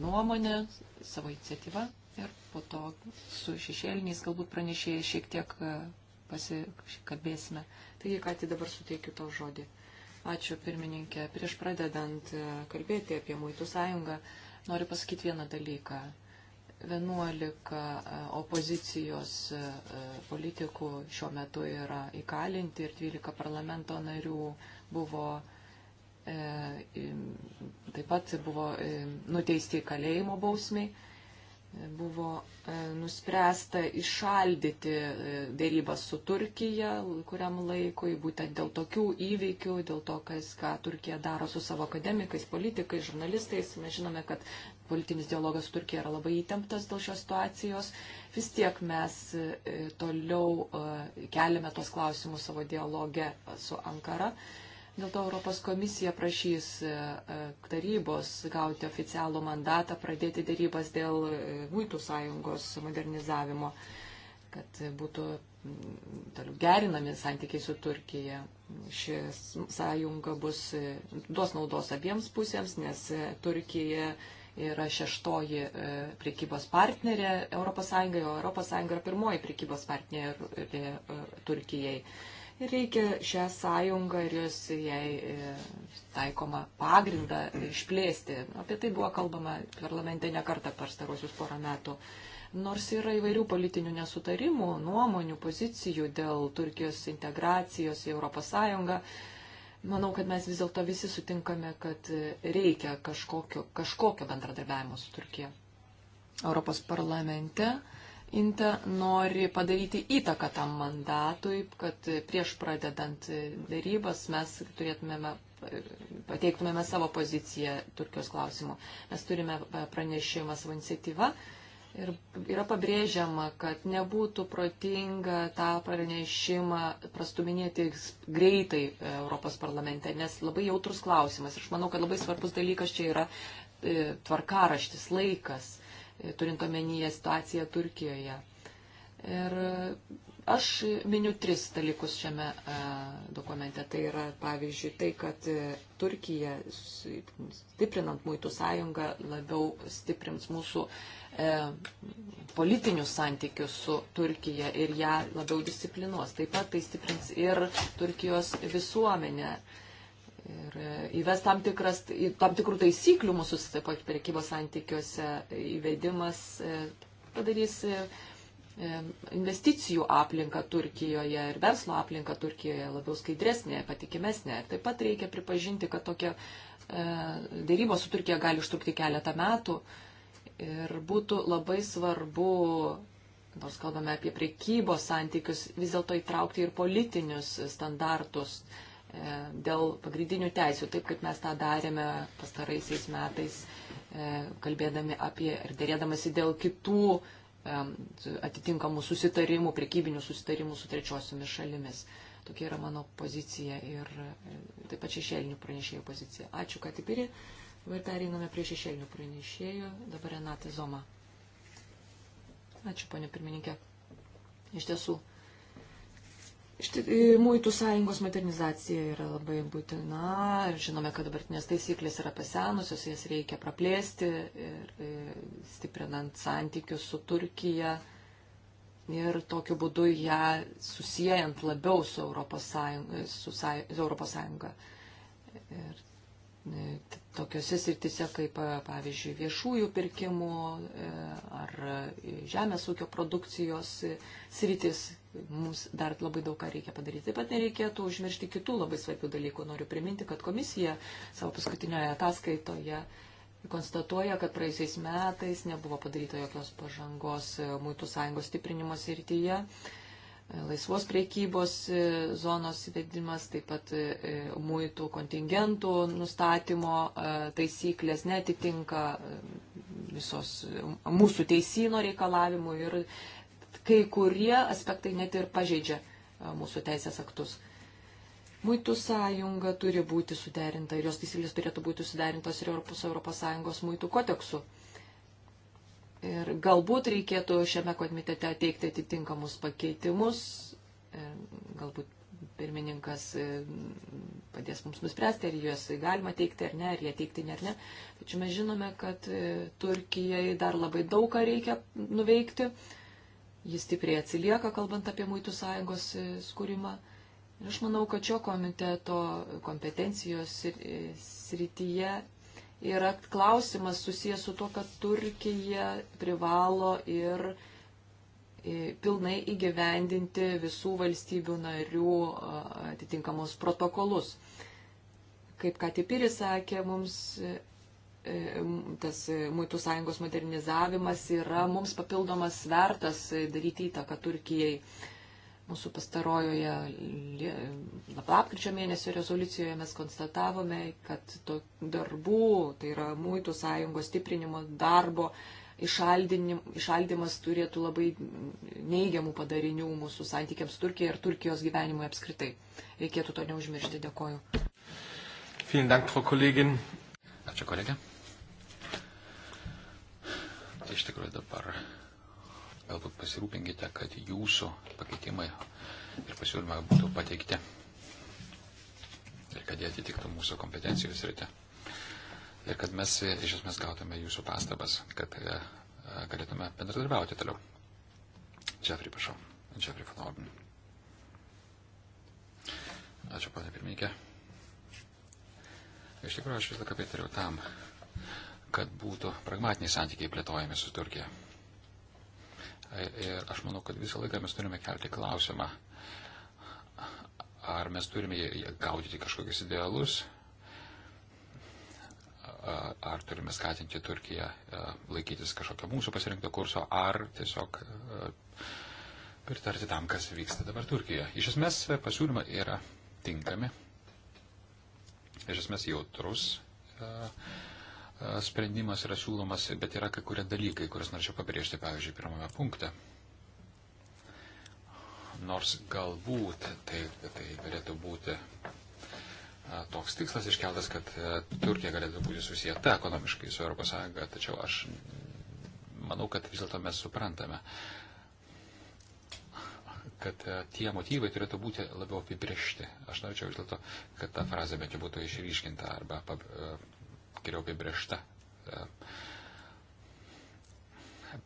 nuomonę, savo iniciatyvą ir po to su šešėliniais galbūt pranešėjai šiek tiek e, pasikalbėsime. Taigi, ką tik dabar suteikiu tau žodį. Ačiū, pirmininkė. Prieš pradedant e, kalbėti apie Muitų sąjungą, noriu pasakyti vieną dalyką. 11 e, opozicijos politikų šiuo metu yra įkalinti ir 12 parlamento narių buvo E, taip pat buvo e, nuteisti kalėjimo bausmiai, e, buvo nuspręsta išaldyti dėrybas su Turkija kuriam laikui, būtent dėl tokių įvykių, dėl to, kas, ką Turkija daro su savo akademikais, politikais, žurnalistais. Mes žinome, kad politinis dialogas su Turkija yra labai įtemptas dėl šios situacijos. Vis tiek mes toliau keliame tuos klausimus savo dialoge su Ankara. Dėl to Europos komisija prašys e, e, tarybos gauti oficialų mandatą pradėti dėrybas dėl e, Muitų sąjungos modernizavimo, kad būtų toliau gerinami santykiai su Turkija. Ši sąjunga bus, duos naudos abiems pusėms, nes Turkija yra šeštoji priekybos partnerė ES, o ES yra pirmoji priekybos partnerė Turkijai. Reikia šią sąjungą ir jos jai e, taikoma pagrindą išplėsti. Apie tai buvo kalbama parlamente ne kartą per starosius porą metų. Nors yra įvairių politinių nesutarimų, nuomonių, pozicijų dėl Turkijos integracijos į ES, manau, kad mes vis dėlto visi sutinkame, kad reikia kažkokio, kažkokio bendradarbiavimo su Turkija. Europos parlamente Inta nori padaryti įtaką tam mandatui, kad prieš pradedant darybas mes turėtumėme, pateiktumėme savo poziciją Turkijos klausimu. Mes turime e, pranešimą savo iniciatyvą ir yra pabrėžiama, kad nebūtų protinga tą pranešimą prastuminėti greitai e, Europos parlamente, nes labai jautrus klausimas. Ir aš manau, kad labai svarbus dalykas čia yra e, tvarkaraštis, laikas E, turint omenyje situaciją Turkijoje. Ir aš miniu tris dalykus šiame e, dokumente. Tai yra, pavyzdžiui, tai, kad e, Turkija, stiprinant muitų sąjungą, labiau stiprins mūsų e, politinius santykius su Turkija ir ją labiau disciplinuos. Taip pat tai stiprins ir Turkijos visuomenę. E, ir e, įves tam, tikras, tam tikrų taisyklių mūsų prekybos santykiuose įvedimas e, padarys e, investicijų aplinką Turkijoje ir verslo aplinką Turkijoje labiau skaidresnė, patikimesnė. Taip pat reikia pripažinti, kad tokia dėrybos su Turkija gali užtrukti keletą metų ir būtų labai svarbu nors kalbame apie priekybos santykius, vis dėlto įtraukti ir politinius standartus, uh, E, dėl pagrindinių teisių, taip kaip mes tą darėme pastaraisiais metais, e, kalbėdami apie ir dėrėdamasi dėl kitų e, atitinkamų susitarimų, prekybinių susitarimų su trečiosiomis šalimis. Tokia yra mano pozicija ir taip pat šešėlinių pranešėjų pozicija. Ačiū, kad įpiri. Dabar pereiname prie šešėlinių pranešėjų. Dabar Renata Zoma. Ačiū, ponė pirmininkė. Iš tiesų, E, Muitų sąjungos modernizacija yra labai būtina ir žinome, kad dabartinės taisyklės yra pasenusios, jas reikia praplėsti ir, ir e, stiprinant santykius su Turkija ir tokiu būdu ją susijęjant labiau su Europos Sąjunga. Su, su Europos Sąjunga. Ir e, tokiuose sritise kaip, e, pavyzdžiui, viešųjų pirkimų e, ar e, žemės ūkio produkcijos sritis, mums dar labai daug ką reikia padaryti. Taip pat nereikėtų užmiršti kitų labai svarbių dalykų. Noriu priminti, kad komisija savo paskutinioje ataskaitoje konstatuoja, kad praėjusiais metais nebuvo padaryta jokios pažangos Mūtų sąjungos stiprinimo srityje. Ir, E, laisvos priekybos e, zonos įvedimas, taip pat e, muitų kontingentų nustatymo taisyklės netitinka visos mūsų teisino reikalavimų ir kai kurie aspektai net ir pažeidžia mūsų teisės aktus. Muitų sąjunga turi būti suderinta ir jos taisyklės turėtų būti suderintos ir Europos, Europos Sąjungos muitų kodeksu. Ir galbūt reikėtų šiame komitete teikti atitinkamus pakeitimus. E, galbūt pirmininkas e, padės mums nuspręsti, ar juos galima teikti ar ne, ar jie teikti ar ne. Tačiau mes žinome, kad e, Turkijai dar labai daug ką reikia nuveikti. Jis stipriai atsilieka, kalbant apie Muitų sąjungos skūrimą. Ir aš manau, kad šio komiteto kompetencijos srityje yra klausimas susijęs su to, kad Turkija privalo ir e, pilnai įgyvendinti visų valstybių narių atitinkamus protokolus. Kaip Katipiris sakė, mums e, e, tas Muitų sąjungos modernizavimas yra mums papildomas svertas daryti įtaką Turkijai. Mūsų pastarojoje lapkričio mėnesio rezoliucijoje mes konstatavome, kad to darbų, tai yra mūtų sąjungos stiprinimo darbo išaldimas turėtų labai neigiamų padarinių mūsų santykiams Turkija ir Turkijos gyvenimui apskritai. Reikėtų to neužmiršti. Dėkoju. Ačiū kolegė. Iš tikrųjų dabar galbūt pasirūpinkite, kad jūsų pakeitimai ir pasiūlymai būtų pateikti ir kad jie atitiktų mūsų kompetencijos rytę. Ir kad mes iš esmės gautume jūsų pastabas, kad e, galėtume bendradarbiauti toliau. Džefri, prašau. Džefri von Orden. Ačiū, ponė pirmininkė. Iš tikrųjų, aš vis laiką pritariu tam, kad būtų pragmatiniai santykiai plėtojami su Turkija. Ir aš manau, kad visą laiką mes turime kelti klausimą, ar mes turime gaudyti kažkokius idealus, ar turime skatinti Turkiją laikytis kažkokio mūsų pasirinkto kurso, ar tiesiog pritarti tam, kas vyksta dabar Turkijoje. Iš esmės pasiūlymai yra tinkami, iš esmės jautrus. Uh, sprendimas yra siūlomas, bet yra kai kurie dalykai, kuriuos norėčiau pabrėžti, pavyzdžiui, pirmame punkte. Nors galbūt tai, tai galėtų būti toks tikslas iškeltas, kad Turkija galėtų būti susijęta ekonomiškai su ES, tačiau aš manau, kad vis dėlto mes suprantame, kad tie motyvai turėtų būti labiau apibriešti. Aš norėčiau vis dėlto, kad ta frazė bent jau būtų išryškinta arba geriau apibriešta.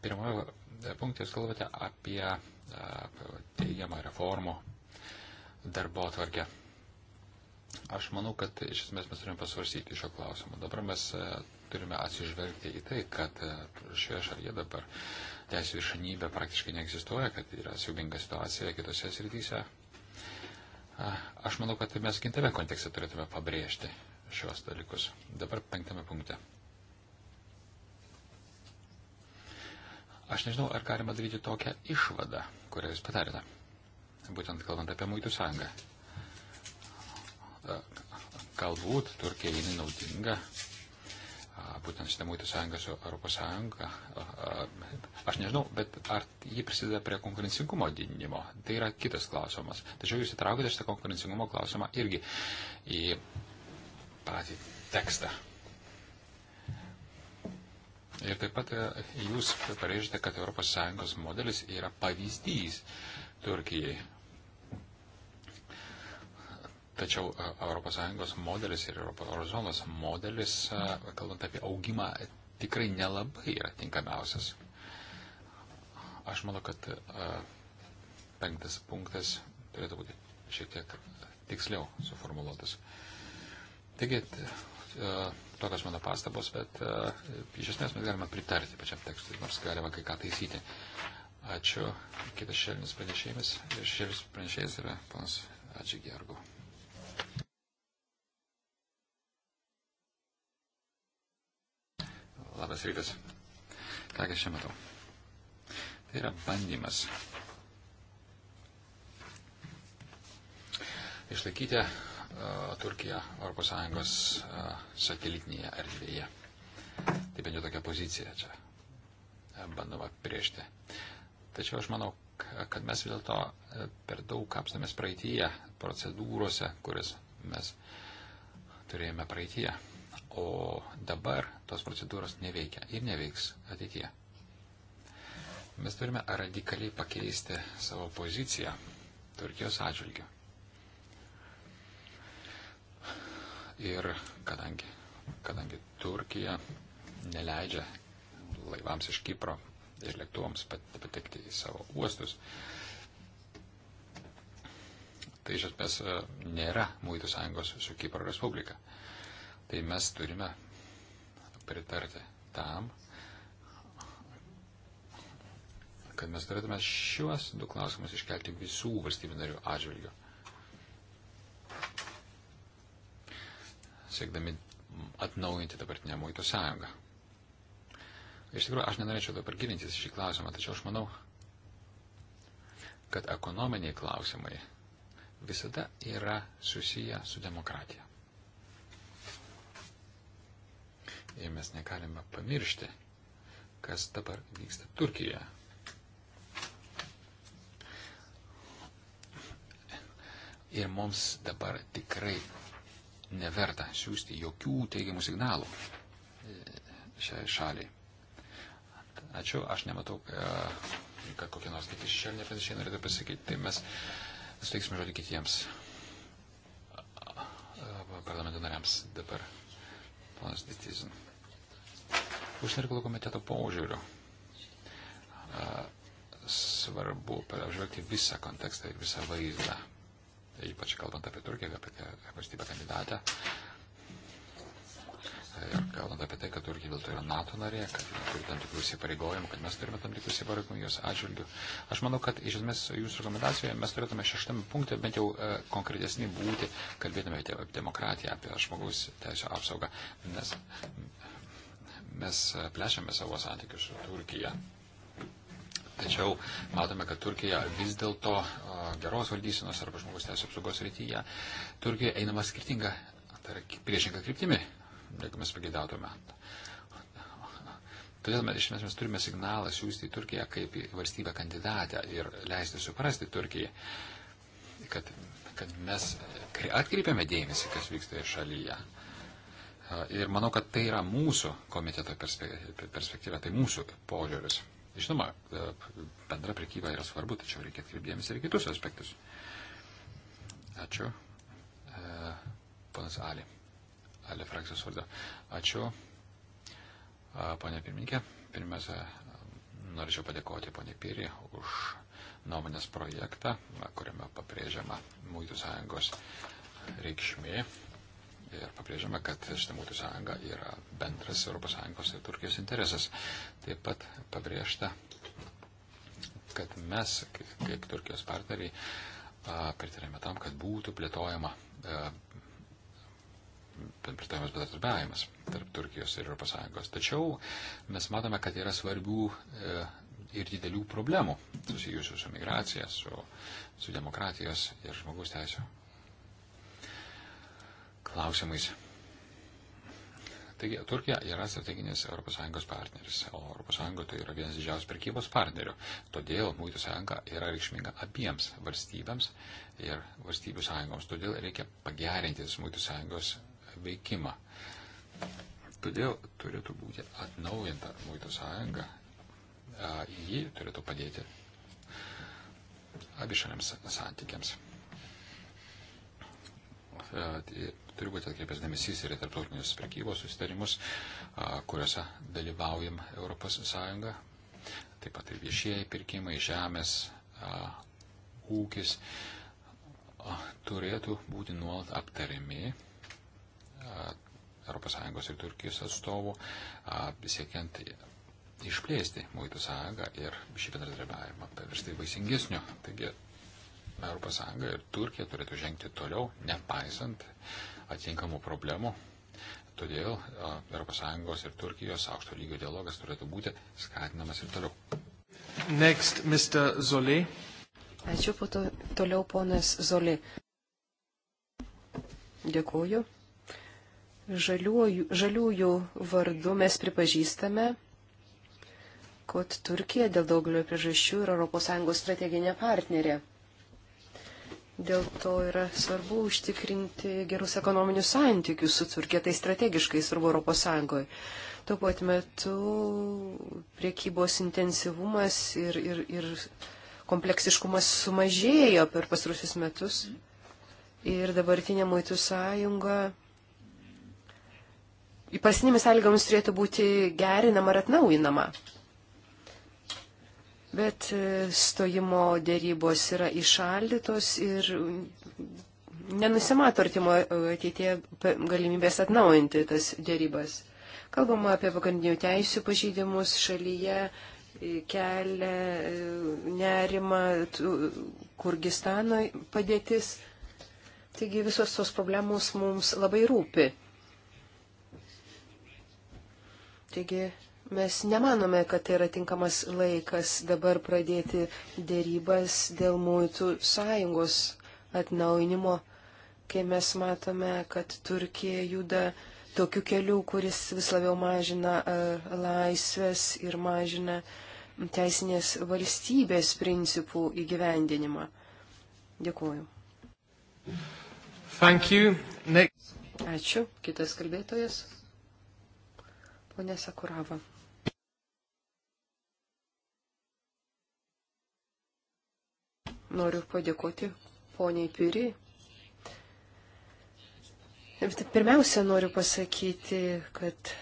Pirmoje punkte jūs kalbate apie teigiamą reformų darbo atvarkę. Aš manau, kad iš esmės mes turime pasvarsyti šio klausimo. Dabar mes turime atsižvelgti į tai, kad šioje šalyje dabar teisų viršanybė praktiškai neegzistuoja, kad yra siubinga situacija kitose srityse. Aš manau, kad mes kintame kontekste turėtume pabrėžti šios dalykus. Dabar penktame punkte. Aš nežinau, ar galima daryti tokią išvadą, kurią jūs patarėte, būtent kalbant apie muitų sąjungą. Galbūt Turkija jinai naudinga, būtent šitą muitų sąjungą su Europos sąjunga. Aš nežinau, bet ar ji prisideda prie konkurencingumo didinimo, tai yra kitas klausimas. Tačiau jūs įtraukite šitą konkurencingumo klausimą irgi į patį tekstą. Ir taip pat e, jūs pareižite, kad ES modelis yra pavyzdys Turkijai. Tačiau ES modelis ir Eurozonos modelis, e, kalbant apie augimą, tikrai nelabai yra tinkamiausias. Aš manau, kad e, penktas punktas turėtų būti šiek tiek tiksliau suformuoluotas. Uh, Taigi, e, tokios mano pastabos, bet e, iš esmės mes galime pritarti pačiam tekstui, nors galima kai ką taisyti. Ačiū. Kitas šelnis pranešėjimas. Šelnis pranešėjas yra panas Ačiū Gergo. Labas rytas. Ką aš čia matau? Tai yra bandymas išlaikyti Turkiją ES satelitinėje erdvėje. Tai bent jau tokia pozicija čia bandoma priešti. Tačiau aš manau, kad mes vis dėlto per daug kapstamės praeityje, procedūrose, kurias mes turėjome praeityje. O dabar tos procedūros neveikia ir neveiks ateityje. Mes turime radikaliai pakeisti savo poziciją Turkijos atžvilgiu. ir kadangi, kadangi Turkija neleidžia laivams iš Kipro ir lėktuvams patekti į savo uostus, tai iš esmės e, nėra Mūtų sąjungos su Kipro Respublika. Tai mes turime pritarti tam, kad mes turėtume šiuos du klausimus iškelti visų valstybių narių atžvilgių. siekdami atnaujinti dabartinę muitų sąjungą. Iš tikrųjų, aš nenorėčiau dabar gilintis šį klausimą, tačiau aš manau, kad ekonominiai klausimai visada yra susiję su demokratija. Ir mes negalime pamiršti, kas dabar vyksta Turkijoje. Ir mums dabar tikrai neverta siūsti jokių teigiamų signalų e, šiai šaliai. Ačiū, aš nematau, e, kad kokie nors kiti šešėlinė panašiai norėtų pasakyti, tai mes suteiksime žodį kitiems e, parlamento nariams dabar. Ponas Ditizin. Užsienio reikalų komiteto požiūriu svarbu apžvelgti visą kontekstą ir visą vaizdą ypač kalbant apie Turkiją, apie valstybę kandidatę. Ir kalbant apie tai, kad Turkija dėl to yra NATO narė, kad turi tam tikrų įsipareigojimų, kad mes turime tam tikrų įsipareigojimų jos atžvilgių. Aš manau, kad iš esmės jūsų rekomendacijoje mes turėtume šeštame punkte bent jau e, konkretesni būti, kalbėtume apie demokratiją, apie žmogaus teisų apsaugą, nes mes e, plečiame savo santykius su Turkija. Tačiau matome, kad Turkija vis dėlto geros valdysenos arba žmogus teisų apsaugos rytyje Turkija einama skirtinga, tai yra priešinga kryptimi, negu mes pagėdautume. Todėl mes, mes, mes turime signalą siūsti į Turkiją kaip į valstybę kandidatę ir leisti suprasti Turkijai, kad, kad mes atkreipiame dėmesį, kas vyksta šalyje. Ir manau, kad tai yra mūsų komiteto perspektyva, tai mūsų požiūris. Žinoma, bendra prekyba yra svarbu, tačiau reikia atkreipdėmės ir kitus aspektus. Ačiū. E, Panas Ali. Ali frakcijos vardu. Ačiū. Pane pirmininkė, pirmiausia, norėčiau padėkoti ponė Pirį už nuomonės projektą, kuriame pabrėžiama Mūtų sąjungos reikšmė ir pabrėžiame, kad šitą muitų sąjungą yra bendras ES ir Turkijos interesas. Taip pat pabrėžta, kad mes, kaip Turkijos partneriai, pritarėme tam, kad būtų plėtojama plėtojamas bendradarbiavimas tarp Turkijos ir ES. Tačiau mes matome, kad yra svarbių e, ir didelių problemų susijusių su migracija, su, su demokratijos ir žmogaus teisų klausimais. Taigi, Turkija yra strateginis ES partneris, o ES tai yra vienas didžiausių prekybos partnerių. Todėl Mūtų sąjunga yra reikšminga abiems valstybėms ir valstybių sąjungoms. Todėl reikia pagerinti Mūtų sąjungos veikimą. Todėl turėtų būti atnaujinta Mūtų sąjunga. Ji turėtų padėti abišaliams santykiams tai turi būti atkreipęs dėmesys ir į tarptautinius prekybos susitarimus, kuriuose dalyvaujam ES, taip pat ir viešieji pirkimai, žemės, ūkis turėtų būti nuolat aptariami ES ir Turkijos atstovų, siekiant išplėsti muitų sąjungą ir šį bendradarbiavimą paversti vaisingesniu. Taigi ES ir Turkija turėtų žengti toliau, nepaisant atsinkamų problemų. Todėl ES ir Turkijos aukšto lygio dialogas turėtų būti skatinamas ir toliau. Next, Mr. Zoli. Ačiū, po to, toliau ponas Zoli. Dėkuoju. Žaliųjų, žaliųjų vardu mes pripažįstame, kad Turkija dėl daugelio priežasčių yra ES strateginė partnerė. Dėl to yra svarbu užtikrinti gerus ekonominius santykius su Turkija, tai strategiškai svarbu Europos Sąjungoje. Tuo pat metu priekybos intensyvumas ir, ir, ir kompleksiškumas sumažėjo per pasrusius metus. Ir dabartinė Muitų sąjunga įprastinėmis sąlygomis turėtų būti gerinama ar atnaujinama bet e, stojimo dėrybos yra išaldytos ir nenusimato artimo e, ateitie galimybės atnaujinti tas dėrybas. Kalbama apie pagrindinių teisų pažydimus šalyje, e, kelia nerima Kurgistano padėtis. Taigi visos tos problemos mums labai rūpi. Taigi Mes nemanome, kad tai yra tinkamas laikas dabar pradėti dėrybas dėl muitų sąjungos atnaujinimo, kai mes matome, kad Turkija juda tokiu keliu, kuris vis labiau mažina laisvės ir mažina teisinės valstybės principų įgyvendinimą. Dėkuoju. Ačiū. Kitas kalbėtojas. Pone Sakurava. Noriu padėkoti poniai Piri. Ir tai pirmiausia, noriu pasakyti, kad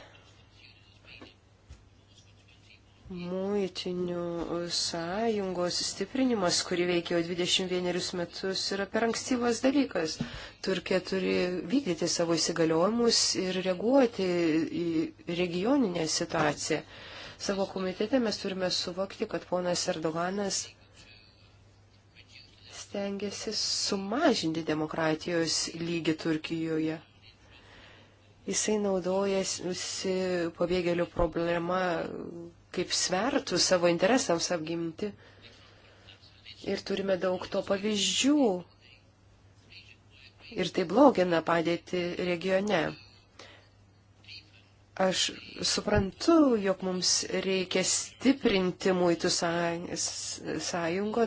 muitinių sąjungos stiprinimas, kuri veikėjo 21 metus, yra per ankstyvas dalykas. Turkija turi vykdyti savo įsigaliojimus ir reaguoti į regioninę situaciją. Savo komitete mes turime suvokti, kad ponas Erdoganas stengiasi sumažinti demokratijos lygį Turkijoje. Jisai naudojasi pabėgėlių problema kaip svertų savo interesams apgimti. Ir turime daug to pavyzdžių. Ir tai blogina padėti regione. Aš suprantu, jog mums reikia stiprinti muitų sąjungo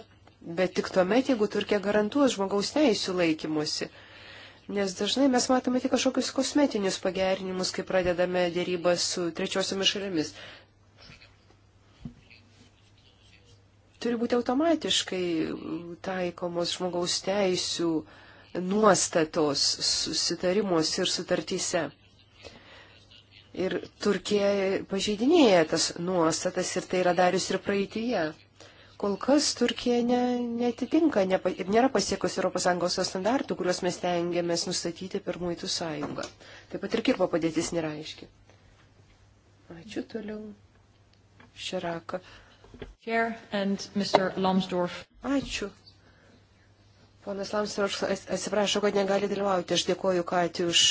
bet tik tuomet, jeigu Turkija garantuos žmogaus teisų laikymusi. Nes dažnai mes matome tik kažkokius kosmetinius pagerinimus, kai pradedame dėrybas su trečiosiomis šalimis. Turi būti automatiškai taikomos žmogaus teisų nuostatos susitarimus ir sutartyse. Ir Turkija pažeidinėja tas nuostatas ir tai yra darius ir praeitįje. Kol kas Turkija ne, netitinka nepa, ir nėra pasiekusi ES standartų, kuriuos mes tengiamės nustatyti per Muitų sąjungą. Taip pat ir kirpo padėtis nėra aiški. Ačiū toliau. Širaka. Ačiū. Ponas Lamsarov atsiprašo, kad negali dalyvauti. Aš dėkoju Kati už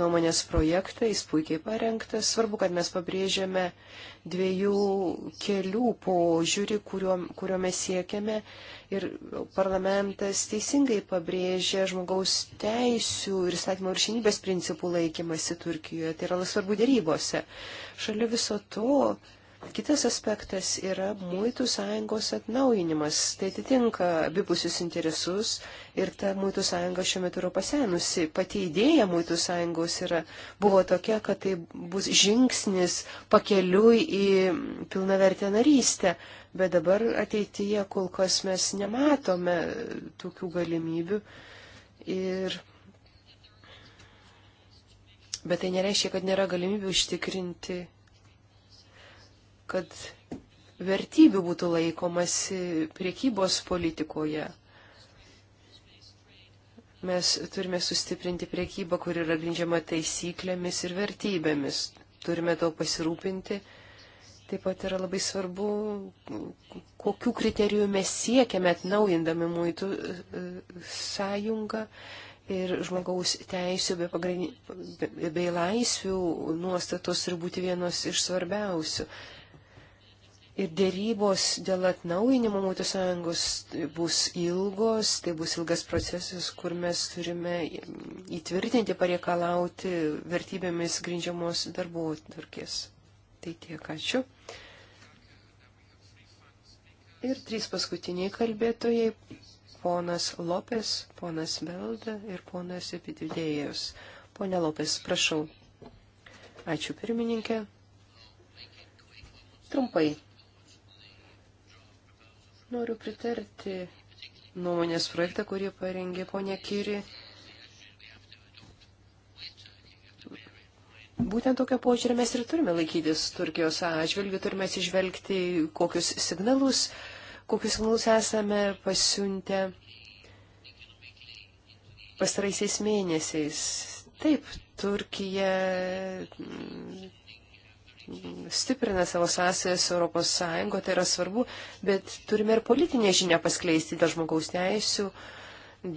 nuomonės projektą, jis puikiai parengtas. Svarbu, kad mes pabrėžiame dviejų kelių požiūrį, kuriuo, kuriuo mes siekiame. Ir parlamentas teisingai pabrėžia žmogaus teisų ir statymo viršinybės principų laikymasi Turkijoje. Tai yra svarbu dėrybose. Šalia viso to Kitas aspektas yra muitų sąjungos atnaujinimas. Tai atitinka abipusius interesus ir ta muitų sąjunga šiuo metu yra pasenusi. Pati idėja muitų sąjungos yra, buvo tokia, kad tai bus žingsnis pakeliui į pilnavertę narystę. Bet dabar ateityje kol kas mes nematome tokių galimybių. Ir Bet tai nereiškia, kad nėra galimybių užtikrinti kad vertybių būtų laikomasi priekybos politikoje. Mes turime sustiprinti priekybą, kur yra grindžiama taisyklėmis ir vertybėmis. Turime to pasirūpinti. Taip pat yra labai svarbu, kokiu kriteriju mes siekiame atnaujindami muitų e, e, sąjungą ir žmogaus teisų bei, pagrindin... bei laisvių nuostatos ir būti vienos iš svarbiausių. Ir dėrybos dėl atnaujinimo Mūtų sąjungos tai bus ilgos, tai bus ilgas procesas, kur mes turime įtvirtinti, pareikalauti vertybėmis grindžiamos darbų tvarkės. Tai tiek, ačiū. Ir trys paskutiniai kalbėtojai - ponas Lopes, ponas Belda ir ponas Epididėjus. Pone Lopes, prašau. Ačiū pirmininkė. Trumpai Noriu pritarti nuomonės projektą, kurį parengė ponė Kiri. Būtent tokio požiūrį mes ir turime laikytis Turkijos atžvilgių, turime atsižvelgti, kokius signalus, kokius signalus esame pasiuntę pastaraisiais mėnesiais. Taip, Turkija stiprina savo sąsajas Europos Sąjungo, tai yra svarbu, bet turime ir politinę žinią paskleisti dėl žmogaus teisų,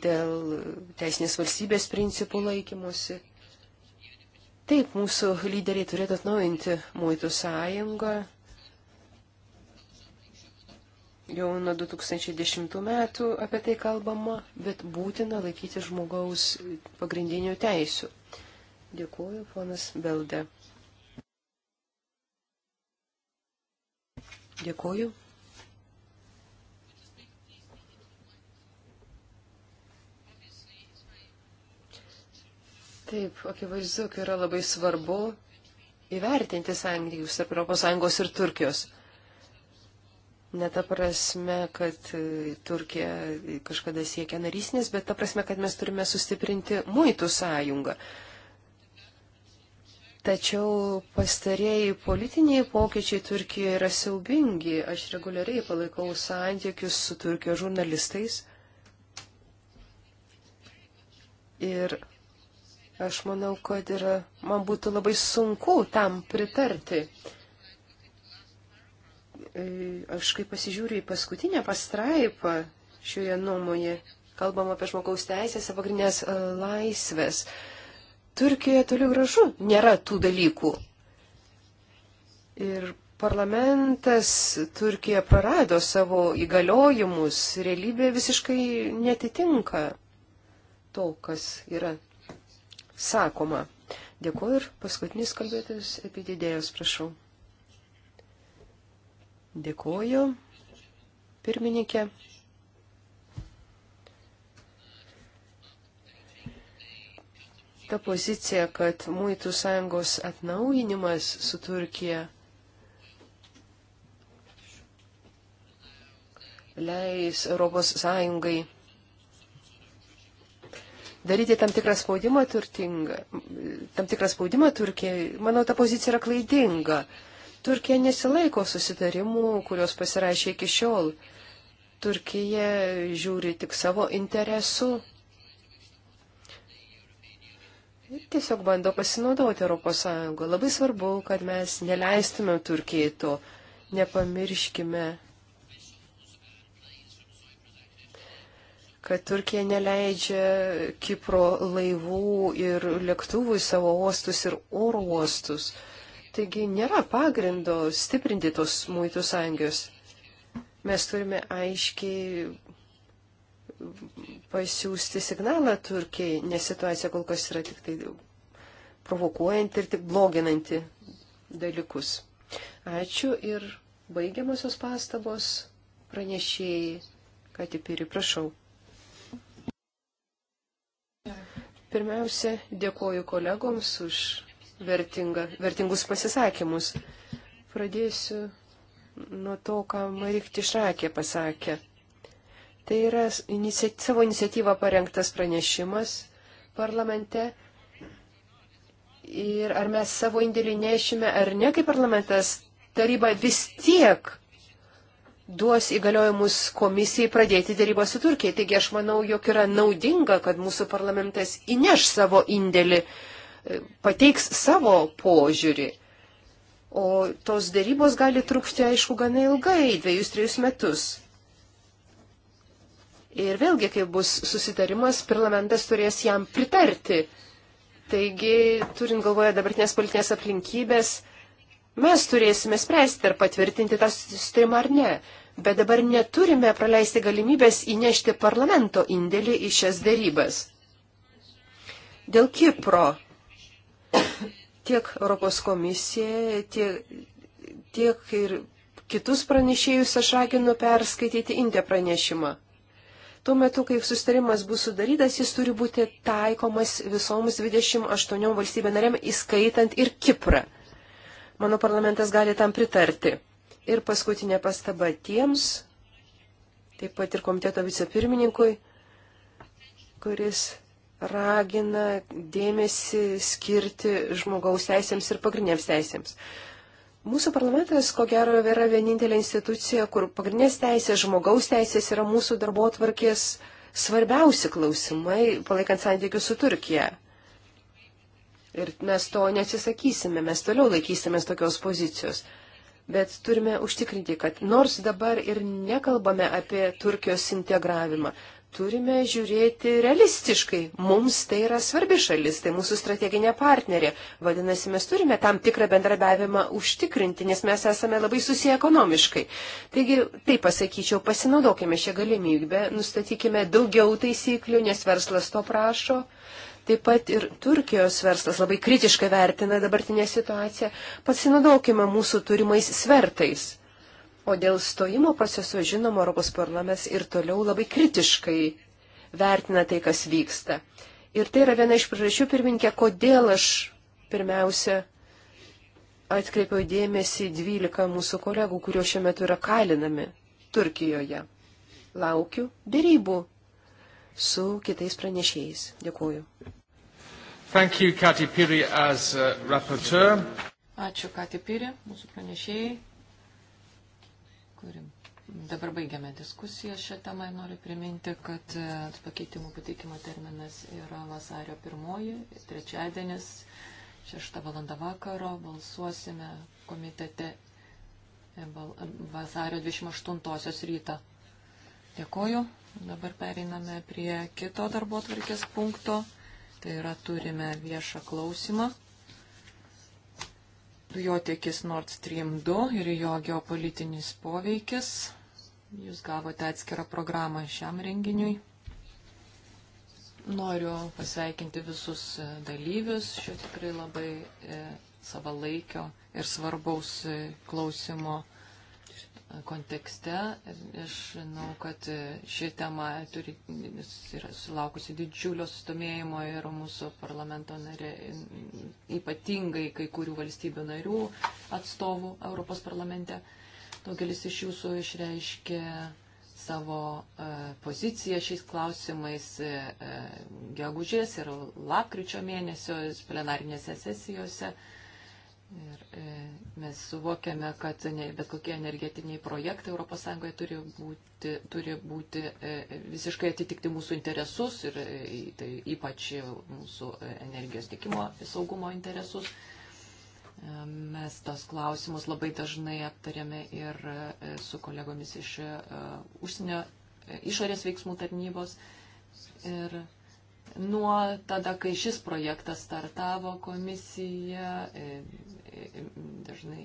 dėl teisinės valstybės principų laikymosi. Taip, mūsų lyderiai turėtų atnaujinti Muitų Sąjungą jau nuo 2010 metų apie tai kalbama, bet būtina laikyti žmogaus pagrindinių teisių. Dėkuoju, ponas Belde. Dėkuoju. Taip, akivaizdu, kad yra labai svarbu įvertinti santykius tarp ES ir Turkijos. Ne ta prasme, kad Turkija kažkada siekia narysnės, bet ta prasme, kad mes turime sustiprinti muitų sąjungą. Tačiau pastarėjai politiniai pokyčiai Turkijoje yra siaubingi. Aš reguliariai palaikau santykius su Turkijos žurnalistais. Ir aš manau, kad yra, man būtų labai sunku tam pritarti. E, aš kai pasižiūriu į paskutinę pastraipą šioje nuomoje, kalbam apie žmogaus teisės, pagrindinės e, laisvės. Uh, Turkijoje toli gražu nėra tų dalykų. Ir parlamentas Turkija prarado savo įgaliojimus, realybė visiškai netitinka to, kas yra sakoma. Dėkuoju ir paskutinis kalbėtis apie didėjus, prašau. Dėkuoju, pirmininkė. ta pozicija, kad muitų sąjungos atnaujinimas su Turkija leis Europos sąjungai daryti tam tikrą spaudimą turtingą, tam tikrą spaudimą Turkijai, manau, ta pozicija yra klaidinga. Turkija nesilaiko susitarimų, kurios pasirašė iki šiol. Turkija žiūri tik savo interesų tiesiog bando pasinaudoti Europos Sąjungą. Labai svarbu, kad mes neleistume Turkijai to, nepamirškime, kad Turkija neleidžia Kipro laivų ir lėktuvų į savo uostus ir oro uostus. Taigi nėra pagrindo stiprinti tos muitų sąjungos. Mes turime aiškiai pasiūsti signalą Turkijai, nes situacija kol kas yra tik tai provokuojanti ir tik bloginanti dalykus. Ačiū ir baigiamosios pastabos pranešėjai, ką tik ir prašau. Pirmiausia, dėkoju kolegoms už vertinga, vertingus pasisakymus. Pradėsiu nuo to, ką Marikti Šakė pasakė. Tai yra inicia savo iniciatyva parengtas pranešimas parlamente. Ir ar mes savo indėlį nešime ar ne, kaip parlamentas, taryba vis tiek duos įgaliojimus komisijai pradėti dėrybą su Turkija. Taigi aš manau, jog yra naudinga, kad mūsų parlamentas įneš savo indėlį, e, pateiks savo požiūrį. O tos dėrybos gali trukti, aišku, gana ilgai, dviejus, trejus metus. Ir vėlgi, kai bus susitarimas, parlamentas turės jam pritarti. Taigi, turint galvoje dabartinės politinės aplinkybės, mes turėsime spręsti, ar patvirtinti tą susitarimą ar ne. Bet dabar neturime praleisti galimybės įnešti parlamento indėlį į šias dėrybas. Dėl Kipro tiek Europos komisija, tiek, tiek ir kitus pranešėjus aš raginu perskaityti Indė pranešimą. Tuo metu, kai sustarimas bus sudarytas, jis turi būti taikomas visoms 28 valstybė narėm, įskaitant ir Kiprą. Mano parlamentas gali tam pritarti. Ir paskutinė pastaba tiems, taip pat ir komiteto vicepirmininkui, kuris ragina dėmesį skirti žmogaus teisėms ir pagrindiniams teisėms. Mūsų parlamentas, ko gero, yra vienintelė institucija, kur pagrindinės teisės, žmogaus teisės yra mūsų darbo tvarkės svarbiausi klausimai, palaikant santykius su Turkija. Ir mes to neatsisakysime, mes toliau laikysimės tokios pozicijos. Bet turime užtikrinti, kad nors dabar ir nekalbame apie Turkijos integravimą, turime žiūrėti realistiškai. Mums tai yra svarbi šalis, tai mūsų strateginė partnerė. Vadinasi, mes turime tam tikrą bendrabiavimą užtikrinti, nes mes esame labai susiję ekonomiškai. Taigi, taip pasakyčiau, pasinaudokime šią galimybę, nustatykime daugiau taisyklių, nes verslas to prašo. Taip pat ir Turkijos verslas labai kritiškai vertina dabartinę situaciją. Pasinaudokime mūsų turimais svertais. O dėl stojimo proceso, žinoma, Europos parlamentas ir toliau labai kritiškai vertina tai, kas vyksta. Ir tai yra viena iš priežasčių, pirminkė, kodėl aš pirmiausia atkreipiau dėmesį 12 mūsų kolegų, kurio šiuo metu yra kalinami Turkijoje. Laukiu dėrybų su kitais pranešėjais. Dėkuoju. Thank you, Kati Piri, as, uh, rapporteur. Ačiū, Kati Piri, mūsų pranešėjai. Kuri... Dabar baigiame diskusiją šią temą ir noriu priminti, kad e, pakeitimų pateikimo terminas yra vasario pirmoji, trečiadienis, 6 val. vakaro, balsuosime komitete e, e, vasario 28-osios rytą. Dėkoju. Dabar pereiname prie kito darbo tvarkės punkto. Tai yra turime viešą klausimą dujotiekis Nord Stream 2 ir jo geopolitinis poveikis. Jūs gavote atskirą programą šiam renginiui. Noriu pasveikinti visus e, dalyvius šio tikrai labai e, savalaikio ir svarbaus e, klausimo kontekste. Aš žinau, kad ši tema turi, yra sulaukusi didžiulio sustomėjimo ir mūsų parlamento narė, ypatingai kai kurių valstybių narių atstovų Europos parlamente. Daugelis iš jūsų išreiškė savo e, poziciją šiais klausimais e, e, gegužės ir lapkričio mėnesio plenarinėse sesijose. Ir e, mes suvokiame, kad ne, bet kokie energetiniai projektai ES turi būti, turi būti e, visiškai atitikti mūsų interesus ir e, tai ypač mūsų energijos tikimo saugumo interesus. Mes tos klausimus labai dažnai aptarėme ir su kolegomis iš užsienio išorės veiksmų tarnybos. Ir Nuo tada, kai šis projektas startavo komisija, e, e, e, dažnai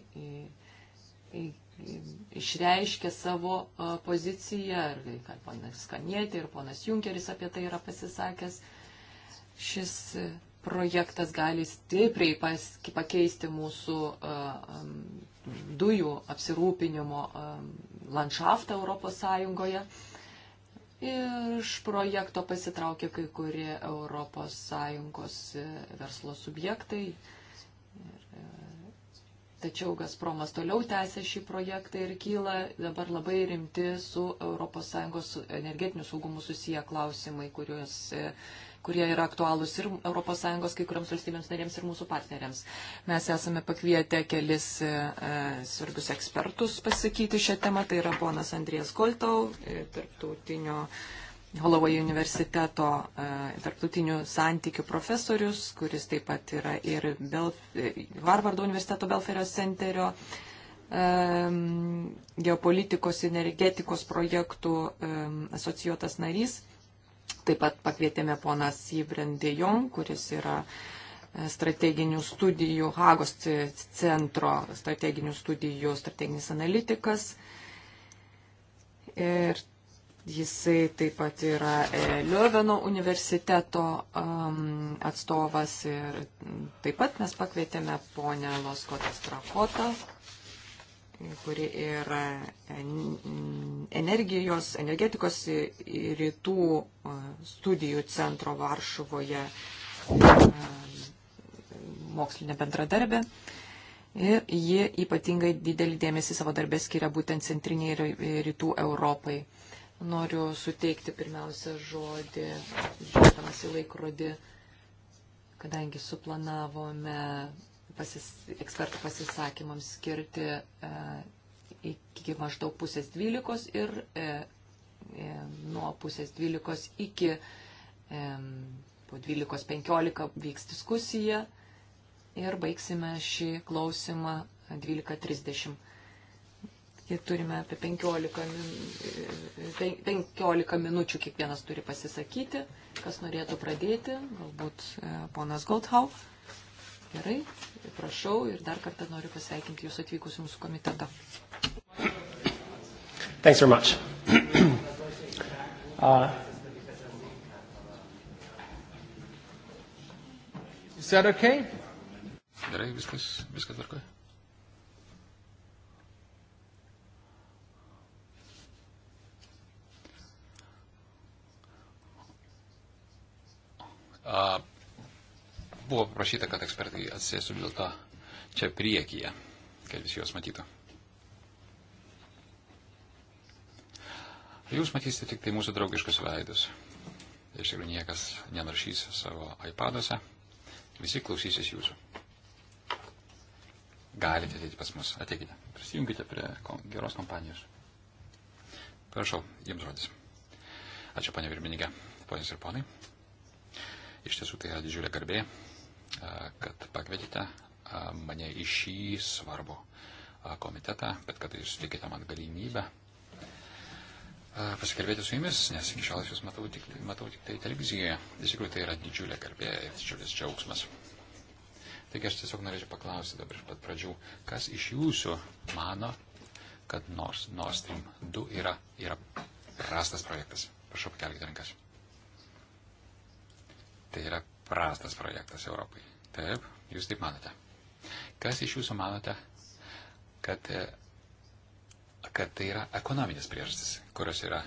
išreiškė savo poziciją, ir tai, ponas Skanietė, ir ponas Junkeris apie tai yra pasisakęs. Šis projektas gali stipriai pas, pakeisti mūsų dujų apsirūpinimo landšaftą Europos Sąjungoje. Iš projekto pasitraukė kai kurie ES e, verslo subjektai. Ir, e, tačiau Gazpromas toliau tęsė šį projektą ir kyla dabar labai rimti su ES energetiniu saugumu susiję klausimai, kuriuos e, kurie yra aktualūs ir ES kai kuriams valstybėms narėms ir mūsų partneriams. Mes esame pakvietę kelis e, svarbius ekspertus pasakyti šią temą. Tai yra ponas Andrijas Koltau, e, tarptautinio Holloway universiteto e, tarptautinių santykių profesorius, kuris taip pat yra ir Belf, e, Harvardo universiteto Belferio centerio e, geopolitikos ir energetikos projektų asocijuotas narys. Taip pat pakvietėme poną Sibrendėjom, kuris yra e, strateginių studijų, Hagos centro strateginių studijų strateginis analitikas. Ir jisai taip pat yra e, Liuveno universiteto um, atstovas. Ir taip pat mes pakvietėme ponę Loskotą Strakotą, kuri yra energijos, energetikos rytų studijų centro Varšuvoje mokslinė bendradarbė. Ir ji ypatingai didelį dėmesį savo darbę skiria būtent centriniai ir rytų Europai. Noriu suteikti pirmiausia žodį, žiūrėdamas į laikrodį, kadangi suplanavome pasis, ekspertų pasisakymams skirti e, iki maždaug pusės dvylikos ir e, e, nuo pusės dvylikos iki e, po 12.15 vyks diskusija ir baigsime šį klausimą 12.30. Ir turime apie 15, min, 15 e, e, minučių kiekvienas turi pasisakyti, kas norėtų pradėti, galbūt e, ponas Goldhau. Gerai, prašau ir dar kartą noriu pasveikinti Jūs atvykus į mūsų komitetą. Thanks very much. uh, is that okay? Gerai, viskas, viskas tvarkoja. Uh, buvo paprašyta, kad ekspertai atsėstų dėl to čia priekyje, kad visi juos matytų. Jūs matysite tik tai mūsų draugiškus veidus. Iš tikrųjų niekas nenaršys savo iPaduose. Visi klausysis jūsų. Galite ateiti pas mus. Ateikite. Prisijungite prie geros kompanijos. Prašau, jums žodis. Ačiū, panė Virminigė, ponės ir ponai. Iš tiesų tai yra didžiulė garbė kad pakvietėte mane į šį svarbų komitetą, bet kad jūs sutikite man galimybę pasikalbėti su jumis, nes iki šiol jūs matau tik, matau tik tai televizijoje. Iš tikrųjų, tai yra didžiulė garbė ir didžiulis džiaugsmas. Taigi aš tiesiog norėčiau paklausti dabar iš pat pradžių, kas iš jūsų mano, kad nors Nord Stream 2 yra, yra prastas projektas? Prašau, pakelkite rankas. Tai yra prastas projektas Europai. Taip, jūs taip manote. Kas iš jūsų manote, kad, kad tai yra ekonominės priežastis, kurios yra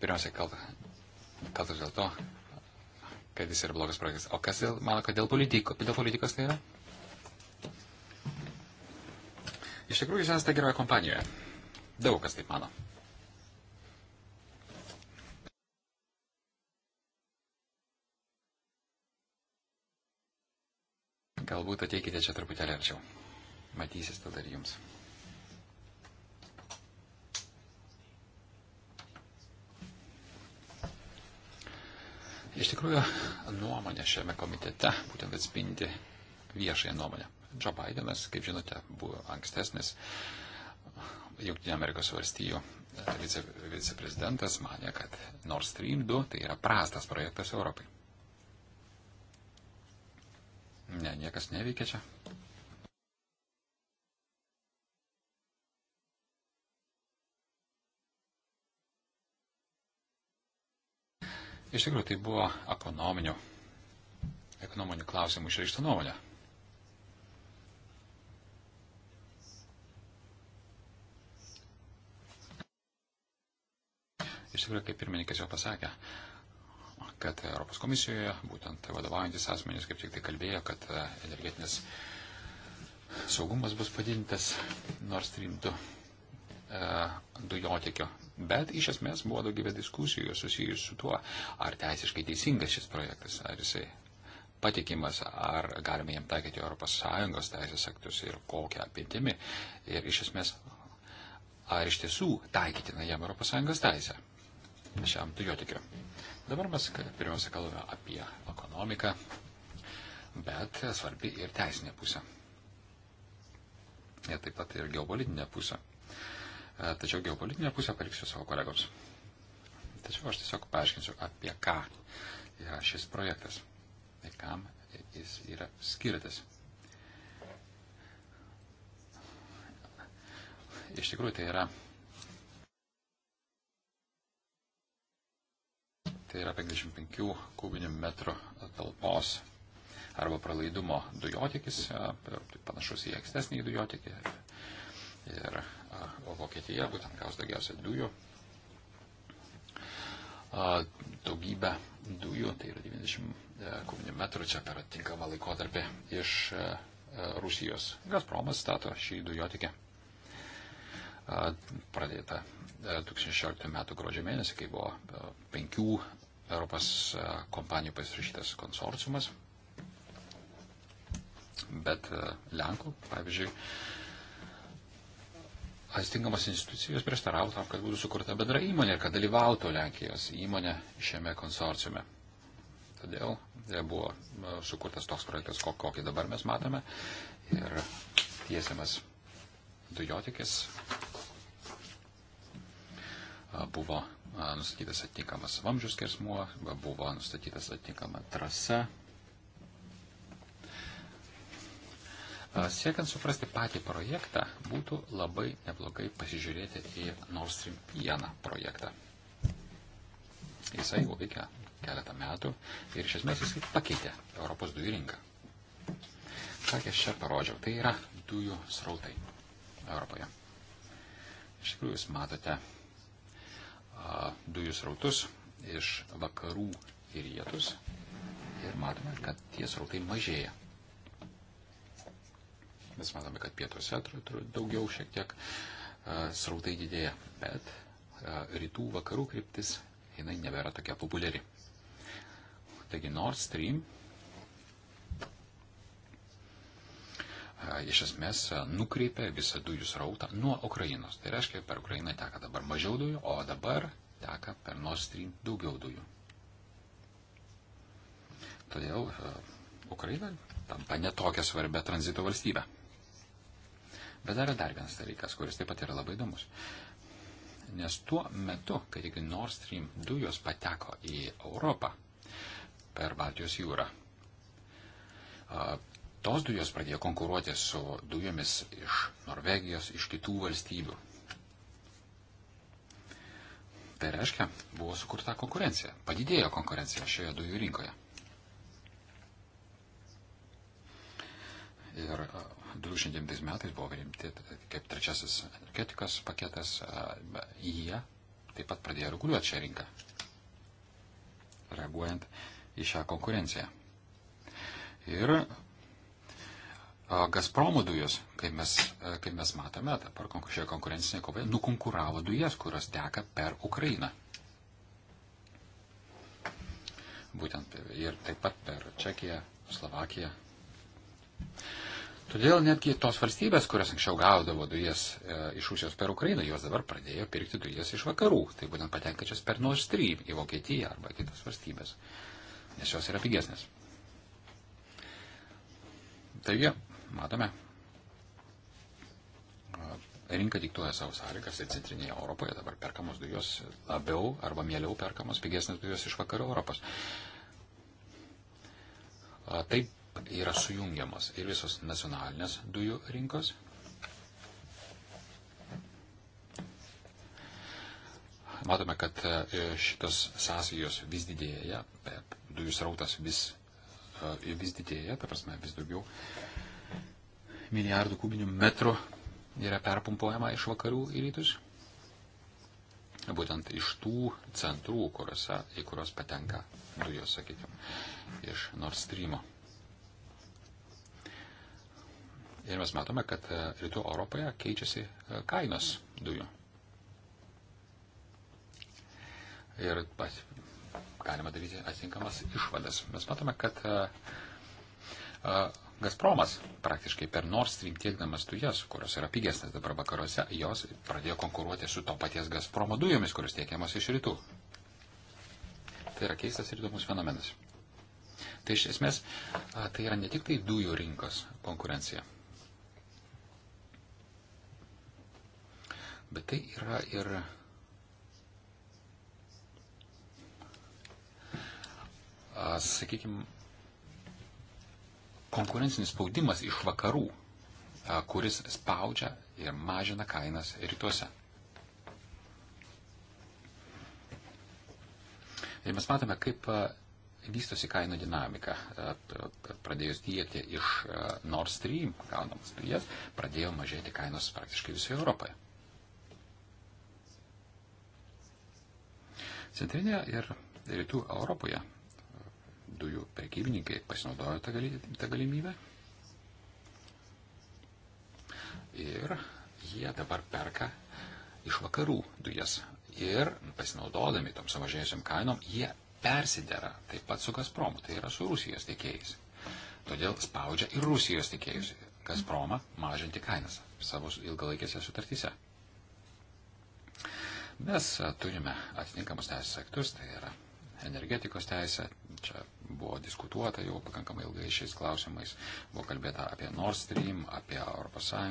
pirmiausia kaltas dėl to, kad jis yra blogas projektas. O kas dėl, mano, kad dėl, politiko, dėl politikos tai yra? Iš tikrųjų, jūs esate geroje kompanijoje. Daug kas taip mano. Galbūt ateikite čia truputėlį arčiau. Matysis tada ir jums. Iš tikrųjų, nuomonė šiame komitete būtent atspindi viešąją nuomonę. Joe Bidenas, kaip žinote, buvo ankstesnis Junktinio Amerikos valstijų eh, vice, viceprezidentas, mane, kad Nord Stream 2 tai yra prastas projektas Europai. Ne, niekas neveikia čia. Iš tikrųjų, tai buvo ekonominių, ekonominių klausimų išreikšta nuomonė. Iš tikrųjų, kaip pirmininkas jau pasakė, kad Europos komisijoje būtent vadovaujantis asmenys kaip tik tai kalbėjo, kad e, energetinis saugumas bus padidintas nors 3-2 e, dujotikio. Bet iš esmės buvo daugybė diskusijų susijusių su tuo, ar teisiškai teisingas šis projektas, ar jisai patikimas, ar galime jam taikyti ES teisės aktus ir kokią apimtimi. Ir iš esmės, ar iš tiesų taikytina jam ES teisę šiam dujotikiu. Dabar mes pirmiausia kalbame apie ekonomiką, bet svarbi ir teisinė pusė. Ir taip pat ir geopolitinė pusė. E, tačiau geopolitinę pusę paliksiu savo kolegoms. Tačiau aš tiesiog paaiškinsiu, apie ką yra šis projektas ir tai kam jis yra skirtas. Iš tikrųjų, tai yra tai yra 55 kubinių metrų talpos arba pralaidumo dujotikis, tai panašus į ankstesnį dujotikį. Ir Vokietija būtent gaus daugiausia dujų. Daugybę dujų, tai yra 90 e, kubinių metrų čia per tinkamą laikotarpį iš e, e, Rusijos. Gazpromas stato šį dujotikį. Pradėta 2016 m. gruodžio mėnesį, kai buvo penkių Europos e, kompanijų pasirašytas konsorciumas, bet e, Lenkų, pavyzdžiui, atitinkamas institucijos prieštaravo tam, kad būtų sukurta bendra įmonė ir kad dalyvautų Lenkijos įmonė šiame konsorciume. Todėl e, buvo sukurtas toks projektas, kokį dabar mes matome, ir tiesiamas dujotikis buvo nustatytas atitinkamas vamžių skersmuo, buvo nustatytas atitinkama trasa. Siekiant suprasti patį projektą, būtų labai neblogai pasižiūrėti į Nord Stream 1 projektą. Jisai jau veikia keletą metų ir iš esmės jisai pakeitė Europos dujų rinką. Ką aš čia parodžiau, tai yra dujų srautai Europoje. Iš tikrųjų, jūs matote dujų srautus iš vakarų į rytus ir matome, kad tie srautai mažėja. Mes matome, kad pietuose daugiau šiek tiek srautai didėja, bet rytų vakarų kryptis jinai nebėra tokia populiari. Taigi Nord Stream iš esmės nukreipė visą dujų srautą nuo Ukrainos. Tai reiškia, per Ukrainą teka dabar mažiau dujų, o dabar teka per Nord Stream daugiau dujų. Todėl Ukraina tampa netokia svarbia tranzito valstybė. Bet dar yra dar vienas dalykas, kuris taip pat yra labai įdomus. Nes tuo metu, kai tik Nord Stream dujos pateko į Europą per Baltijos jūrą, tos dujos pradėjo konkuruoti su dujomis iš Norvegijos, iš kitų valstybių. Tai reiškia, buvo sukurta konkurencija, padidėjo konkurencija šioje dujų rinkoje. Ir 2009 metais buvo priimti kaip trečiasis energetikos paketas, jie taip pat pradėjo reguliuoti šią rinką, reaguojant į šią konkurenciją. Ir Gazpromo dujos, kaip mes, e, kaip mes matome, dabar šioje konkurencinėje kovoje nukonkuravo dujas, kurios teka per Ukrainą. Būtent ir taip pat per Čekiją, Slovakiją. Todėl netgi tos valstybės, kurios anksčiau gaudavo dujas e, iš Rusijos per Ukrainą, jos dabar pradėjo pirkti dujas iš vakarų. Tai būtent patenkačias per Nord Stream į Vokietiją arba kitas valstybės, nes jos yra pigesnės. Taigi, matome, rinka diktuoja savo sąlygas ir centrinėje Europoje dabar perkamos dujos labiau arba mieliau perkamos pigesnės dujos iš vakarų Europos. Taip yra sujungiamas ir visos nacionalinės dujų rinkos. Matome, kad e, šitos sąsajos vis didėja, dujų srautas vis, e, vis didėja, ta prasme vis daugiau uh, milijardų kubinių metrų yra perpumpuojama iš vakarų į rytus. Būtent iš tų centrų, kuriuose, į kuriuos patenka dujos, sakykime, iš Nord Streamo. Ir mes matome, kad e, rytų Europoje keičiasi e, kainos dujų. Ir pas, galima daryti atitinkamas išvadas. Mes matome, kad a, e, a, Gazpromas praktiškai per Nord Stream tiekdamas dujas, kurios yra pigesnės dabar vakaruose, jos pradėjo konkuruoti su to paties Gazpromo dujomis, kurios tiekiamas iš rytų. Tai yra keistas ir įdomus fenomenas. Tai iš esmės tai yra ne tik tai dujų rinkos konkurencija, bet tai yra ir sakykime, konkurencinis spaudimas iš vakarų, kuris spaudžia ir mažina kainas rytuose. Ir mes matome, kaip vystosi kainų dinamika. Pradėjus tiekti iš Nord Stream gaunamas dujas, pradėjo mažėti kainos praktiškai visoje Europoje. Centrinėje ir rytų Europoje dujų prekybininkai pasinaudojo tą, gali, tą galimybę. Ir jie dabar perka iš vakarų dujas. Ir pasinaudodami tom sumažėjusiam kainom, jie persidera taip pat su Gazpromu, tai yra su Rusijos tiekėjais. Todėl spaudžia ir Rusijos tiekėjus Gazpromą mažinti kainas savo ilgalaikėse sutartyse. Mes turime atitinkamus teisės aktus, tai yra energetikos teisę. Čia buvo diskutuota jau pakankamai ilgai šiais klausimais. Buvo kalbėta apie Nord Stream, apie ES e,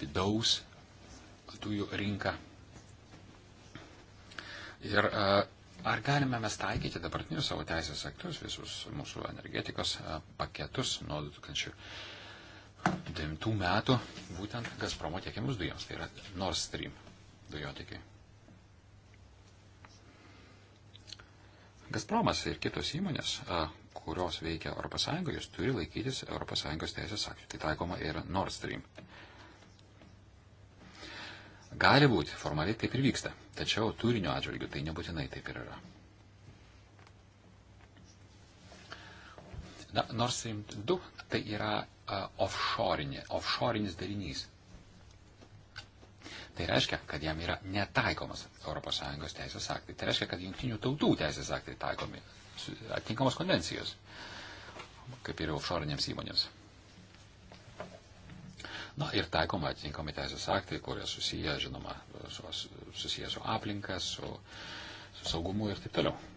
vidaus dujų rinką. Ir e, ar galime mes taikyti dabartinius savo teisės aktus, visus mūsų energetikos e, paketus nuo 2009 metų, būtent Gazpromo tiekiamus dujoms, tai yra Nord Stream dujotikiai. Gazpromas ir kitos įmonės, kurios veikia ES, jos turi laikytis ES teisės aktų. Tai taikoma ir Nord Stream. Gali būti, formaliai taip ir vyksta, tačiau turinio atžvilgiu tai nebūtinai taip ir yra. Na, Nord Stream 2 tai yra uh, offshore'inė, offshore'inis darinys. Tai reiškia, kad jam yra netaikomas ES teisės aktai. Tai reiškia, kad jungtinių tautų teisės aktai taikomi, atitinkamos konvencijos, kaip ir offshore'inėms įmonėms. Na ir taikoma atitinkami teisės aktai, kurie susiję, žinoma, su, susiję su aplinka, su, su saugumu ir taip toliau.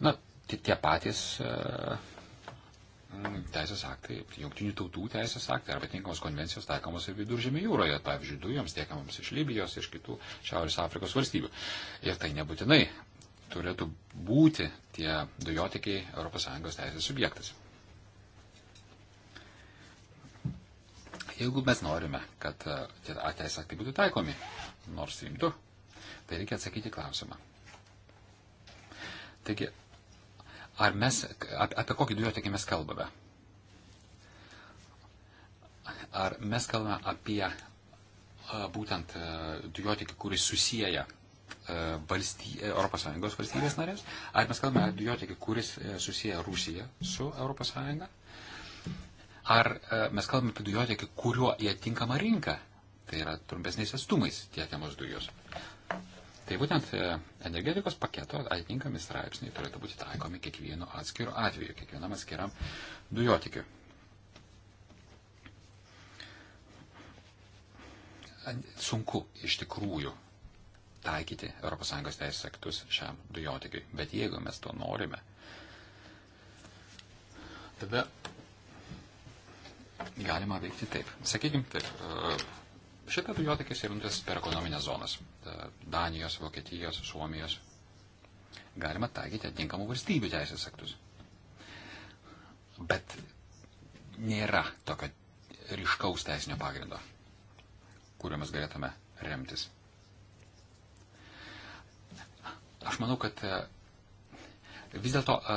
Na, tie patys uh, teisės aktai, jungtinių tautų teisės aktai arba tinkamos konvencijos taikomos ir viduržėmė jūroje, pavyzdžiui, dujoms tiekamams iš Libijos, iš kitų Šiaurės Afrikos valstybių. Ir tai nebūtinai turėtų būti tie dujotikiai ES teisės subjektas. Jeigu mes norime, kad e, tie teisės aktai būtų taikomi, nors rimtu, tai reikia atsakyti klausimą. Taigi, ar mes, apie, apie kokį dujotekį mes kalbame? Ar mes kalbame apie būtent dujotikį, kuris susijęja valsty, ES valstybės narės, ar mes kalbame apie dujotikį, kuris e, susijęja Rusiją su ES, ar e, mes kalbame apie dujotikį, kuriuo jie tinkama rinka, tai yra trumpesniais atstumais tiekiamos dujos. Tai būtent e, energetikos paketo atitinkami straipsniai turėtų būti taikomi kiekvienu atskiru atveju, kiekvienam atskiram dujotikiu. sunku iš tikrųjų taikyti ES teisės aktus šiam dujotikiui. Bet jeigu mes to norime, tada galima veikti taip. Sakykime taip, e, šitą dujotikį įsiruntas per ekonominės zonas. E, Danijos, Vokietijos, Suomijos. Galima taikyti atitinkamų valstybių teisės aktus. Bet nėra tokio ryškaus teisinio pagrindo kuriomis galėtume remtis. Aš manau, kad e, vis dėlto e,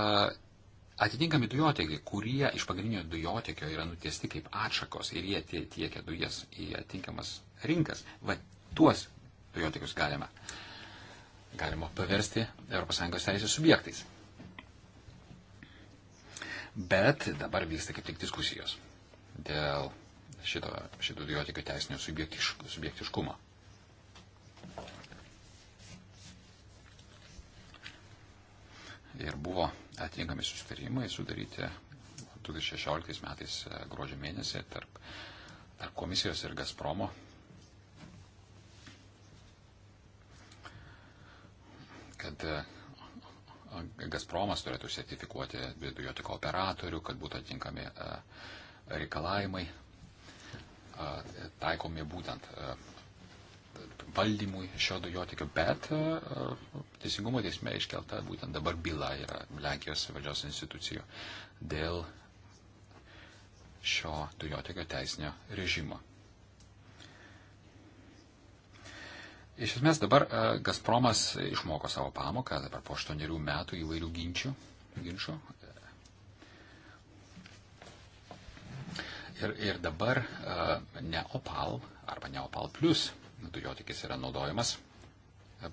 atitinkami dujotiekiai, kurie iš pagrindinio dujotiekio yra nutiesti kaip atšakos ir jie tiekia dujas į atitinkamas rinkas, va tuos dujotiekius galima, galima paversti ES teisės subjektais. Bet dabar vyksta kaip tik diskusijos dėl šito, šito dujotikio teisinio subjektiš, subjektiškumą. Ir buvo atitinkami susitarimai sudaryti 2016 metais e, gruodžio mėnesį tarp, tarp komisijos ir Gazpromo. kad e, Gazpromas turėtų sertifikuoti dujotiko operatorių, kad būtų atitinkami e, reikalavimai taikomi būtent valdymui šio dujotikio, bet teisingumo teisme iškelta būtent dabar byla yra Lenkijos valdžios institucijų dėl šio dujotikio teisinio režimo. Iš esmės dabar Gazpromas išmoko savo pamoką, dabar po aštuonerių metų įvairių ginčių, ginčių Ir, ir dabar neopal arba neopal plus dujotikis yra naudojamas,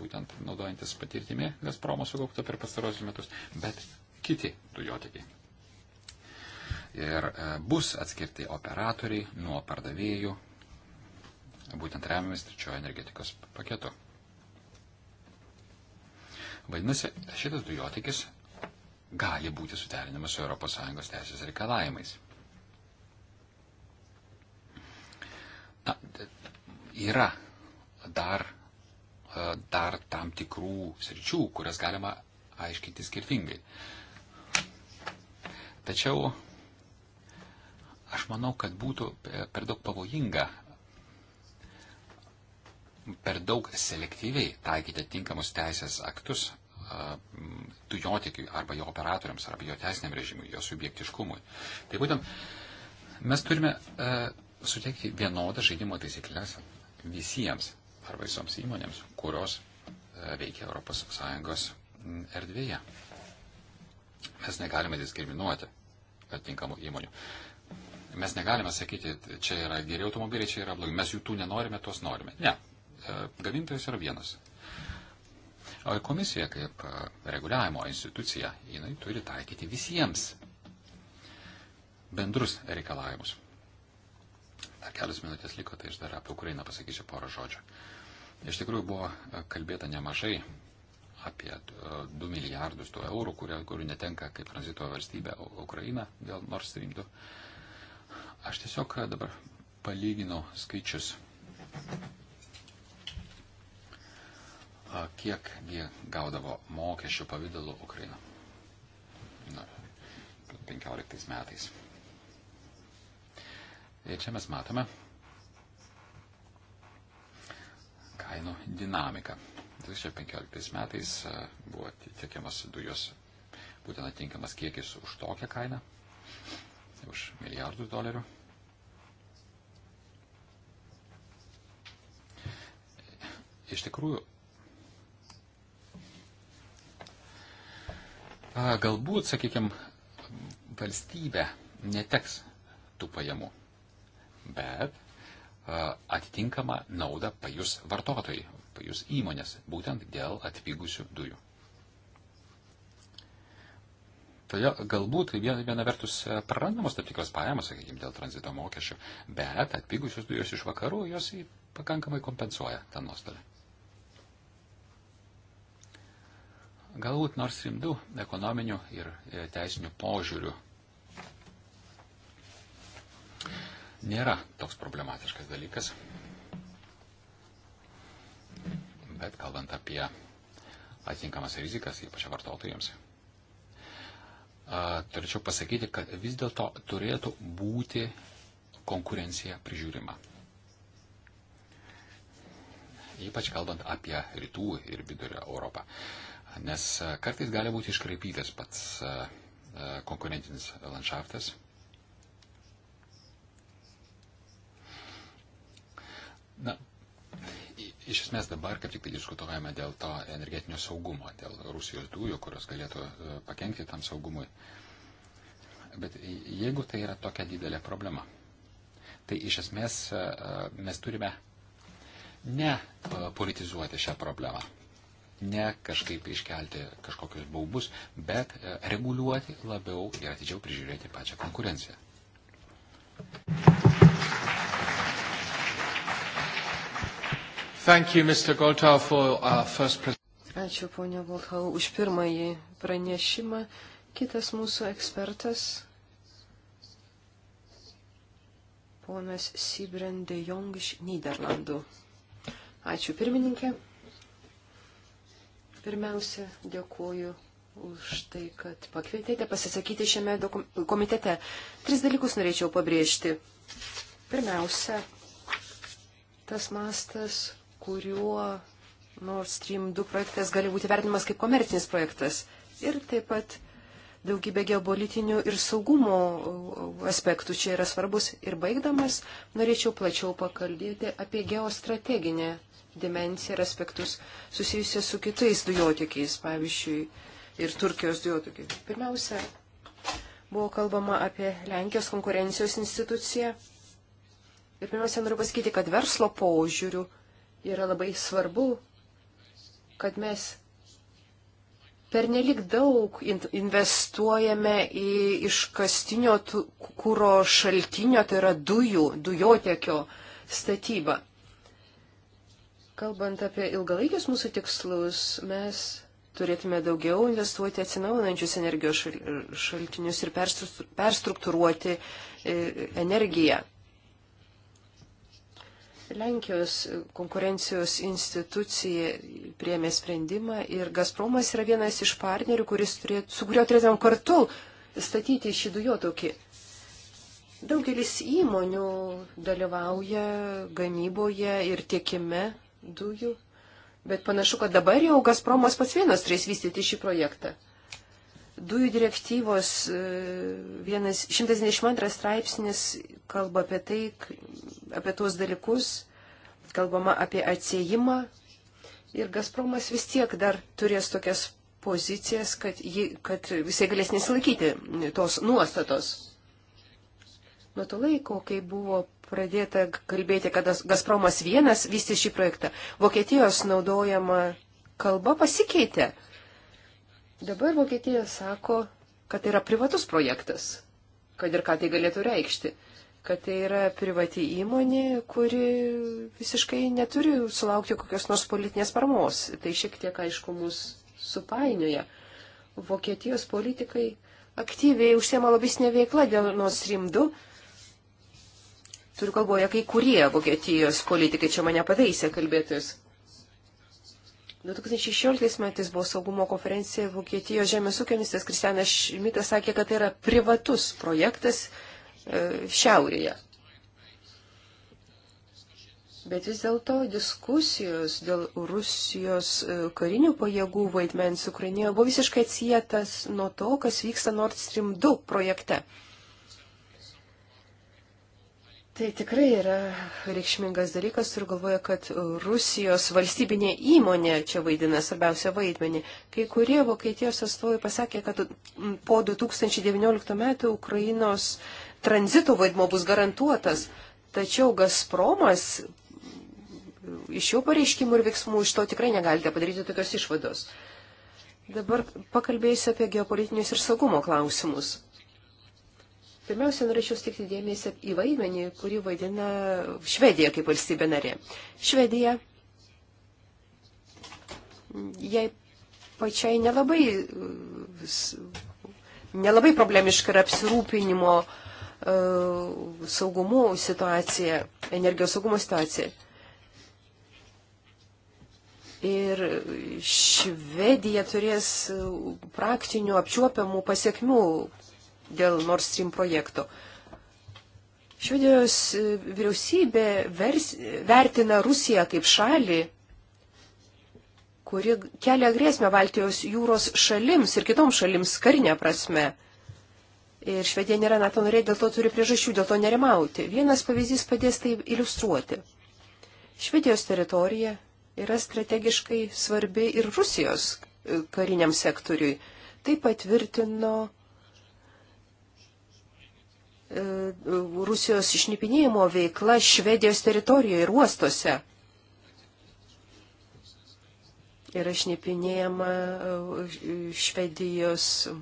būtent naudojantis patirtimi Gazpromo sugaupta per pastarosius metus, bet kiti dujotikiai. Ir bus atskirti operatoriai nuo pardavėjų, būtent remiamis trečiojo energetikos paketu. Vadinasi, šitas dujotikis gali būti suderinamas su ES teisės reikalavimais. Na, yra dar, e, dar tam tikrų sričių, kurias galima aiškinti skirtingai. Tačiau aš manau, kad būtų per daug pavojinga per daug selektyviai taikyti tinkamus teisės aktus dujotikiui e, arba jo operatoriams arba jo teisiniam režimui, jo subjektiškumui. Tai būtent mes turime uh, suteikti vienodą žaidimo taisyklės visiems ar visoms įmonėms, kurios e, veikia ES erdvėje. Mes negalime diskriminuoti atitinkamų įmonių. Mes negalime sakyti, čia yra geri automobiliai, čia yra blogi. Mes jų tų nenorime, tuos norime. Ne. E, gamintojas yra vienas. O komisija kaip e, reguliavimo institucija, jinai turi taikyti visiems bendrus reikalavimus. Dar kelias minutės liko, tai aš dar apie Ukrainą pasakysiu porą žodžių. Iš tikrųjų buvo kalbėta nemažai apie 2 e, milijardus tų eurų, kurių netenka kaip tranzito valstybė Ukraina dėl Nord Stream 2. Aš tiesiog dabar palyginau skaičius, kiek jie gaudavo mokesčių pavydalu Ukraina. Na, 15 metais. Ir čia mes matome kainų dinamiką. 2015 metais e, buvo tiekiamas dujos būtent atinkamas kiekis už tokią kainą, už milijardus dolerių. Iš tikrųjų, galbūt, sakykime, valstybė neteks tų pajamų bet atitinkamą naudą pajus vartotojai, pajus įmonės, būtent dėl atpigusių dujų. Todėl galbūt viena vertus e, prarandamos tam tikros pajamos, sakykime, dėl tranzito mokesčių, bet atpigusios dujos iš vakarų jos pakankamai kompensuoja tą nuostolį. Galbūt nors rimtų ekonominių ir e, teisinių požiūrių nėra toks problematiškas dalykas. Bet kalbant apie atitinkamas rizikas, ypač vartotojams, turėčiau pasakyti, kad vis dėlto turėtų būti konkurencija prižiūrima. Ypač kalbant apie rytų ir vidurio Europą. Nes kartais gali būti iškraipytas pats konkurentinis landšaftas, Na, iš esmės dabar kaip tik tai diskutuojame dėl to energetinio saugumo, dėl Rusijos dujų, kurios galėtų e, pakengti tam saugumui. Bet jeigu tai yra tokia didelė problema, tai iš esmės e, e, mes turime ne politizuoti šią problemą, ne kažkaip iškelti kažkokius baubus, bet reguliuoti labiau ir atidžiau prižiūrėti pačią konkurenciją. You, for, uh, first... Ačiū, ponia Volthau, už pirmąjį pranešimą. Kitas mūsų ekspertas, ponas Sibrende Jong iš Niderlandų. Ačiū, pirmininkė. Pirmiausia, dėkuoju už tai, kad pakvietėte pasisakyti šiame komitete. Tris dalykus norėčiau pabrėžti. Pirmiausia, tas mastas, kuriuo Nord Stream 2 projektas gali būti vertinamas kaip komercinis projektas. Ir taip pat daugybė geopolitinių ir saugumo uh, aspektų čia yra svarbus. Ir baigdamas, norėčiau plačiau pakalbėti apie geostrateginę dimenciją ir aspektus susijusios su kitais dujotikiais, pavyzdžiui, ir Turkijos dujotikiai. Pirmiausia, buvo kalbama apie Lenkijos konkurencijos instituciją. Ir pirmiausia, noriu pasakyti, kad verslo požiūrių yra labai svarbu, kad mes pernelik daug investuojame į iškastinio kūro šaltinio, tai yra dujų, dujotekio statybą. Kalbant apie ilgalaikius mūsų tikslus, mes turėtume daugiau investuoti atsinaujinančius energijos šaltinius ir perstruktūruoti e, energiją. Lenkijos konkurencijos institucija priemė sprendimą ir Gazpromas yra vienas iš partnerių, turėt, su kuriuo turėtumėm kartu statyti šį dujotokį. Daugelis įmonių dalyvauja gamyboje ir tiekime dujų, bet panašu, kad dabar jau Gazpromas pats vienas turės vystyti šį projektą. Dujų direktyvos 192 e, straipsnis kalba apie tai, apie tuos dalykus, kalbama apie atsiejimą ir Gazpromas vis tiek dar turės tokias pozicijas, kad, ji, kad visai galės nesilaikyti tos nuostatos. Nuo to laiko, kai buvo pradėta kalbėti, kad Gazpromas vienas vystys šį projektą, Vokietijos naudojama kalba pasikeitė. Dabar Vokietija sako, kad tai yra privatus projektas, kad ir ką tai galėtų reikšti, kad tai yra privati įmonė, kuri visiškai neturi sulaukti kokios nors politinės paramos. Tai šiek tiek, aišku, mus supainioja. Vokietijos politikai aktyviai užsiema lobisnė veikla dėl nors rimdu. Turiu kalboje kai kurie Vokietijos politikai, čia mane pataisė kalbėtojus. 2016 metais buvo saugumo konferencija Vokietijos žemės ūkio ministras Kristianas Šmitas sakė, kad tai yra privatus projektas e, šiaurėje. Bet vis dėlto diskusijos dėl Rusijos e, karinių pajėgų vaidmens Ukrainoje buvo visiškai atsijėtas nuo to, kas vyksta Nord Stream 2 projekte. Tai tikrai yra reikšmingas dalykas, turiu galvoje, kad Rusijos valstybinė įmonė čia vaidina svarbiausią vaidmenį. Kai kurie Vokietijos atstovai pasakė, kad po 2019 metų Ukrainos tranzito vaidmo bus garantuotas, tačiau Gazpromas iš jų pareiškimų ir veiksmų iš to tikrai negalite padaryti tokios išvados. Dabar pakalbėsiu apie geopolitinius ir saugumo klausimus. Pirmiausia, norėčiau stikti dėmesį į vaidmenį, kurį vaidina Švedija kaip valstybė narė. Švedija, jai pačiai nelabai, nelabai problemiška yra apsirūpinimo e, saugumo situacija, energijos saugumo situacija. Ir Švedija turės praktinių apčiuopiamų pasiekmių dėl Nord Stream projekto. Švedijos e, vyriausybė vers, vertina Rusiją kaip šalį, kuri kelia grėsmę Baltijos jūros šalims ir kitoms šalims karinė prasme. Ir Švedija nėra NATO norė, dėl to turi priežasčių, dėl to nerimauti. Vienas pavyzdys padės tai iliustruoti. Švedijos teritorija yra strategiškai svarbi ir Rusijos e, kariniam sektoriui. Tai patvirtino E, Rusijos išnipinėjimo veikla Švedijos teritorijoje ir uostuose. Yra išnipinėjama e, Švedijos e,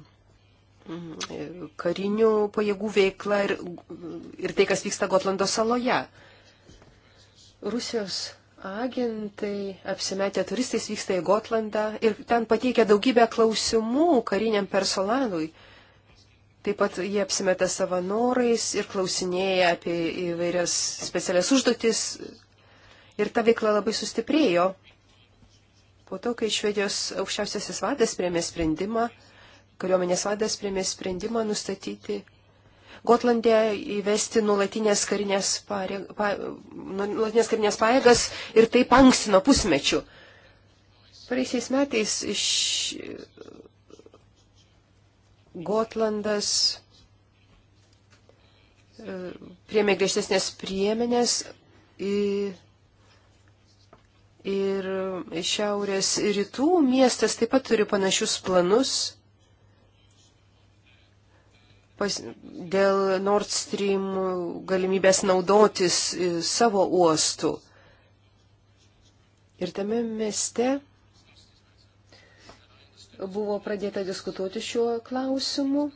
karinių pajėgų veikla ir, ir tai, kas vyksta Gotlando saloje. Rusijos agentai apsimetę turistais vyksta į Gotlandą ir ten pateikia daugybę klausimų kariniam personalui. Taip pat jie apsimeta savanorais ir klausinėja apie įvairias specialias užduotis. Ir ta veikla labai sustiprėjo. Po to, kai Švedijos aukščiausiasis vadas priemė sprendimą, kariuomenės vadas priemė sprendimą nustatyti Gotlandė įvesti nuolatinės karinės, pareg, pa, nuolatinės karinės pajėgas ir tai pankstino pusmečių. Praeisiais metais iš Gotlandas e, priemė griežtesnės priemenės į, ir šiaurės rytų miestas taip pat turi panašius planus pas, dėl Nord Stream galimybės naudotis e, savo uostų. Ir tame mieste buvo pradėta diskutuoti šiuo klausimu.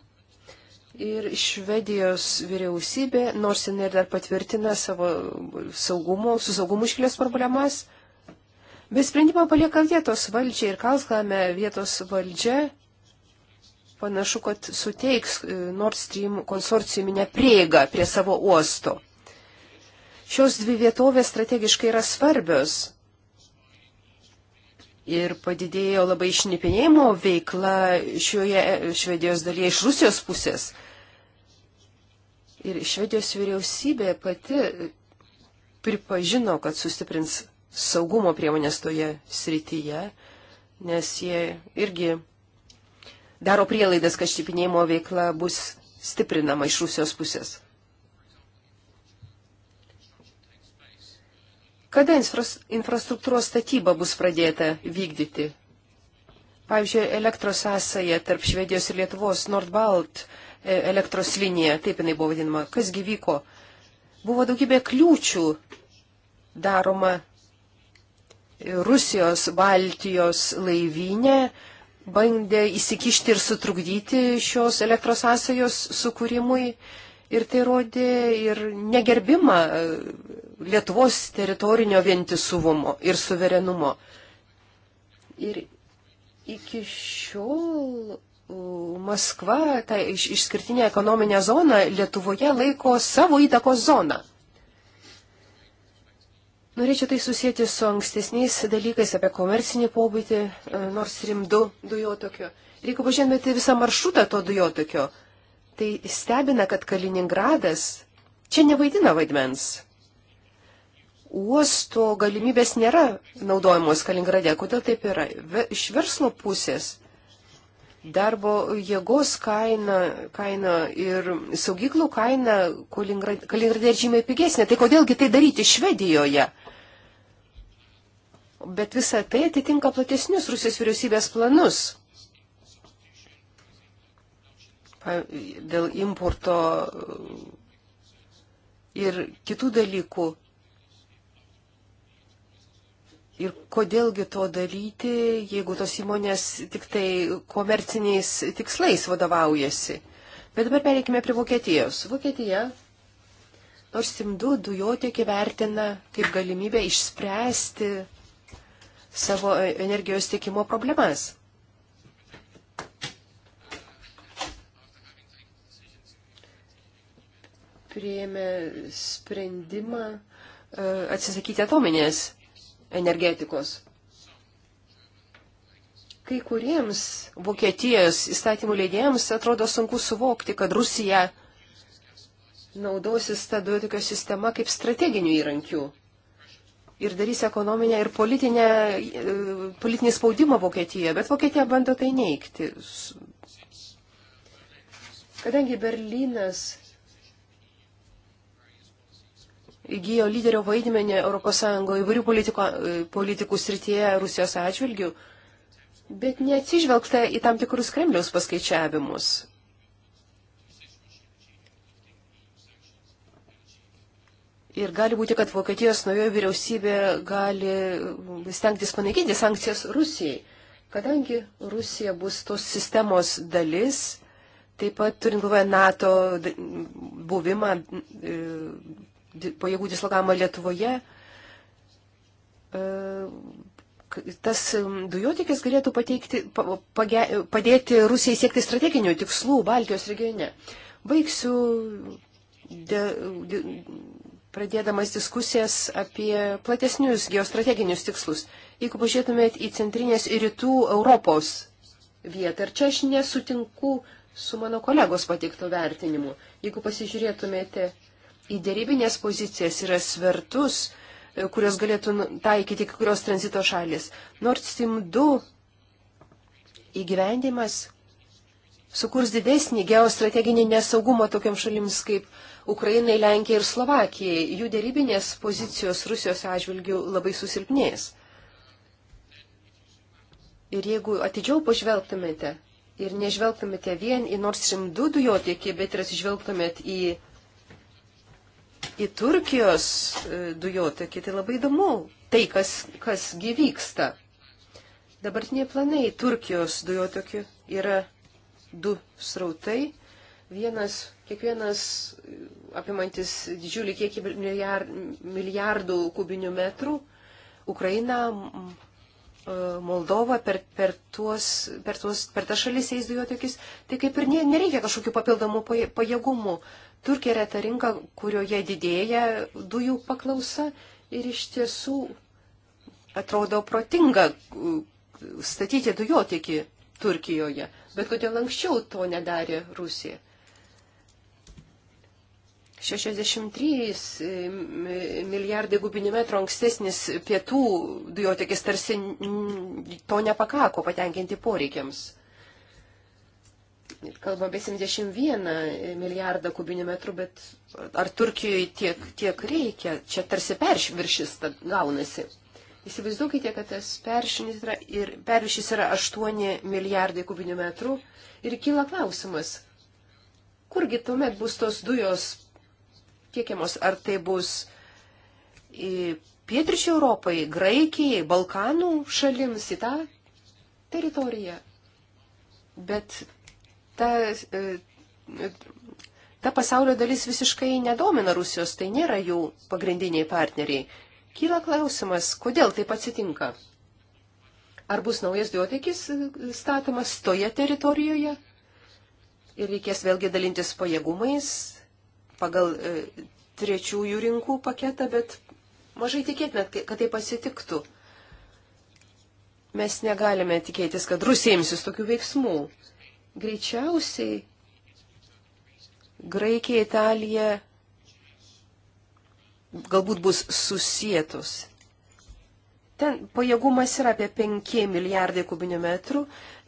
Ir Švedijos vyriausybė, nors jinai dar patvirtina savo saugumo, su saugumu iškilės problemas, bet sprendimą palieka vietos valdžiai ir Kalskame vietos valdžia panašu, kad suteiks e, Nord Stream konsorciuminę prieigą prie savo uosto. Šios dvi vietovės strategiškai yra svarbios ir padidėjo labai šnipinėjimo veikla šioje Švedijos dalyje iš Rusijos pusės. Ir Švedijos vyriausybė pati pripažino, kad sustiprins saugumo priemonės toje srityje, nes jie irgi daro prielaidas, kad šnipinėjimo veikla bus stiprinama iš Rusijos pusės. Kada infrastruktūros statyba bus pradėta vykdyti? Pavyzdžiui, elektros sąsaja tarp Švedijos ir Lietuvos Nordbalt e, elektros linija, taip jinai buvo vadinama, kas gyvyko. Buvo daugybė kliūčių daroma Rusijos Baltijos laivynė, bandė įsikišti ir sutrukdyti šios elektros sąsajos sukūrimui ir tai rodė ir negerbimą Lietuvos teritorinio vientisuvumo ir suverenumo. Ir iki šiol Maskva, ta iš, išskirtinė ekonominė zona, Lietuvoje laiko savo įtakos zoną. Norėčiau tai susijęti su ankstesniais dalykais apie komercinį pobūtį, e, nors rimdu dujotokio. Reikia pažymėti visą maršrutą to dujotokio. Tai stebina, kad Kaliningradas čia nevaidina vaidmens uosto galimybės nėra naudojamos Kaliningrade. Kodėl taip yra? Iš verslo pusės darbo jėgos kaina, kaina ir saugyklų kaina Kaliningrade žymiai pigesnė. Tai kodėlgi tai daryti Švedijoje? Bet visa tai atitinka platesnius Rusijos vyriausybės planus dėl importo ir kitų dalykų. Ir kodėlgi to daryti, jeigu tos įmonės tik tai komerciniais tikslais vadovaujasi. Bet dabar pereikime prie Vokietijos. Vokietija nors Simdu dujotiekį vertina kaip galimybę išspręsti savo energijos tiekimo problemas. Prieėmė sprendimą e, atsisakyti atominės energetikos. Kai kuriems Vokietijos įstatymų leidėjams atrodo sunku suvokti, kad Rusija naudosis tą dujotikio sistemą kaip strateginių įrankių ir darys ekonominę ir politinę, e, politinį spaudimą Vokietijoje, bet Vokietija bando tai neikti. Kadangi Berlynas įgyjo lyderio vaidmenį ES įvairių politiko, politikų srityje Rusijos atžvilgių, bet neatsižvelgta į tam tikrus Kremliaus paskaičiavimus. Ir gali būti, kad Vokietijos naujoji vyriausybė gali stengtis panaikinti sankcijas Rusijai, kadangi Rusija bus tos sistemos dalis Taip pat turint galvoje NATO buvimą e, pajėgų dislokavimą Lietuvoje, e, tas dujotikis galėtų pateikti, page, padėti Rusijai siekti strateginių tikslų Baltijos regione. Baigsiu de, de, pradėdamas diskusijas apie platesnius geostrateginius tikslus. Jeigu pažiūrėtumėt į centrinės ir rytų Europos vietą, ir čia aš nesutinku su mano kolegos pateikto vertinimu. Jeigu pasižiūrėtumėte į dėrybinės pozicijas yra svertus, e, kurios galėtų nu, taikyti kai kurios tranzito šalis. Nord Stream 2 įgyvendimas sukurs didesnį geostrateginį nesaugumą tokiam šalims kaip Ukrainai, Lenkijai ir Slovakijai. Jų dėrybinės pozicijos Rusijos atžvilgių labai susilpnės. Ir jeigu atidžiau pažvelgtumėte ir nežvelgtumėte vien į Nord Stream 2 dujotiekį, bet ir atsižvelgtumėte į į Turkijos e, dujotekį, tai labai įdomu tai, kas, kas gyvyksta. Dabartiniai planai Turkijos dujotekį yra du srautai. Vienas, kiekvienas e, apimantis didžiulį kiekį milijard, milijardų kubinių metrų. Ukraina, e, Moldova per, per, tuos, per, tuos, per tą šalis eis dujotekis. Tai kaip ir nereikia kažkokių papildomų pajėgumų. Turkija yra ta rinka, kurioje didėja dujų paklausa ir iš tiesų atrodo protinga uh, statyti dujotikį Turkijoje. Bet kodėl anksčiau to nedarė Rusija? 63 e, milijardai gubinių metrų ankstesnis pietų dujotekis tarsi to nepakako patenkinti poreikiams kalbam apie 71 milijardą kubinių metrų, bet ar Turkijoje tiek, tiek reikia? Čia tarsi perviršis gaunasi. Įsivaizduokite, kad tas perviršis yra, ir, perviršis yra 8 milijardai kubinių metrų ir kyla klausimas, kurgi tuomet bus tos dujos tiekiamos, ar tai bus į pietričio Europai, Graikijai, Balkanų šalims, į tą teritoriją. Bet ta, e, ta pasaulio dalis visiškai nedomina Rusijos, tai nėra jų pagrindiniai partneriai. Kyla klausimas, kodėl taip atsitinka? Ar bus naujas duotekis statomas toje teritorijoje? Ir reikės vėlgi dalintis pajėgumais pagal e, trečiųjų rinkų paketą, bet mažai tikėtina, kad tai pasitiktų. Mes negalime tikėtis, kad Rusija imsis tokių veiksmų. Greičiausiai Graikija, Italija galbūt bus susijėtos. Ten pajėgumas yra apie 5 milijardai kubinių metrų.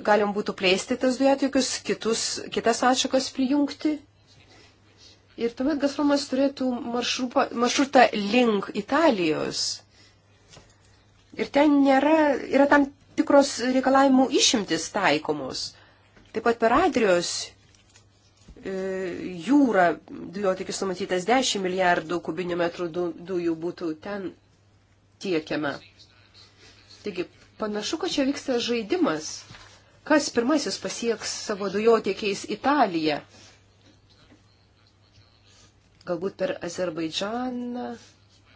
Galim būtų plėsti tas dujatiekius, kitus, kitas atšakas prijungti. Ir tuomet Gazpromas turėtų maršrupa, maršrutą link Italijos. Ir ten nėra, yra tam tikros reikalavimų išimtis taikomos. Taip pat per Adrijos e, jūrą dujotikis numatytas 10 milijardų kubinių metrų dujų būtų ten tiekiama. Taigi panašu, kad čia vyksta žaidimas. Kas pirmasis pasieks savo dujotiekiais Italiją? Galbūt per Azerbaidžaną,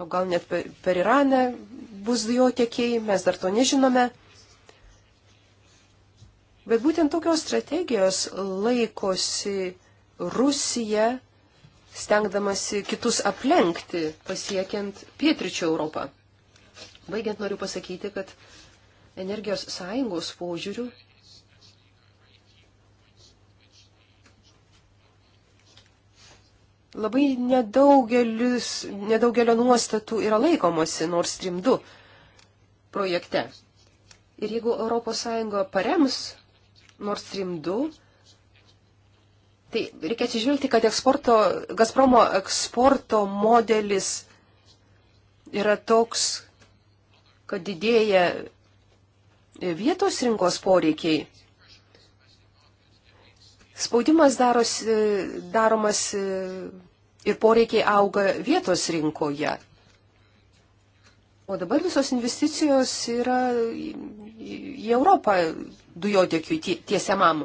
o gal net per, per Iraną bus dujotiekiai, mes dar to nežinome. Bet būtent tokios strategijos laikosi Rusija, stengdamasi kitus aplenkti, pasiekiant pietričio Europą. Baigiant noriu pasakyti, kad energijos sąjungos požiūrių labai nedaugelio nuostatų yra laikomasi Nord Stream 2 projekte. Ir jeigu ES parems Nord Stream 2. Tai reikia atsižvelgti, kad eksporto, Gazpromo eksporto modelis yra toks, kad didėja vietos rinkos poreikiai. Spaudimas daros, daromas ir poreikiai auga vietos rinkoje. O dabar visos investicijos yra į Europą dujotiekiui tiesiamam.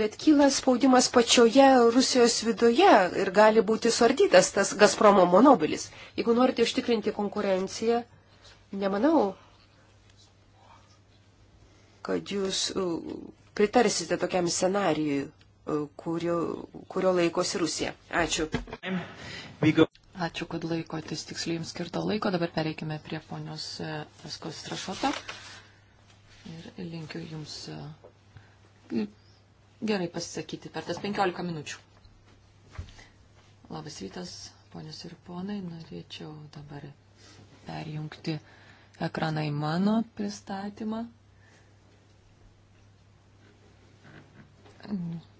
Bet kyla spaudimas pačioje Rusijos viduje ir gali būti suardytas tas Gazpromo monobilis. Jeigu norite ištikrinti konkurenciją, nemanau, kad jūs pritarsite tokiam scenarijui, kurio, kurio laikosi Rusija. Ačiū. Ačiū, kad laikotės tiksliai jums skirto laiko. Dabar pereikime prie ponios Eskos Trašoto. Ir linkiu jums e, gerai pasisakyti per tas 15 minučių. Labas rytas, ponios ir ponai. Norėčiau dabar perjungti ekraną į mano pristatymą.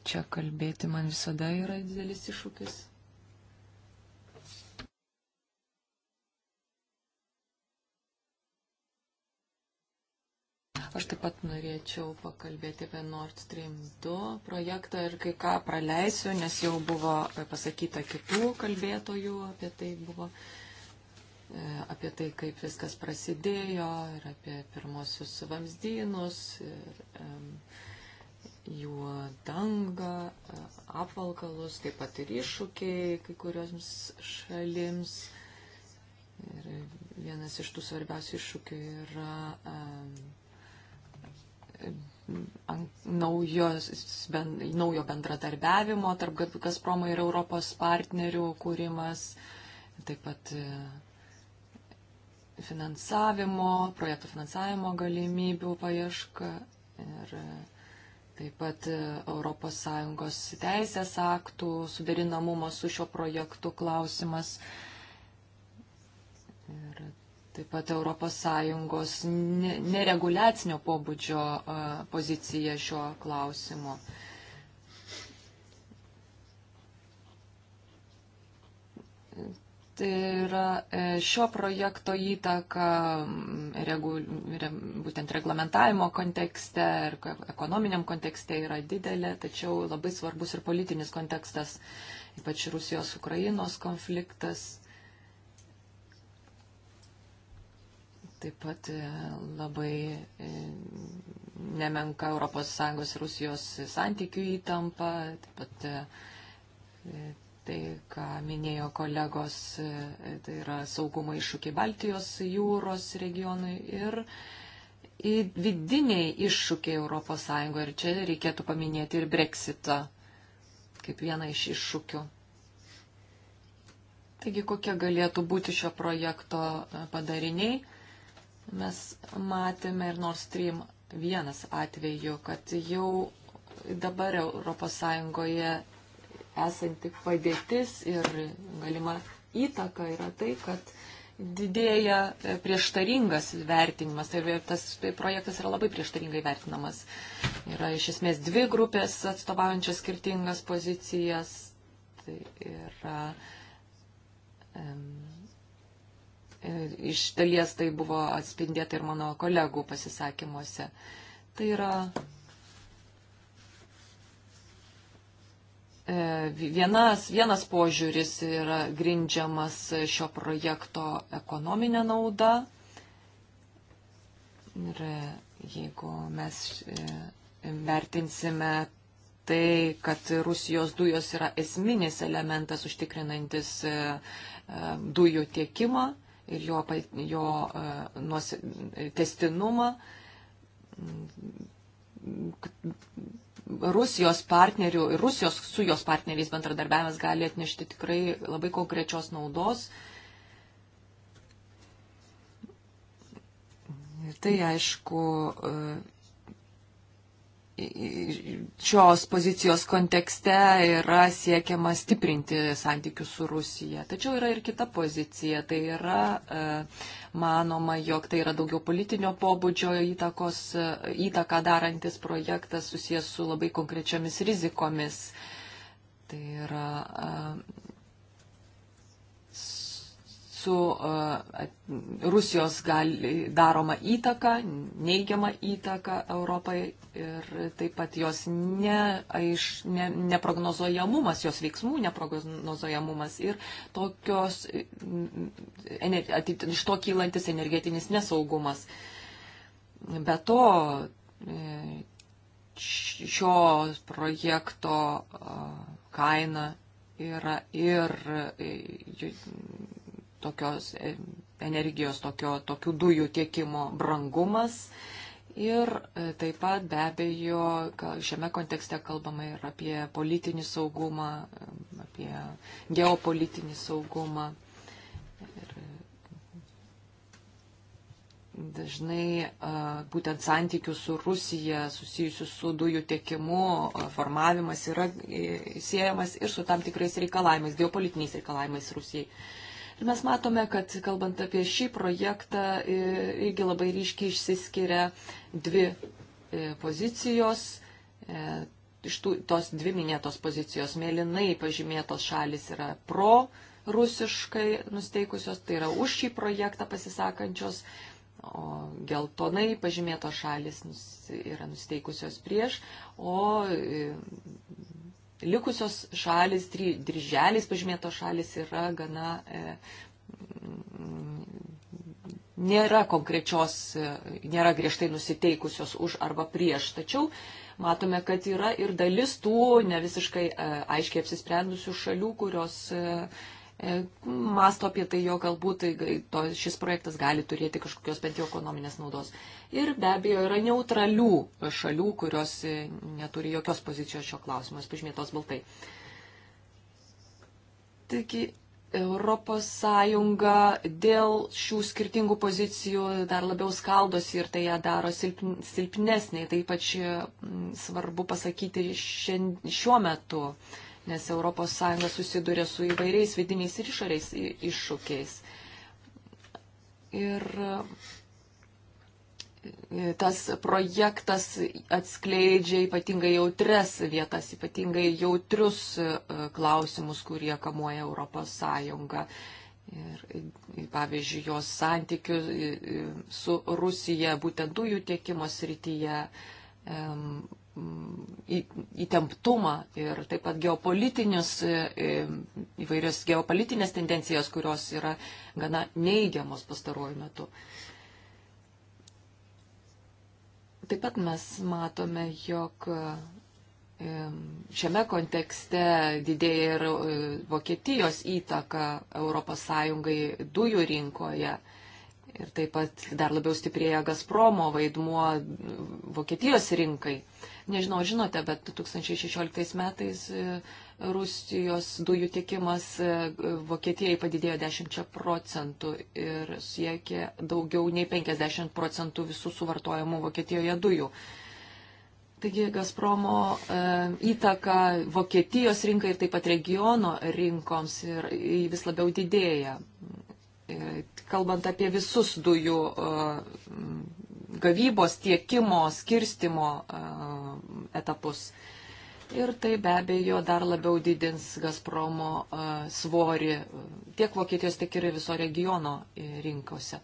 Čia kalbėti man visada yra didelis iššūkis. Aš taip pat norėčiau pakalbėti apie Nord Stream 2 projektą ir kai ką praleisiu, nes jau buvo pasakyta kitų kalbėtojų apie tai buvo e, apie tai, kaip viskas prasidėjo ir apie pirmosius vamzdynus ir um, jų dangą, e, apvalkalus, taip pat ir iššūkiai kai kurioms šalims. Ir vienas iš tų svarbiausių iššūkių yra um, naujos, ben, naujo bendradarbiavimo tarp Gazpromo ir Europos partnerių kūrimas, taip pat e, finansavimo, projektų finansavimo galimybių paieška ir e, taip pat ES teisės aktų suderinamumo su šio projektu klausimas. Ir Taip pat ES nereguliacinio pobūdžio pozicija šiuo klausimu. Tai yra e, šio projekto įtaka mm, regu, re, būtent reglamentavimo kontekste ir ekonominiam kontekste yra didelė, tačiau labai svarbus ir politinis kontekstas, ypač Rusijos-Ukrainos konfliktas Taip pat e, labai e, nemenka ES ir Rusijos santykių įtampa, taip pat e, tai, ką minėjo kolegos, tai yra saugumo iššūkiai Baltijos jūros regionui ir vidiniai iššūkiai ES. Ir čia reikėtų paminėti ir breksitą kaip vieną iš iššūkių. Taigi, kokie galėtų būti šio projekto padariniai? Mes matėme ir Nord Stream 1 atveju, kad jau dabar ES esanti padėtis ir galima įtaka yra tai, kad didėja prieštaringas vertinimas. Tai tas projektas yra labai prieštaringai vertinamas. Yra iš esmės dvi grupės atstovaujančios skirtingas pozicijas. Tai yra um, E, iš dalies tai buvo atspindėta ir mano kolegų pasisakymuose. Tai yra e, Vienas, vienas požiūris yra grindžiamas šio projekto ekonominė nauda. Ir e, jeigu mes vertinsime tai, kad Rusijos dujos yra esminis elementas užtikrinantis dujų tiekimą, ir jo, jo e, nuos, testinumą. Rusijos partnerių ir Rusijos su jos partneriais bendradarbiavimas gali atnešti tikrai labai konkrečios naudos. Ir tai, aišku, e, šios pozicijos kontekste yra siekiama stiprinti santykius su Rusija. Tačiau yra ir kita pozicija. Tai yra e, manoma, jog tai yra daugiau politinio pobūdžio įtakos, e, įtaką darantis projektas susijęs su labai konkrečiamis rizikomis. Tai yra e, su Rusijos gali, daroma įtaka, neigiama įtaka Europai ir taip pat jos neaiš, ne, neprognozojamumas, jos veiksmų neprognozojamumas ir tokios, iš to kylantis energetinis nesaugumas. Be to, e, šio projekto kaina yra ir e, tokios e, energijos, tokio, tokių dujų tiekimo brangumas. Ir e, taip pat be abejo, šiame kontekste kalbama ir apie politinį saugumą, e, apie geopolitinį saugumą. Ir dažnai būtent santykių su Rusija susijusių su dujų tiekimu formavimas yra siejamas ir su tam tikrais reikalavimais, geopolitiniais reikalavimais Rusijai. Mes matome, kad kalbant apie šį projektą, irgi labai ryškiai išsiskiria dvi pozicijos. E, iš tų, tos dvi minėtos pozicijos mėlynai pažymėtos šalis yra pro rusiškai nusteikusios, tai yra už šį projektą pasisakančios, o geltonai pažymėtos šalis yra nusteikusios prieš, o likusios šalis, dirželiais pažymėtos šalis yra gana. E, mm, nėra konkrečios, e, nėra griežtai nusiteikusios už arba prieš, tačiau matome, kad yra ir dalis tų ne visiškai e, aiškiai apsisprendusių šalių, kurios E, masto apie tai, jo galbūt tai to, šis projektas gali turėti kažkokios bent jau ekonominės naudos. Ir be abejo yra neutralių šalių, kurios e, neturi jokios pozicijos šio klausimo, pažymėtos baltai. Taigi, Europos Sąjunga dėl šių skirtingų pozicijų dar labiau skaldosi ir tai ją daro silpn, silpnesnė. Tai ypač svarbu pasakyti šiuo metu. Uh, nes ES susiduria su įvairiais vidiniais ir išoriais iššūkiais. Ir e, tas projektas atskleidžia ypatingai jautres vietas, ypatingai jautrius e, klausimus, kurie kamuoja Europos Sąjungą. Ir, e, pavyzdžiui, jos santykių su Rusija, būtent dujų tiekimo srityje, įtemptumą ir taip pat geopolitinius, e, e, įvairias geopolitinės tendencijas, kurios yra gana neigiamos pastaruoju metu. Taip pat mes matome, jog e, šiame kontekste didėja ir Vokietijos įtaka ES dujų rinkoje. Ir taip pat dar labiau stiprėja Gazpromo vaidmuo Vokietijos rinkai. Uh, Nežinau, žinote, bet 2016 metais e, Rusijos dujų tiekimas e, Vokietijai padidėjo 10 procentų ir siekė daugiau nei 50 procentų visų suvartojamų Vokietijoje dujų. Taigi Gazpromo e, įtaka Vokietijos rinkai ir taip pat regiono rinkoms ir, ir vis labiau didėja. E, kalbant apie visus dujų e, gavybos, tiekimo, skirstimo etapus. Ir tai be abejo dar labiau didins Gazpromo svorį tiek Vokietijos, tiek ir viso regiono e, rinkose.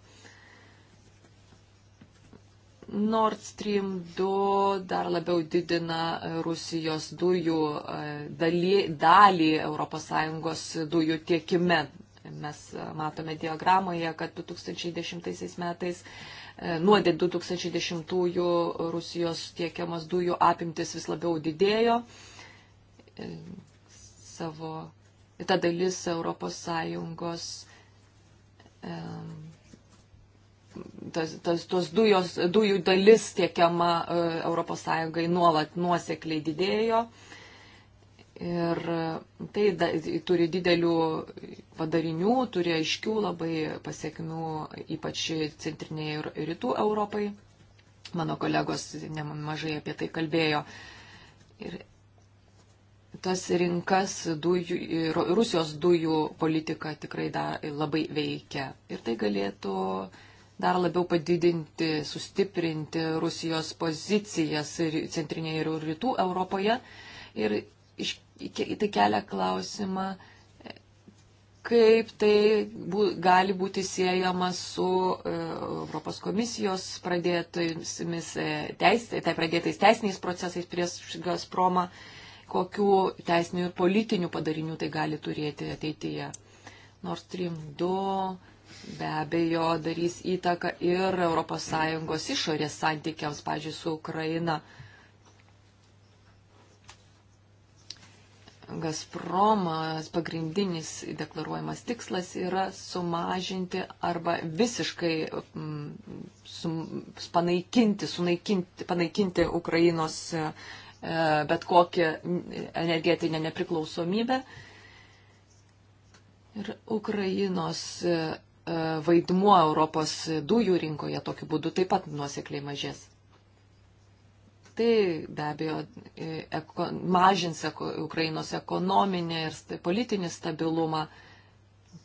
Nord Stream 2 dar labiau didina e, Rusijos dujų dalį, dalį ES dujų tiekime. Mes matome diagramoje, kad 2010 metais E, nuo 2010-ųjų Rusijos tiekiamas dujų apimtis vis labiau didėjo. E, savo, ta dalis ES e, tas, tas, tos dujos, dujų dalis tiekiama ES nuolat nuosekliai didėjo. Ir tai da, turi didelių padarinių, turi aiškių labai pasiekmių, ypač centrinėje ir rytų Europai. Mano kolegos nemažai apie tai kalbėjo. Ir tas rinkas dujų, Rusijos dujų politika tikrai da, labai veikia. Ir tai galėtų dar labiau padidinti, sustiprinti Rusijos pozicijas centrinėje ir rytų Europoje. Ir iš, tai kelia klausimą, kaip tai bū, gali būti siejama su e, Europos komisijos pradėtais, e, teis, tai pradėtais teisiniais procesais prieš Gazpromą, kokių teisinių ir politinių padarinių tai gali turėti ateityje. Nord Stream 2 be abejo darys įtaką ir ES išorės santykiams, pažiūrėjau, su Ukraina. Uh, Gazpromas pagrindinis deklaruojamas tikslas yra sumažinti arba visiškai mm, sum, panaikinti, sunaikinti, panaikinti Ukrainos e, bet kokią energetinę nepriklausomybę. Ir Ukrainos e, e, vaidmuo Europos dujų rinkoje tokiu būdu taip pat nuosekliai mažės tai be abejo e, eko, mažins eko, Ukrainos ekonominį ir politinį stabilumą.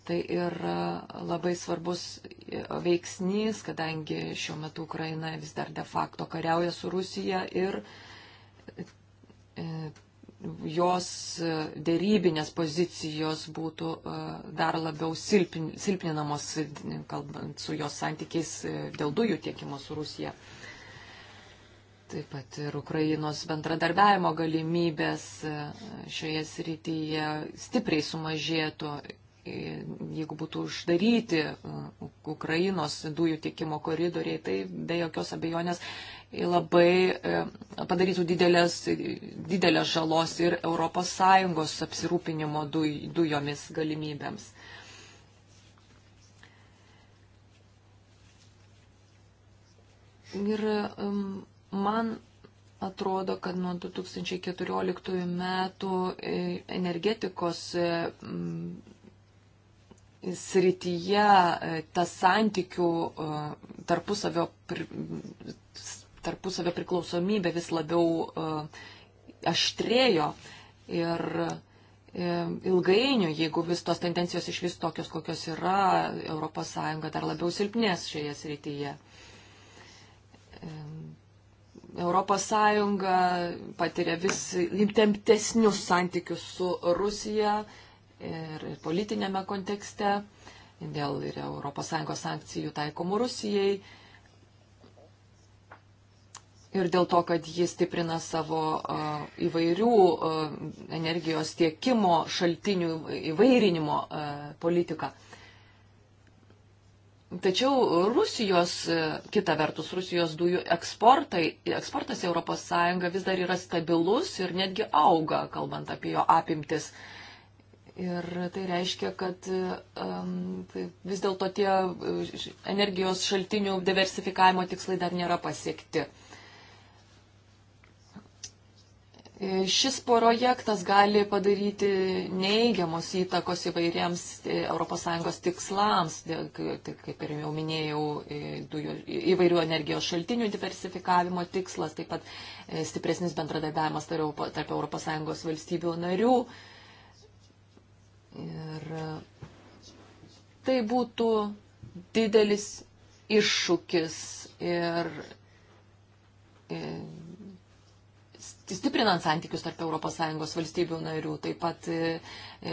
Tai yra labai svarbus e, veiksnys, kadangi šiuo metu Ukraina vis dar de facto kariauja su Rusija ir e, jos dėrybinės pozicijos būtų dar labiau silpninamos, kalbant su jos santykiais dėl dujų tiekimo su Rusija taip pat ir Ukrainos bendradarbiavimo galimybės e, šioje srityje stipriai sumažėtų, e, jeigu būtų uždaryti e, Ukrainos dujų tiekimo koridoriai, tai be jokios abejonės labai padarytų didelės, didelės žalos ir ES apsirūpinimo duj, dujomis galimybėms. Ir um, Man atrodo, kad nuo 2014 metų e, energetikos e, srityje e, tas santykių tarpusavio, tarpusavio priklausomybė vis labiau aštrėjo ir ilgainiui, jeigu vis tos tendencijos iš vis tokios, kokios yra, ES dar labiau silpnės šioje srityje. ES patiria vis įtemptesnius santykius su Rusija ir politinėme kontekste, dėl ir ES sankcijų taikomų Rusijai, ir dėl to, kad jis stiprina savo įvairių energijos tiekimo šaltinių įvairinimo politiką. Tačiau Rusijos, e, kita vertus, Rusijos dujų eksportas į ES vis dar yra stabilus ir netgi auga, kalbant apie jo apimtis. Ir tai reiškia, kad um, tai vis dėlto tie e, energijos šaltinių diversifikavimo tikslai dar nėra pasiekti. Uh, Šis projektas gali padaryti neįgiamos įtakos įvairiems e, ES tikslams, tai kaip ir jau minėjau, e, dujų, įvairių energijos šaltinių diversifikavimo tikslas, taip pat e, stipresnis bendradarbiavimas tarp ES valstybių narių. Ir tai būtų didelis iššūkis ir stiprinant santykius tarp ES valstybių narių, taip pat e,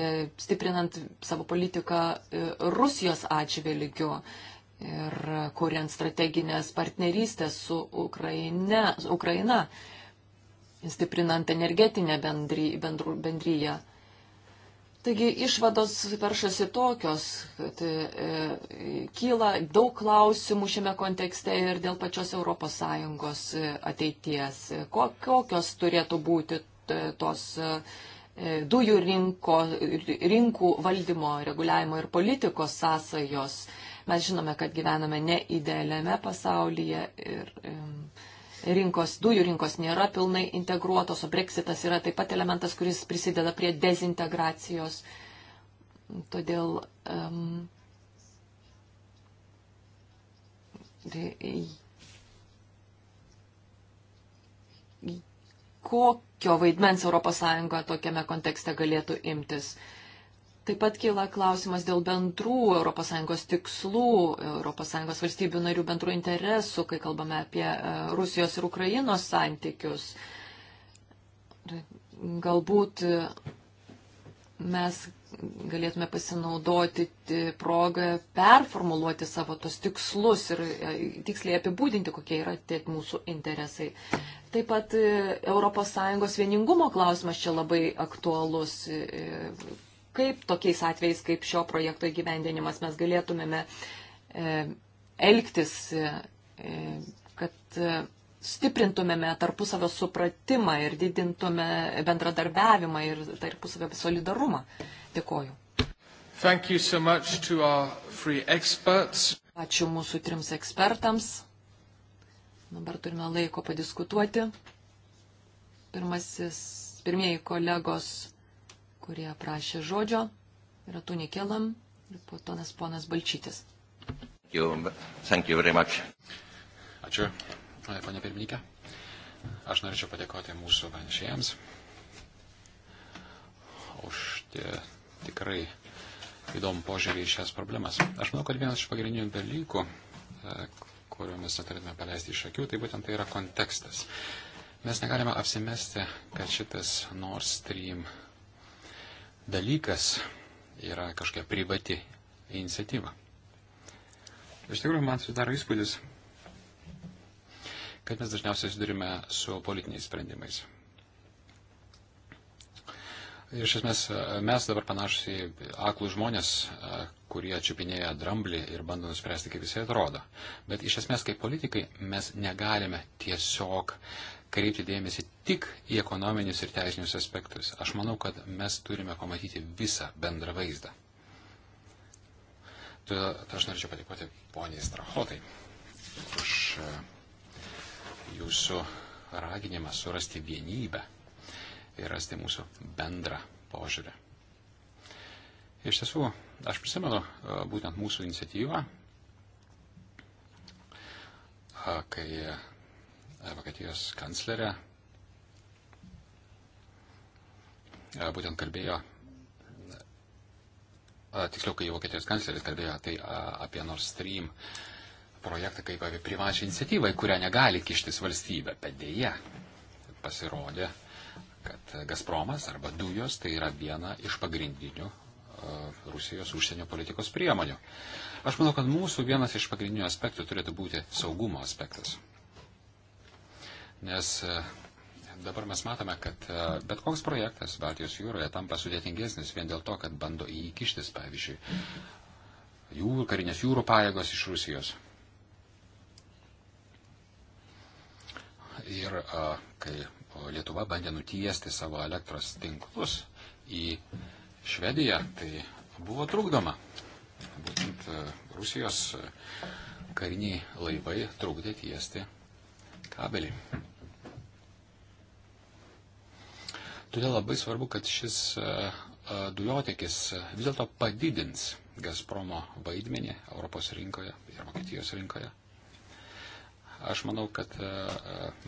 e, stiprinant savo politiką e, Rusijos atžvilgiu ir kuriant strateginės partnerystės su Ukraine, Ukraina, stiprinant energetinę bendry, bendru, bendryją. Taigi išvados peršasi tokios, kad e, e, kyla daug klausimų šiame kontekste ir dėl pačios ES e, ateities. E, ko, kokios turėtų būti tos e, dujų rinko, rinkų valdymo, reguliavimo ir politikos sąsajos. Mes žinome, kad gyvename neidealiame pasaulyje ir e, rinkos, dujų rinkos nėra pilnai integruotos, o breksitas yra taip pat elementas, kuris prisideda prie dezintegracijos. Todėl um, kokio vaidmens ES tokiame kontekste galėtų imtis. Uh, Taip pat kyla klausimas dėl bendrų ES tikslų, ES valstybių narių bendrų interesų, kai kalbame apie e, Rusijos ir Ukrainos santykius. Galbūt e, mes galėtume pasinaudoti e, progą performuluoti savo tos tikslus ir tiksliai apibūdinti, kokie yra tie mūsų interesai. Taip pat ES vieningumo klausimas čia labai aktualus kaip tokiais atvejais, kaip šio projekto įgyvendinimas mes galėtumėme e, elgtis, e, e, kad stiprintumėme tarpusavio supratimą ir didintume bendradarbiavimą ir tarpusavio solidarumą. Dėkoju. So Ačiū mūsų trims ekspertams. Dabar turime laiko padiskutuoti. Pirmasis, pirmieji kolegos kurie prašė žodžio, yra Tuni Kelam ir po tonas ponas Balčytis. Thank you. Thank you Ačiū, e, ponia pirmininkė. Aš norėčiau padėkoti mūsų pranešėjams už tikrai įdomų požiūrį į šias problemas. Aš manau, kad vienas iš pagrindinių dalykų, e, kuriuo mes neturėtume paleisti iš akių, tai būtent tai yra kontekstas. Mes negalime apsimesti, kad šitas Nord Stream dalykas yra kažkokia privati iniciatyva. Iš tikrųjų, man susidaro įspūdis, kad mes dažniausiai susidurime su politiniais sprendimais. Iš esmės, mes dabar panašus į aklų žmonės, kurie čiupinėja dramblį ir bando nuspręsti, kaip jisai atrodo. Bet iš esmės, kaip politikai, mes negalime tiesiog kreipti dėmesį tik į ekonominius ir teisinius aspektus. Aš manau, kad mes turime pamatyti visą bendrą vaizdą. Todėl aš norėčiau padėkoti poniai Strahotai už e, jūsų raginimą surasti vienybę ir rasti mūsų bendrą požiūrį. Iš tiesų, aš prisimenu e, būtent mūsų iniciatyvą, e, kai E, Vokietijos kanclerė e, būtent kalbėjo, e, tiksliau, kai Vokietijos kancleris kalbėjo tai apie Nord Stream projektą kaip apie privačią iniciatyvą, į kurią negali kištis valstybė, bet dėja pasirodė, kad Gazpromas arba dujos tai yra viena iš pagrindinių Rusijos užsienio politikos priemonių. Aš manau, kad mūsų vienas iš pagrindinių aspektų turėtų būti saugumo aspektas nes e, dabar mes matome, kad e, bet koks projektas Baltijos jūroje tampa sudėtingesnis vien dėl to, kad bando į jį kištis, pavyzdžiui, jūrų, karinės jūrų pajėgos iš Rusijos. Ir e, kai Lietuva bandė nutiesti savo elektros tinklus į Švediją, tai buvo trukdoma. Būtent Rusijos kariniai laivai trukdė tiesti kabelį. Todėl labai svarbu, kad šis e, e, dujotekis vis dėlto padidins Gazpromo vaidmenį Europos rinkoje ir Vokietijos rinkoje. Aš manau, kad e,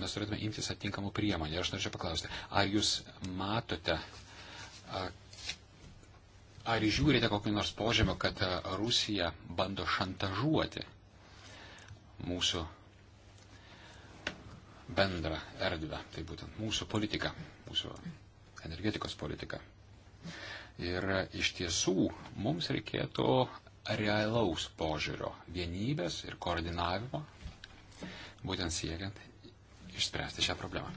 mes turėtume imtis atitinkamų priemonių. Aš norėčiau paklausti, ar jūs matote, ar žiūrite kokį nors požymį, kad Rusija bando šantažuoti mūsų bendrą erdvę, tai būtent mūsų politika, mūsų energetikos politika. Ir iš tiesų mums reikėtų realaus požiūrio, vienybės ir koordinavimo, būtent siekiant išspręsti šią problemą.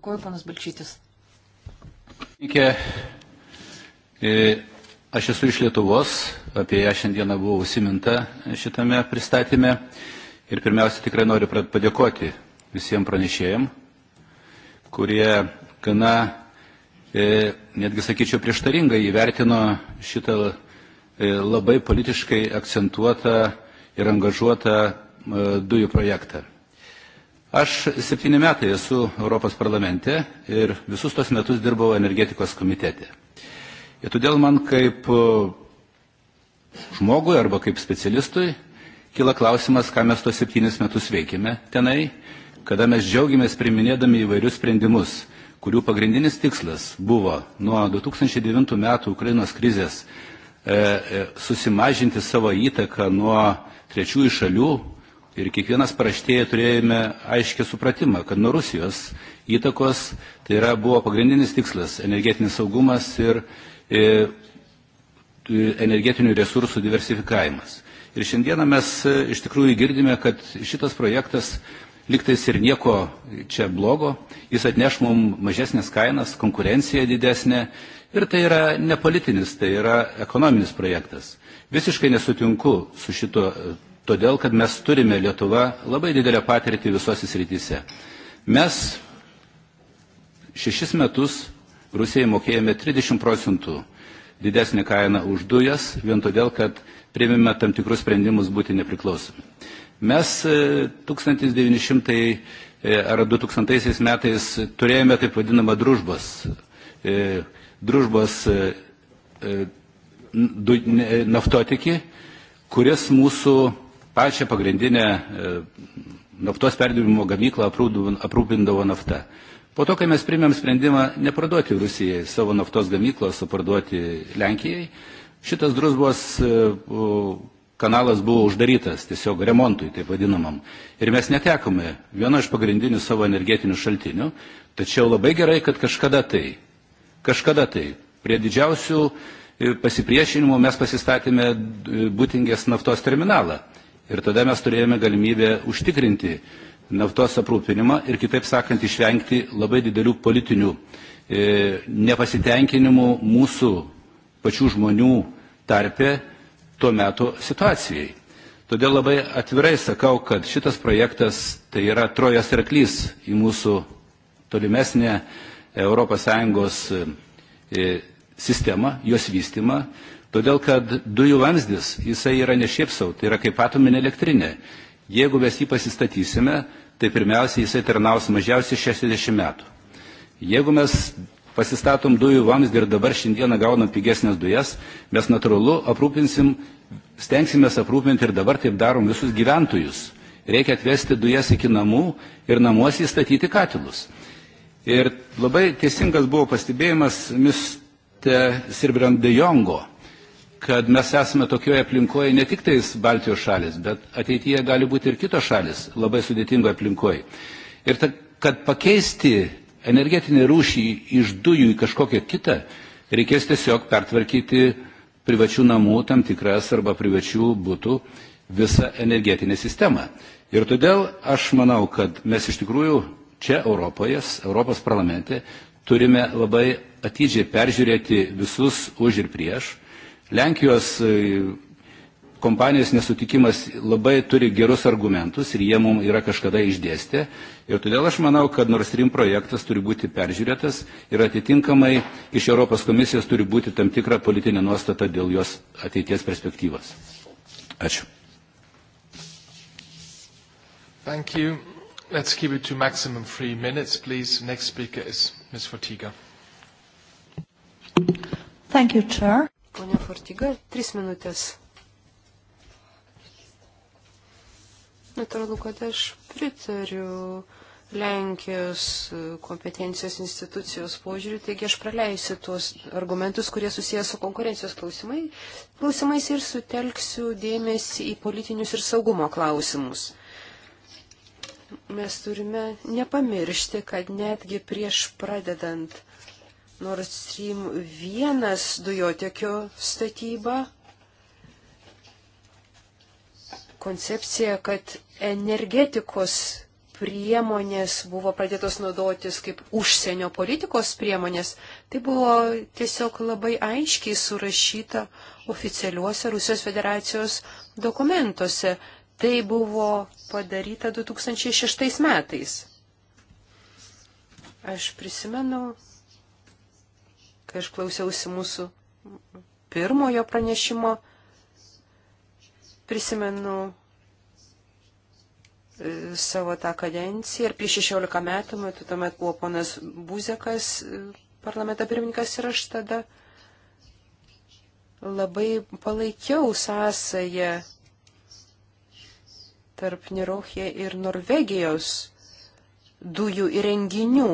Dėkuoju, panas Balčytis. Iki Aš esu iš Lietuvos, apie ją šiandieną buvo užsiminta šitame pristatyme. Ir pirmiausia, tikrai noriu padėkoti visiems pranešėjim, kurie gana, e, netgi sakyčiau, prieštaringai įvertino šitą e, labai politiškai akcentuotą ir angažuotą e, dujų projektą. Aš septyni metai esu Europos parlamente ir visus tos metus dirbau energetikos komitete. Ir todėl man kaip e, žmogui arba kaip specialistui kyla klausimas, ką mes tuos septynis metus veikime tenai, kada mes džiaugiamės priminėdami įvairius sprendimus, kurių pagrindinis tikslas buvo nuo 2009 metų Ukrainos krizės e, e, susimažinti savo įtaką nuo trečiųjų šalių ir kiekvienas paraštėje turėjome aiškį supratimą, kad nuo Rusijos įtakos tai yra buvo pagrindinis tikslas - energetinis saugumas ir E, energetinių resursų diversifikavimas. Ir šiandieną mes e, iš tikrųjų girdime, kad šitas projektas liktais ir nieko čia blogo, jis atneš mums mažesnės kainas, konkurencija didesnė ir tai yra ne politinis, tai yra ekonominis projektas. Visiškai nesutinku su šito, e, todėl kad mes turime Lietuva labai didelę patirtį visose srityse. Mes šešis metus Rusijai mokėjome 30 procentų didesnį kainą už dujas, vien todėl, kad priėmėme tam tikrus sprendimus būti nepriklausomi. Mes 1900 e, e, ar 2000 metais turėjome taip vadinamą družbos, e, družbos naftotikį, kuris mūsų pačią pagrindinę naftos perdirbimo gamyklą aprūpindavo nafta. Po to, kai mes primėm sprendimą neparduoti Rusijai savo naftos gamyklos, o parduoti Lenkijai, šitas drusbos e, kanalas buvo uždarytas tiesiog remontui, taip vadinamam. Ir mes netekome vieno iš pagrindinių savo energetinių šaltinių, tačiau labai gerai, kad kažkada tai, kažkada tai, prie didžiausių e, pasipriešinimų mes pasistatėme e, būtingės naftos terminalą. Ir tada mes turėjome galimybę užtikrinti naftos aprūpinimą ir kitaip sakant išvengti labai didelių politinių e, nepasitenkinimų mūsų pačių žmonių tarpe tuo metu situacijai. Todėl labai atvirai sakau, kad šitas projektas tai yra trojas reklys į mūsų tolimesnę ES e, sistemą, jos vystimą, todėl kad dujų vamzdis, jisai yra ne šiaip savo, tai yra kaip atominė elektrinė. Jeigu mes jį pasistatysime, tai pirmiausia jisai tarnaus mažiausiai 60 metų. Jeigu mes pasistatom dujų vamzdį ir dabar šiandieną gaunam pigesnės dujas, mes natūralu aprūpinsim, stengsimės aprūpinti ir dabar taip darom visus gyventojus. Reikia atvesti dujas iki namų ir namuose įstatyti katilus. Ir labai teisingas buvo pastebėjimas Mr. Sirbrand de Jongo, kad mes esame tokioje aplinkoje ne tik tais Baltijos šalis, bet ateityje gali būti ir kitos šalis labai sudėtingoje aplinkoje. Ir ta, kad pakeisti energetinį rūšį iš dujų į kažkokią kitą, reikės tiesiog pertvarkyti privačių namų tam tikras arba privačių būtų visą energetinę sistemą. Ir todėl aš manau, kad mes iš tikrųjų čia Europoje, Europos parlamente turime labai atidžiai peržiūrėti visus už ir prieš Lenkijos e, kompanijos nesutikimas labai turi gerus argumentus ir jie mums yra kažkada išdėstę. Ir todėl aš manau, kad Nord Stream projektas turi būti peržiūrėtas ir atitinkamai iš Europos komisijos turi būti tam tikra politinė nuostata dėl jos ateities perspektyvos. Ačiū. Thank you. Let's keep it to maximum three minutes, please. Next speaker is Ms. Fortiga. Thank you, Chair. Pone Fortiga, tris minutės. Natūralu, kad aš pritariu Lenkijos kompetencijos institucijos požiūrį, taigi aš praleisiu tuos argumentus, kurie susijęs su konkurencijos klausimai, klausimais ir sutelksiu dėmesį į politinius ir saugumo klausimus. Mes turime nepamiršti, kad netgi prieš pradedant Nord Stream 1 dujotekio statyba. Koncepcija, kad energetikos priemonės buvo pradėtos naudotis kaip užsienio politikos priemonės, tai buvo tiesiog labai aiškiai surašyta oficialiuose Rusijos federacijos dokumentuose. Tai buvo padaryta 2006 metais. Aš prisimenu kai aš klausiausi mūsų pirmojo pranešimo, prisimenu e, savo tą kadenciją ir prieš 16 metų, metu tuomet buvo ponas Buzekas e, parlamento pirmininkas ir aš tada labai palaikiau sąsąją tarp Nirohė ir Norvegijos dujų įrenginių.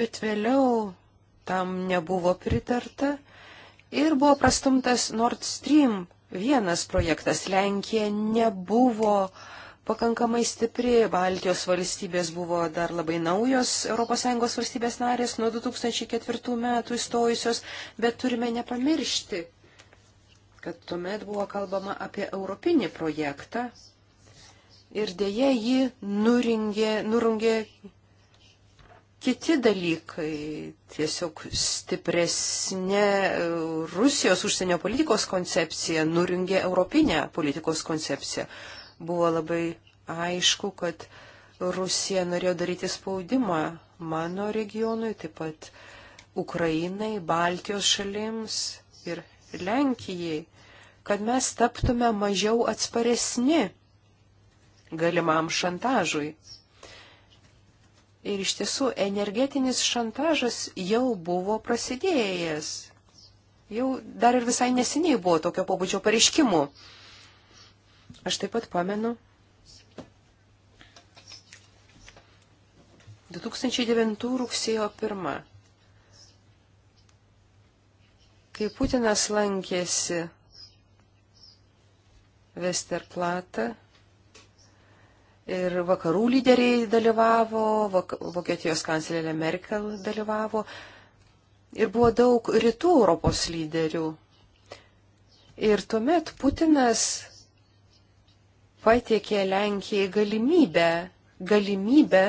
bet vėliau tam nebuvo pritarta ir buvo prastumtas Nord Stream vienas projektas. Lenkija nebuvo pakankamai stipri, Baltijos valstybės buvo dar labai naujos ES valstybės narės nuo 2004 metų įstojusios, bet turime nepamiršti, kad tuomet buvo kalbama apie europinį projektą ir dėje jį nuringė, nurungė kiti dalykai, tiesiog stipresnė Rusijos užsienio politikos koncepcija nuringė europinę politikos koncepciją. Buvo labai aišku, kad Rusija norėjo daryti spaudimą mano regionui, taip pat Ukrainai, Baltijos šalims ir Lenkijai, kad mes taptume mažiau atsparesni galimam šantažui Ir iš tiesų energetinis šantažas jau buvo prasidėjęs. Jau dar ir visai neseniai buvo tokio pobūdžio pareiškimų. Aš taip pat pamenu. 2009 rugsėjo 1. Kai Putinas lankėsi Vesterplatą, ir vakarų lyderiai dalyvavo, Vokietijos kanclerė Merkel dalyvavo ir buvo daug rytų Europos lyderių. Ir tuomet Putinas pateikė Lenkijai galimybę, galimybę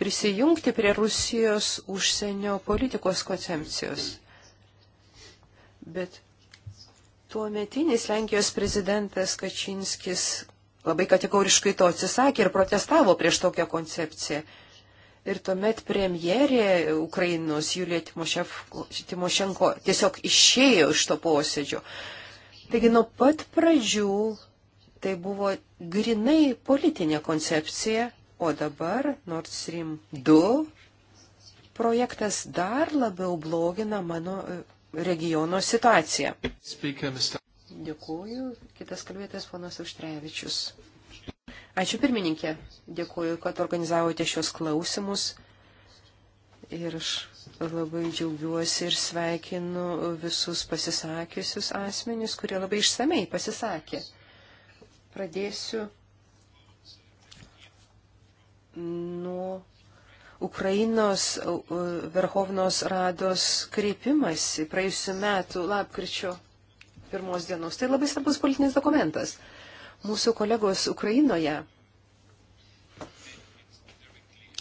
prisijungti prie Rusijos užsienio politikos koncepcijos. Bet Tuometinis Lenkijos prezidentas Kačinskis labai kategoriškai to atsisakė ir protestavo prieš tokią koncepciją. Ir tuomet premjerė Ukrainos Julija Timošenko tiesiog išėjo iš to posėdžio. Taigi nuo pat pradžių tai buvo grinai politinė koncepcija, o dabar Nord Stream 2 projektas dar labiau blogina mano regiono situaciją. Dėkuoju. Kitas kalbėtas ponas Užtrevičius. Ačiū pirmininkė. Dėkuoju, kad organizavote šios klausimus. Ir aš labai džiaugiuosi ir sveikinu visus pasisakiusius asmenius, kurie labai išsamei pasisakė. Pradėsiu Ukrainos Verhovnos Rados kreipimasi praėjusiu metu lapkričio pirmos dienos. Tai labai svarbus politinis dokumentas. Mūsų kolegos Ukrainoje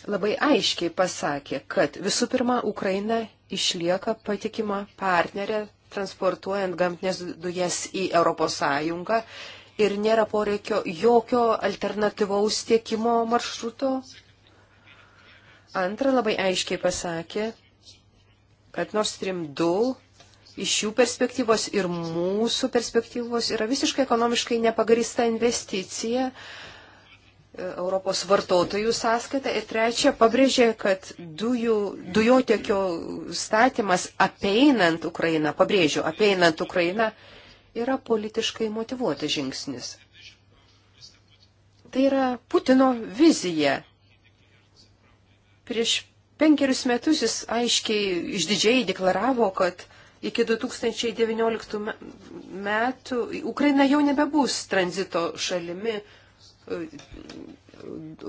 labai aiškiai pasakė, kad visų pirma, Ukraina išlieka patikima partnerė transportuojant gamtinės dujas į ES ir nėra poreikio jokio alternatyvaus tiekimo maršruto Antra labai aiškiai pasakė, kad Nord Stream 2 iš jų perspektyvos ir mūsų perspektyvos yra visiškai ekonomiškai nepagrįsta investicija e, Europos vartotojų sąskaita. Ir trečia, pabrėžė, kad dujų, dujotiekio statymas apeinant Ukrainą, pabrėžiu, apeinant Ukrainą, yra politiškai motivuotas žingsnis. Tai yra Putino vizija Prieš penkerius metus jis aiškiai išdidžiai deklaravo, kad iki 2019 metų Ukraina jau nebebus tranzito šalimi e,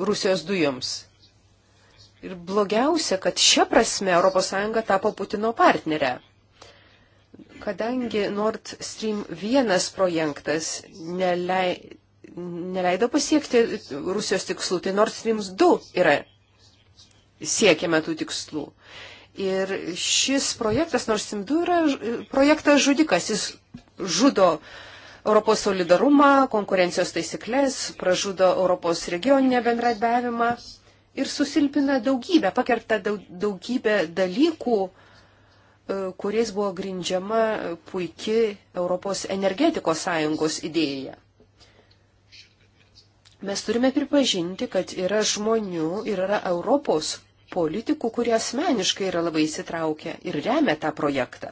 Rusijos dujoms. Ir blogiausia, kad šia prasme ES tapo Putino partnerę. Kadangi Nord Stream 1 projektas nelei, neleido pasiekti Rusijos tikslų, tai Nord Stream 2 yra siekiame tų tikslų. Ir šis projektas, nors Simdu yra projektas žudikas, jis žudo Europos solidarumą, konkurencijos taisyklės, pražudo Europos regioninę bendradarbiavimą ir susilpina daugybę, pakerta daugybę dalykų, e, kuriais buvo grindžiama puikia Europos energetikos sąjungos idėja. Mes turime pripažinti, kad yra žmonių ir yra Europos politikų, kurie asmeniškai yra labai įsitraukę ir remia tą projektą.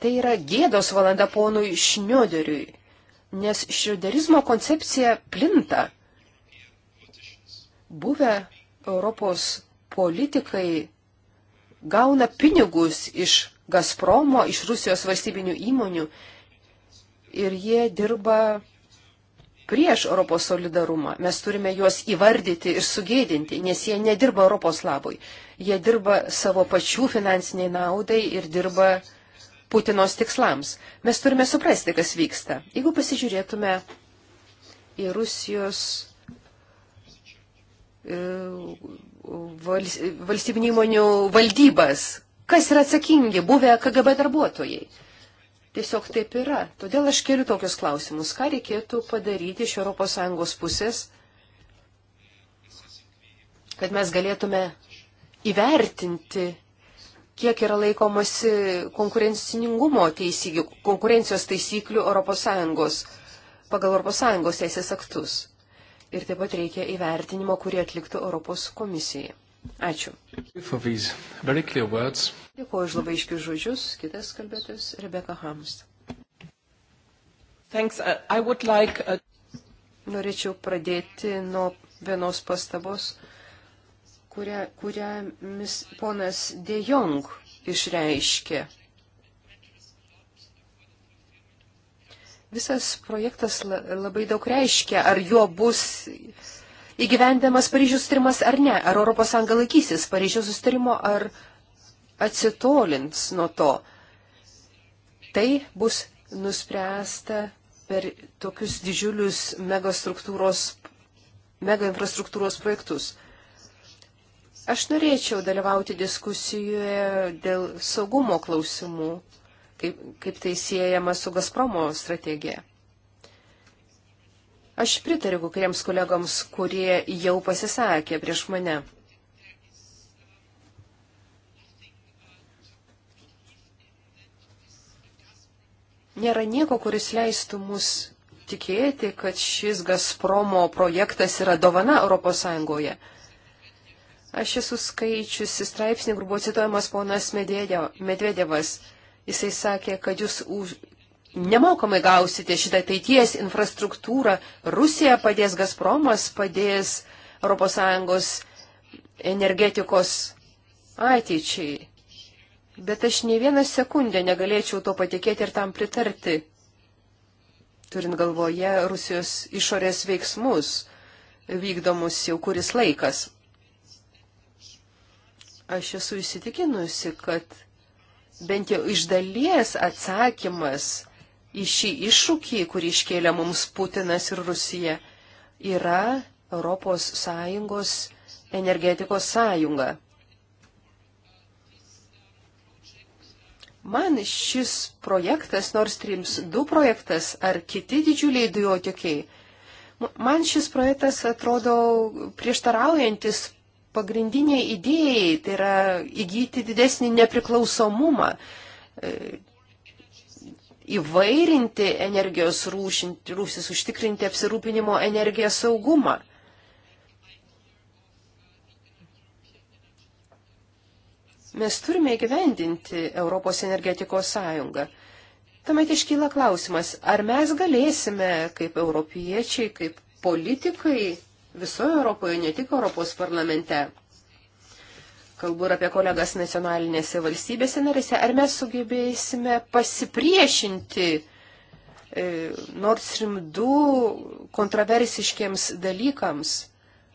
Tai yra gėdos valanda ponui Šnioderiui, nes šrioderizmo koncepcija plinta. Buvę Europos politikai gauna pinigus iš Gazpromo, iš Rusijos valstybinių įmonių ir jie dirba prieš Europos solidarumą. Mes turime juos įvardyti ir sugėdinti, nes jie nedirba Europos labui. Jie dirba savo pačių finansiniai naudai ir dirba Putinos tikslams. Mes turime suprasti, kas vyksta. Jeigu pasižiūrėtume į Rusijos e, valstybinių įmonių valdybas, kas yra atsakingi buvę KGB darbuotojai. Tiesiog taip yra. Todėl aš keliu tokius klausimus. Ką reikėtų padaryti iš ES pusės, kad mes galėtume įvertinti, kiek yra laikomasi konkurencingumo teisygių, konkurencijos taisyklių ES pagal ES teisės aktus. Ir taip pat reikia įvertinimo, kurį atliktų Europos komisijai. Ačiū. Dėkuoju už labai iškius žodžius. Kitas kalbėtojas Rebeka Hams. Thanks, uh, like a... Uh, Norėčiau pradėti nuo vienos pastabos, kurią, kurią mis, ponas De Jong išreiškė. Visas projektas labai daug reiškia, ar jo bus įgyvendamas Paryžiaus sustarimas ar ne, ar ES laikysis Paryžiaus sustarimo, ar atsitolins nuo to. Tai bus nuspręsta per tokius didžiulius megastruktūros, megainfrastruktūros projektus. Aš norėčiau dalyvauti diskusijoje dėl saugumo klausimų, kaip, kaip tai siejama su Gazpromo strategija. Aš pritariu kuriems kolegoms, kurie jau pasisakė prieš mane. Nėra nieko, kuris leistų mus tikėti, kad šis Gazpromo projektas yra dovana ES. Aš esu skaičiusi straipsnį, kur buvo cituojamas ponas Medvedevas. Jisai sakė, kad jūs, už, nemokamai gausite šitą ateities infrastruktūrą. Rusija padės Gazpromas, padės ES energetikos ateičiai. Bet aš ne vieną sekundę negalėčiau to patikėti ir tam pritarti, turint galvoje Rusijos išorės veiksmus vykdomus jau kuris laikas. Aš esu įsitikinusi, kad bent jau iš dalies atsakymas į šį iššūkį, kurį iškėlė mums Putinas ir Rusija, yra ES energetikos sąjunga. Man šis projektas, nors trims du projektas ar kiti didžiuliai dujotiekiai, man šis projektas atrodo prieštaraujantis pagrindiniai idėjai, tai yra įgyti didesnį nepriklausomumą, e, įvairinti energijos rūšis, užtikrinti apsirūpinimo energiją saugumą. Mes turime įgyvendinti Europos energetikos sąjungą. Tamet iškyla klausimas, ar mes galėsime kaip europiečiai, kaip politikai visoje Europoje, ne tik Europos parlamente, kalbu ir apie kolegas nacionalinėse valstybėse narėse, ar mes sugebėsime pasipriešinti e, nors rimdų kontroversiškiams dalykams,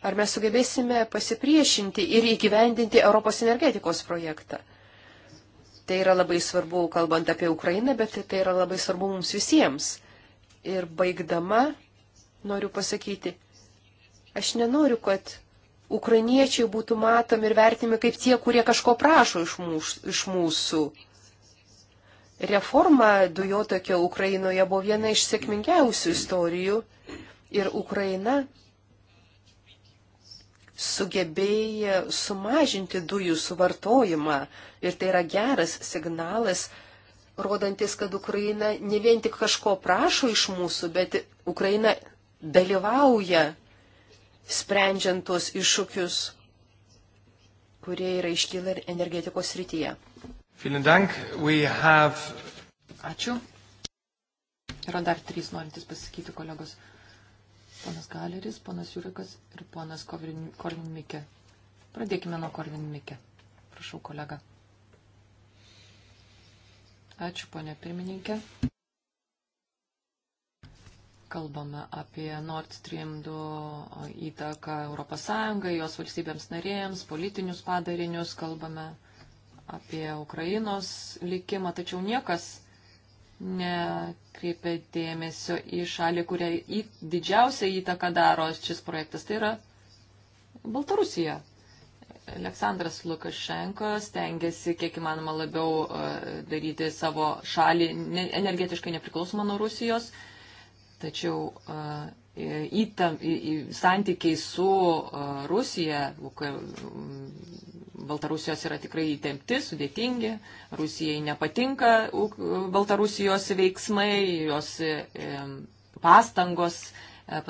ar mes sugebėsime pasipriešinti ir įgyvendinti Europos energetikos projektą. Tai yra labai svarbu, kalbant apie Ukrainą, bet tai yra labai svarbu mums visiems. Ir baigdama, noriu pasakyti, aš nenoriu, kad ukrainiečiai būtų matomi ir vertimi kaip tie, kurie kažko prašo iš, mūs, iš mūsų. Reforma dujotokio Ukrainoje buvo viena iš sėkmingiausių istorijų ir Ukraina sugebėjo sumažinti dujų suvartojimą ir tai yra geras signalas, rodantis, kad Ukraina ne vien tik kažko prašo iš mūsų, bet Ukraina dalyvauja sprendžiant tuos iššūkius, kurie yra iškyla ir energetikos srityje. Ačiū. Yra dar trys norintys pasakyti kolegos. Ponas Galeris, ponas Jurikas ir ponas Korvin Mikė. Pradėkime nuo Korvin Mikė. Prašau, kolega. Ačiū, ponė pirmininkė kalbame apie Nord Stream 2 įtaką ES, jos valstybėms narėjams, politinius padarinius, kalbame apie Ukrainos likimą, tačiau niekas nekreipia dėmesio į šalį, kuriai į, didžiausią įtaką daro šis projektas, tai yra Baltarusija. Aleksandras Lukašenko stengiasi kiek įmanoma labiau e, daryti savo šalį energetiškai nepriklausomą nuo Rusijos Tačiau įtam, santykiai su Rusija, Baltarusijos yra tikrai įtempti, sudėtingi, Rusijai nepatinka Baltarusijos veiksmai, jos e, pastangos e,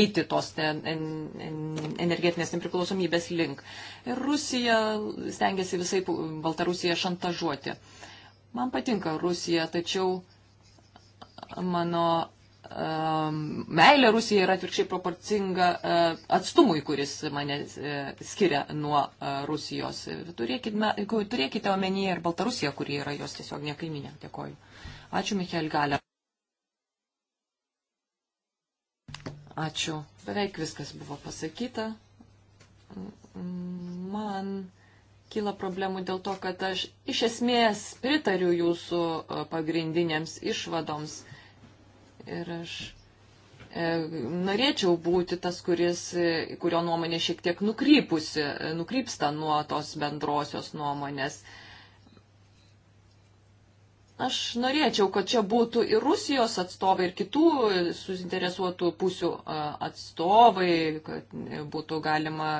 eiti tos energetinės nepriklausomybės link. Ir Rusija stengiasi visai Baltarusiją šantažuoti. Man patinka Rusija, tačiau mano meilė Rusijai yra atvirkščiai proporcinga atstumui, kuris mane skiria nuo Rusijos. Turėkime, turėkite omenyje ir Baltarusiją, kuri yra jos tiesiog nekaiminė. Dėkoju. Ačiū, Michael Galia. Ačiū. Beveik viskas buvo pasakyta. Man kyla problemų dėl to, kad aš iš esmės pritariu jūsų e, pagrindinėms išvadoms. Ir aš e, norėčiau būti tas, kuris, e, kurio nuomonė šiek tiek nukrypusi, e, nukrypsta nuo tos bendrosios nuomonės. E, Aš norėčiau, kad čia būtų ir Rusijos atstovai, ir kitų suinteresuotų pusių atstovai, kad būtų galima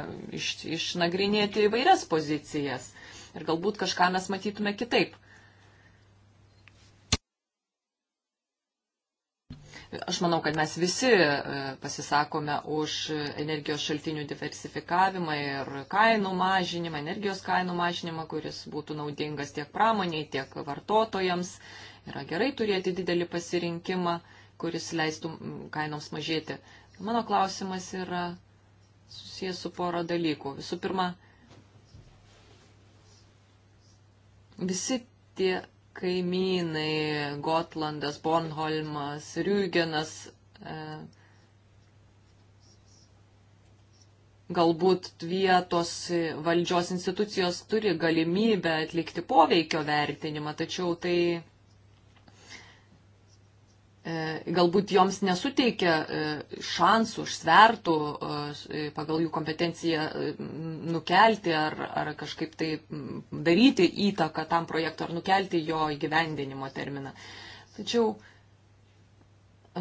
iš, išnagrinėti įvairias pozicijas. Ir galbūt kažką mes matytume kitaip. Aš manau, kad mes visi e, pasisakome už energijos šaltinių diversifikavimą ir kainų mažinimą, energijos kainų mažinimą, kuris būtų naudingas tiek pramoniai, tiek vartotojams. Yra gerai turėti didelį pasirinkimą, kuris leistų kainoms mažėti. Mano klausimas yra susijęs su poro dalykų. Visų pirma, visi tie kaimynai Gotlandas, Bornholmas, Rügenas. E, galbūt vietos valdžios institucijos turi galimybę atlikti poveikio vertinimą, tačiau tai E, galbūt joms nesuteikia e, šansų, užsvertų e, pagal jų kompetenciją nukelti ar, ar kažkaip tai daryti įtaką tam projektui ar nukelti jo įgyvendinimo terminą. Tačiau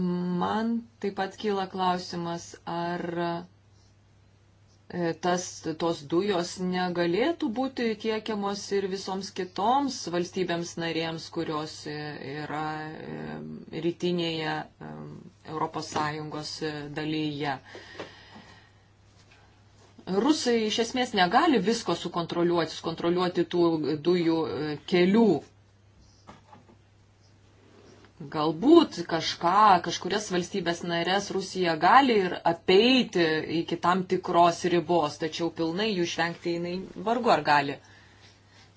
man taip pat kyla klausimas, ar E, tas, tos dujos negalėtų būti tiekiamos ir visoms kitoms valstybėms narėms, kurios e, yra e, rytinėje ES dalyje. Rusai iš esmės negali visko sukontroliuoti, sukontroliuoti tų dujų kelių Galbūt kažką, kažkurias valstybės narės Rusija gali ir apeiti iki tam tikros ribos, tačiau pilnai jų išvengti jinai vargu ar gali.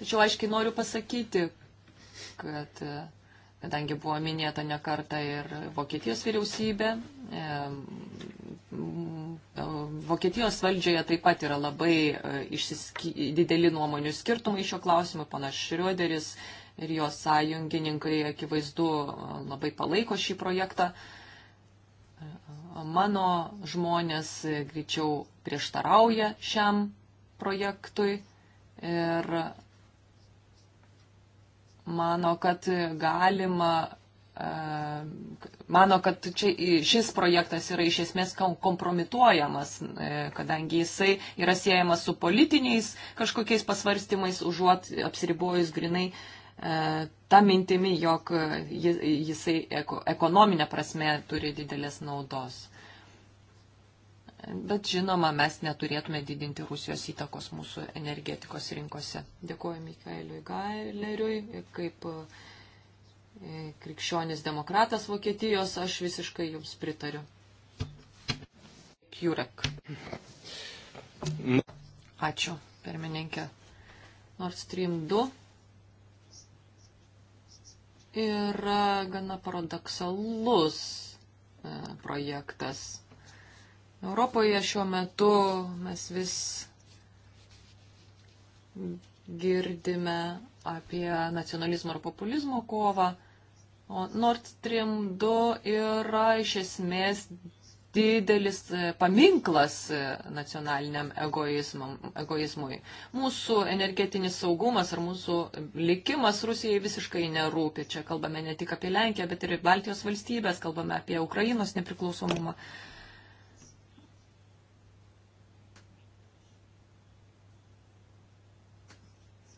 Tačiau aiškiai noriu pasakyti, kad e, kadangi buvo minėta ne kartą ir Vokietijos vyriausybė, e, Vokietijos valdžioje taip pat yra labai e, išsiski, dideli nuomonių skirtumai šio klausimu, panas Šrioderis ir jos sąjungininkai akivaizdu labai palaiko šį projektą. Mano žmonės greičiau prieštarauja šiam projektui ir mano, kad galima, e, mano, kad čia, šis projektas yra iš esmės kompromituojamas, e, kadangi jisai yra siejamas su politiniais kažkokiais pasvarstymais, užuot apsiribojus grinai E, ta mintimi, jog jisai ekonominė prasme turi didelės naudos. Bet žinoma, mes neturėtume didinti Rusijos įtakos mūsų energetikos rinkose. Dėkuoju Mikaeliui Gaileriui, kaip e, krikščionis demokratas Vokietijos, aš visiškai jums pritariu. Jurek. Ačiū, pirmininkė. Nord Stream 2 yra gana paradoksalus e, projektas. Europoje šiuo metu mes vis girdime apie nacionalizmo ir populizmo kovą, o Nord Stream 2 yra iš esmės didelis e, paminklas e, nacionaliniam egoizmui. Mūsų energetinis saugumas ar mūsų likimas Rusijai visiškai nerūpi. Čia kalbame ne tik apie Lenkiją, bet ir Baltijos valstybės, kalbame apie Ukrainos nepriklausomumą.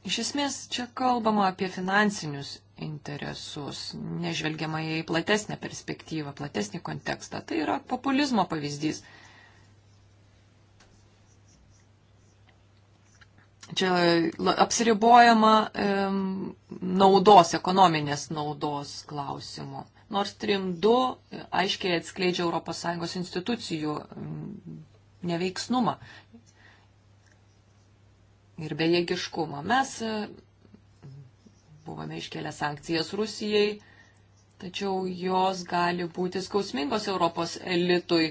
Iš esmės čia kalbama apie finansinius interesus, nežvelgiama į platesnę perspektyvą, platesnį kontekstą. Tai yra populizmo pavyzdys. Čia apsiribojama e, naudos, ekonominės naudos klausimu. Nors Stream 2 aiškiai atskleidžia ES institucijų neveiksnumą ir bejėgiškumą. Mes buvome iškėlę sankcijas Rusijai, tačiau jos gali būti skausmingos Europos elitui.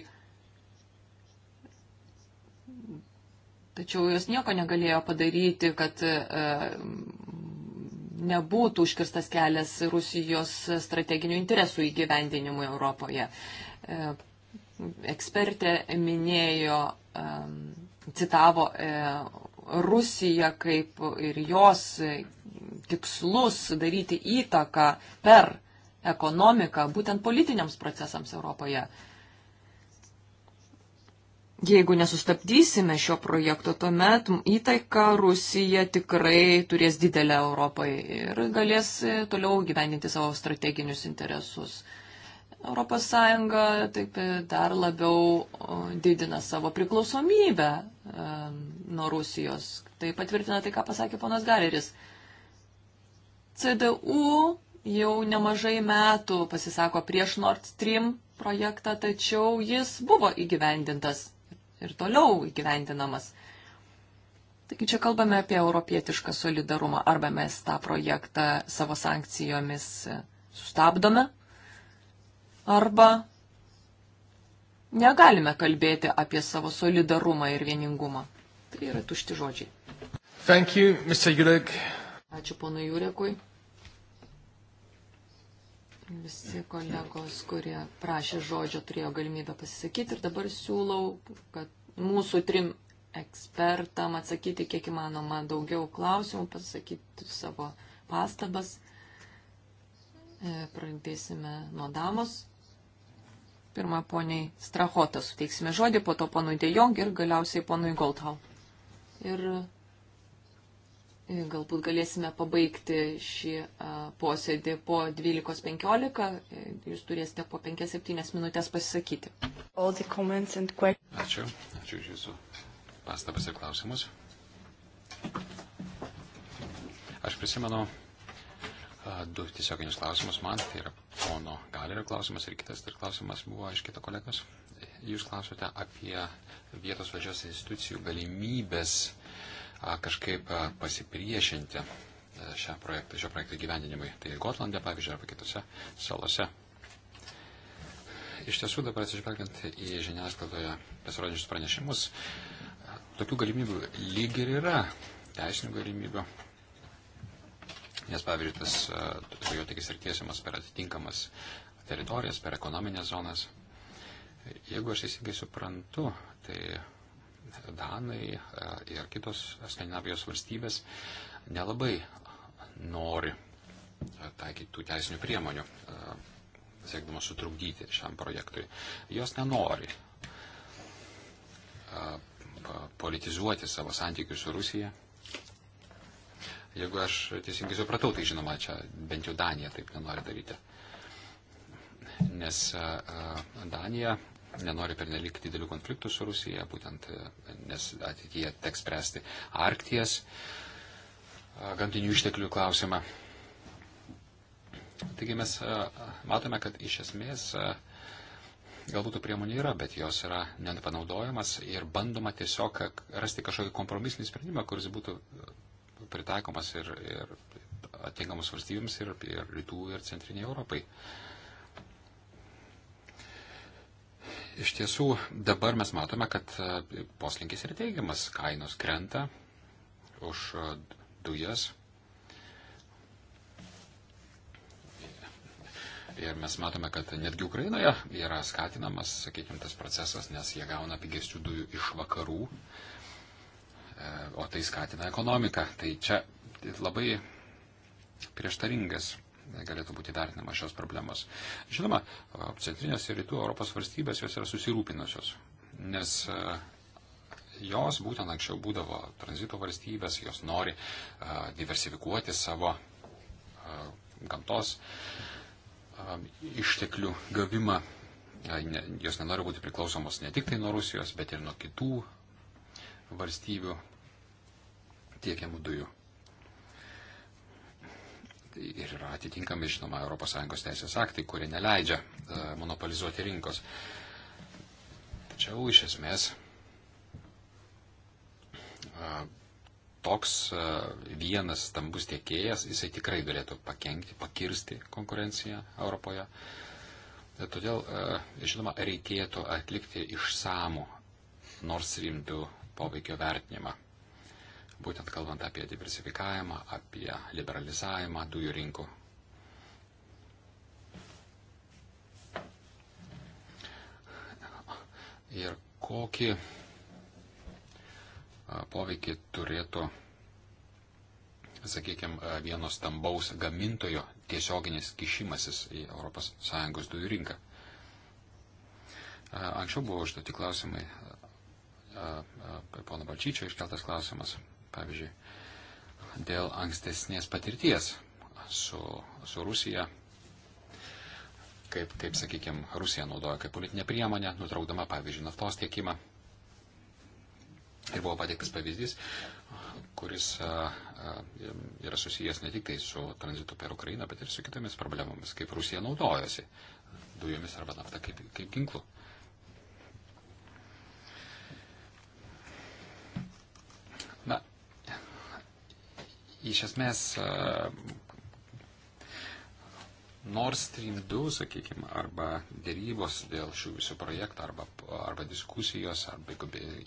Tačiau jos nieko negalėjo padaryti, kad e, nebūtų užkirstas kelias Rusijos strateginių interesų įgyvendinimui Europoje. E, ekspertė minėjo, e, citavo Rusiją kaip ir jos tikslus daryti įtaką per ekonomiką, būtent politiniams procesams Europoje. Jeigu nesustabdysime šio projekto, tuomet įtaika Rusija tikrai turės didelę Europai ir galės toliau gyveninti savo strateginius interesus. ES taip dar labiau didina savo priklausomybę e, nuo Rusijos. Tai patvirtina tai, ką pasakė ponas Galeris. CDU jau nemažai metų pasisako prieš Nord Stream projektą, tačiau jis buvo įgyvendintas ir toliau įgyvendinamas. Taigi čia kalbame apie europietišką solidarumą. Arba mes tą projektą savo sankcijomis sustabdome arba negalime kalbėti apie savo solidarumą ir vieningumą. Tai yra tušti žodžiai. Thank you, Mr. Jurek. Ačiū ponui Jurekui. Visi kolegos, kurie prašė žodžio, turėjo galimybę pasisakyti ir dabar siūlau, kad mūsų trim ekspertam atsakyti kiek įmanoma daugiau klausimų, pasakyti savo pastabas. E, pradėsime nuo damos. Pirmą poniai Strahotą suteiksime žodį, po to ponui Dejong ir galiausiai ponui Goldhau. Ir galbūt galėsime pabaigti šį posėdį po 12.15. Jūs turėsite po 5-7 minutės pasisakyti. Ačiū. Ačiū už Jūsų pastabas ir klausimus. Aš prisimenu du tiesioginius klausimus man, tai yra pono Galerio klausimas ir kitas dar klausimas buvo iš kito kolegos. Jūs klausote apie vietos valdžios institucijų galimybės kažkaip pasipriešinti šio projekto, šio projekto gyvendinimui. Tai Gotlandė, pavyzdžiui, arba kitose salose. Iš tiesų, dabar atsižvelgiant į žiniasklaidoje pasirodančius pranešimus, tokių galimybių lyg ir yra teisinių galimybių Nes, pavyzdžiui, tas dujotekis e, yra tiesiamas per atitinkamas teritorijas, per ekonominės zonas. Jeigu aš teisingai suprantu, tai Danai e, ir kitos Skandinavijos valstybės nelabai nori e, taikyti tų teisinių priemonių, siekdamas sutrukdyti šiam projektui. Jos nenori politizuoti savo santykių su Rusija Jeigu aš teisingai supratau, tai žinoma, čia bent jau Danija taip nenori daryti. Nes Danija nenori pernelik didelių konfliktų su Rusija, būtent e, nes ateityje teks spręsti Arkties gamtinių išteklių klausimą. Taigi mes matome, kad iš esmės galbūt tų priemonių yra, bet jos yra nepanaudojamas ir bandoma tiesiog rasti kažkokį kompromisinį sprendimą, kuris būtų pritaikomas ir, ir atinkamus valstybėms ir, ir rytų ir centriniai Europai. Iš tiesų, dabar mes matome, kad e, poslinkis yra teigiamas, kainos krenta už e, dujas. Ir mes matome, kad netgi Ukrainoje yra skatinamas, sakykime, tas procesas, nes jie gauna pigesnių dujų iš vakarų. Uh, E, o tai skatina ekonomiką. Tai čia labai prieštaringas galėtų būti vertinamas šios problemos. Žinoma, centrinės ir rytų Europos valstybės jos yra susirūpinusios, nes e, jos būtent anksčiau būdavo tranzito valstybės, jos nori e, diversifikuoti savo gamtos išteklių gavimą. Jos nenori būti priklausomos ne tik tai nuo Rusijos, bet ir nuo kitų valstybių tiekiamų dujų. Tai ir yra atitinkami, žinoma, ES teisės aktai, kurie neleidžia e, monopolizuoti rinkos. Tačiau iš esmės e, toks e, vienas stambus tiekėjas, jisai tikrai galėtų pakengti, pakirsti konkurenciją Europoje. Todėl, žinoma, reikėtų atlikti išsamų, nors rimtų poveikio vertinimą būtent kalbant apie diversifikavimą, apie liberalizavimą dujų rinkų. Ir kokį poveikį turėtų, sakykime, vieno stambaus gamintojo tiesioginis kišimasis į ES dujų rinką. Anksčiau buvo užduoti klausimai, pono Balčyčio iškeltas klausimas pavyzdžiui, dėl ankstesnės patirties su, su Rusija, kaip, kaip sakykime, Rusija naudoja kaip politinę priemonę, nutraukdama, pavyzdžiui, naftos tiekimą. Ir buvo pateiktas pavyzdys, kuris a, a, yra susijęs ne tik tai su tranzitu per Ukrainą, bet ir su kitomis problemomis, kaip Rusija naudojasi dujomis arba naftą kaip, kaip ginklu. iš esmės Nord Stream 2, sakykime, arba dėrybos dėl šių visų projektų, arba, arba diskusijos, arba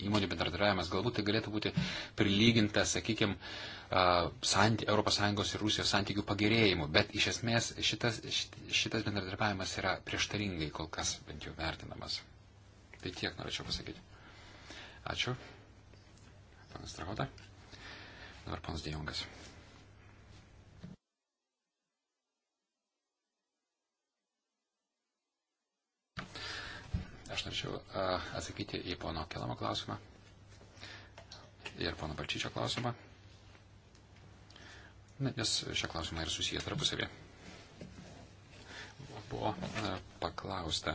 įmonių bendradarbiavimas, galbūt tai galėtų būti prilyginta, sakykime, ES ir Rusijos santykių pagerėjimu. Bet iš esmės šitas, šitas bendradarbiavimas yra prieštaringai kol kas bent jau vertinamas. Tai tiek norėčiau pasakyti. Ačiū. Panas Trahota. Dabar panas Dėjungas. Aš norėčiau atsakyti į pono Kelamo klausimą ir pono Balčyčio klausimą, nes šie klausimai yra susiję tarpusavė. Buvo paklausta,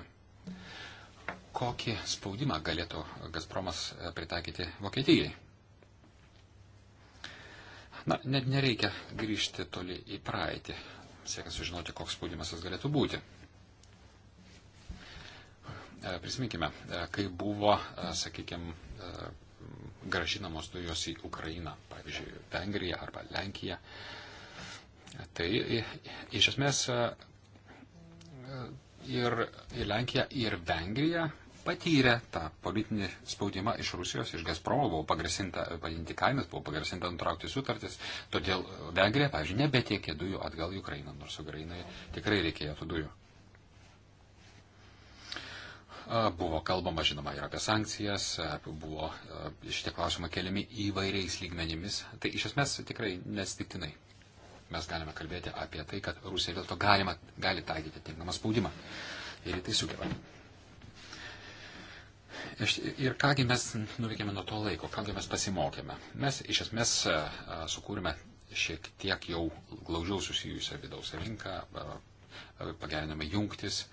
kokį spaudimą galėtų Gazpromas pritaikyti Vokietijai. Na, net nereikia grįžti toli į praeitį, siekiant sužinoti, koks spaudimas jis galėtų būti. E, prisiminkime, e, kai buvo, e, sakykime, gražinamos dujos į Ukrainą, pavyzdžiui, Vengriją arba Lenkiją. Tai iš esmės ir Lenkija, ir Vengrija patyrė tą politinį spaudimą iš Rusijos, iš Gazpromo, buvo pagrasinta padinti kainas, buvo pagrasinta nutraukti sutartis, todėl Vengrija, pavyzdžiui, nebetiekė dujų atgal į Ukrainą, nors Ukrainai tikrai reikėjo tų dujų. Buvo kalbama, žinoma, ir apie sankcijas, buvo šitie klausimai keliami įvairiais lygmenimis. Tai iš esmės tikrai nesitiktinai mes galime kalbėti apie tai, kad Rusija dėl to galima, gali taikyti tinkamą spaudimą. Ir tai sugeba. Ir kągi mes nuveikėme nuo to laiko, kągi mes pasimokėme. Mes iš esmės sukūrėme šiek tiek jau glaudžiau susijusią vidaus rinką, pagerinome jungtis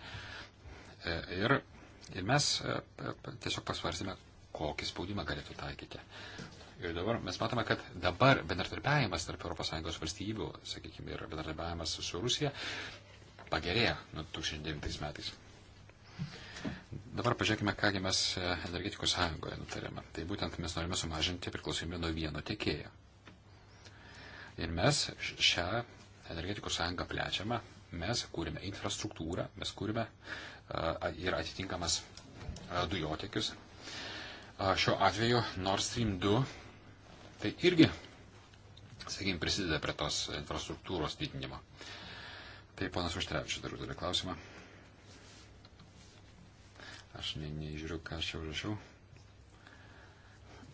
e, ir Ir mes e, e, tiesiog pasvarsime, kokį spaudimą galėtų taikyti. Ir dabar mes matome, kad dabar bendradarbiavimas tarp ES valstybių, sakykime, ir bendradarbiavimas su Rusija pagerėjo nuo 2009 metais. Dabar pažiūrėkime, kągi mes e, energetikos sąjungoje nutarėme. Tai būtent mes norime sumažinti priklausomybę nuo vieno tiekėjo. Ir mes šią energetikos sąjungą plečiame, mes kūrime infrastruktūrą, mes kūrime ir atitinkamas dujotekius. Šiuo atveju Nord Stream 2 tai irgi, sakykime, prisideda prie tos infrastruktūros didinimo. Tai ponas Užtrevičius dar uždavė klausimą. Aš ne, nežiūriu, ką aš čia užrašiau.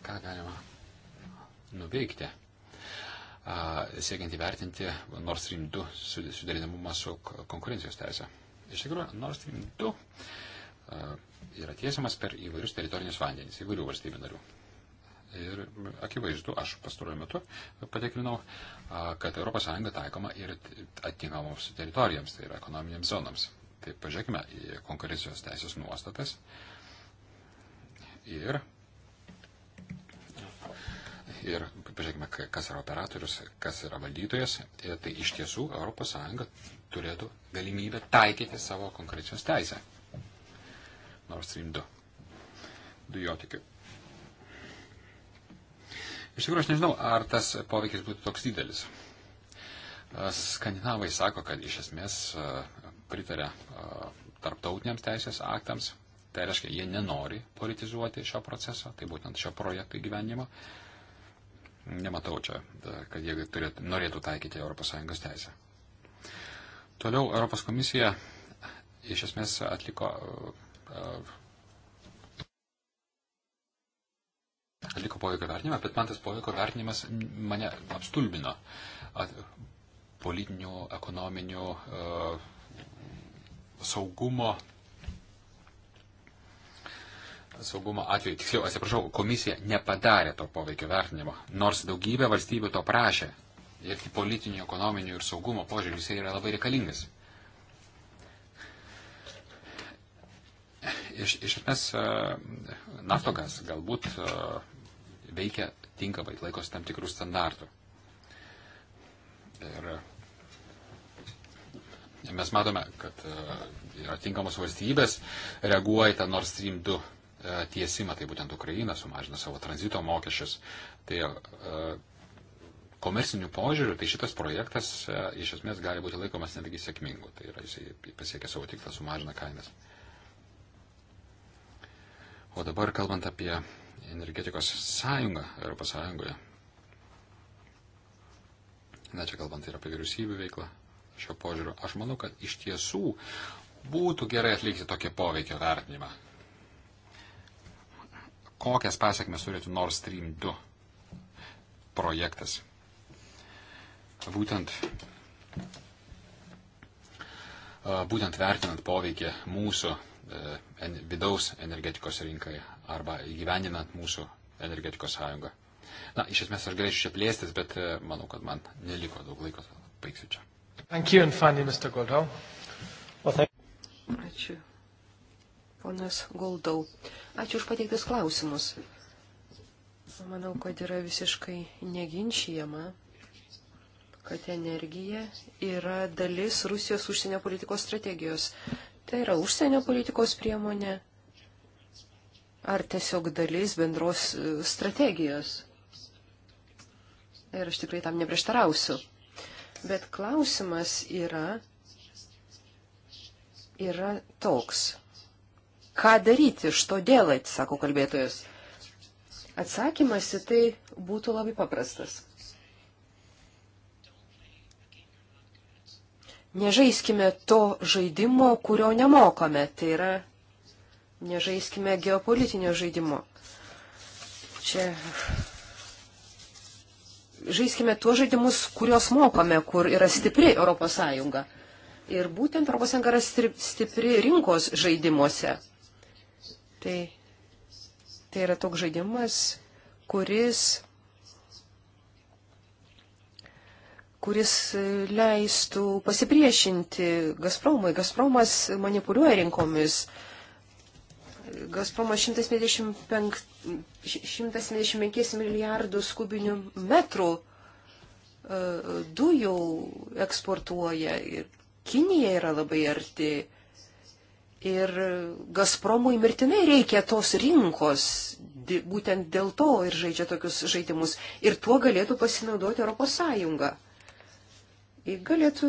Ką galima nuveikti, a, siekiant įvertinti Nord Stream 2 suderinamumą su konkurencijos teisė. Iš tikrųjų, Nord Stream 2 yra tiesiamas per įvairius teritorinius vandenys, įvairių valstybių narių. Ir akivaizdu, aš pastaruoju metu patikrinau, kad ES taikoma ir atitinkamoms teritorijoms, tai yra ekonominėms zonoms. Tai pažiūrėkime į konkurencijos teisės nuostatas ir, ir pažiūrėkime, kas yra operatorius, kas yra valdytojas. Tai iš tiesų ES turėtų galimybę taikyti savo konkrečios teisę. Nord Stream 2 dujotikiu. Iš tikrųjų, aš nežinau, ar tas poveikis būtų toks didelis. Skandinavai sako, kad iš esmės pritarė tarptautiniams teisės aktams. Tai reiškia, jie nenori politizuoti šio proceso, tai būtent šio projekto įgyvenimo. Nematau čia, kad jie turėtų, norėtų taikyti ES teisę. Toliau Europos komisija iš esmės atliko, e, atliko poveikio vertinimą, bet man tas poveikio vertinimas mane apstulbino at, politinių, ekonominių, e, saugumo saugumo atveju, tiksliau, atsiprašau, komisija nepadarė to poveikio vertinimo, nors daugybė valstybių to prašė ir politinių, ekonominių ir saugumo požiūrį jisai yra labai reikalingas. Iš, iš esmės, e, naftogas galbūt e, veikia tinkamai, laikosi tam tikrų standartų. Ir e, mes matome, kad yra tinkamos valstybės, reaguoja į tą Nord Stream 2 tiesimą, tai būtent Ukraina sumažina savo tranzito mokesčius. Tai komersinių požiūrių, tai šitas projektas e, iš esmės gali būti laikomas netgi sėkmingu. Tai yra, jis pasiekia savo tikslą, sumažina kainas. O dabar kalbant apie energetikos sąjungą Europos Sąjungoje. Na, čia kalbant ir apie vyriausybių veiklą šio požiūriu. Aš manau, kad iš tiesų būtų gerai atlikti tokį poveikio vertinimą. Kokias pasiekmes turėtų Nord Stream 2 projektas būtent, būtent vertinant poveikį mūsų e, vidaus energetikos rinkai arba įgyvendinant mūsų energetikos sąjungą. Na, iš esmės aš galėčiau čia plėstis, bet e, manau, kad man neliko daug laiko, baigsiu čia. Finally, well, thank... Ačiū. Ponas Goldau, ačiū už pateiktus klausimus. Manau, kad yra visiškai neginčiama, kad energija yra dalis Rusijos užsienio politikos strategijos. Tai yra užsienio politikos priemonė ar tiesiog dalis bendros e, strategijos. Ir aš tikrai tam neprieštarausiu. Bet klausimas yra, yra toks. Ką daryti, što dėlai, sako kalbėtojas. Atsakymas į tai būtų labai paprastas. Nežaiskime to žaidimo, kurio nemokame, tai yra nežaiskime geopolitinio žaidimo. Čia žaiskime tuos žaidimus, kuriuos mokame, kur yra stipri ES. Ir būtent ES yra stipri rinkos žaidimuose. Tai, tai yra toks žaidimas, kuris kuris e, leistų pasipriešinti Gazpromui. Gazpromas manipuliuoja rinkomis. Gazpromas 155, 155 milijardus kubinių metrų e, dujų eksportuoja ir Kinija yra labai arti. Ir Gazpromui mirtinai reikia tos rinkos, būtent dėl to ir žaidžia tokius žaidimus. Ir tuo galėtų pasinaudoti Europos Sąjunga galėtų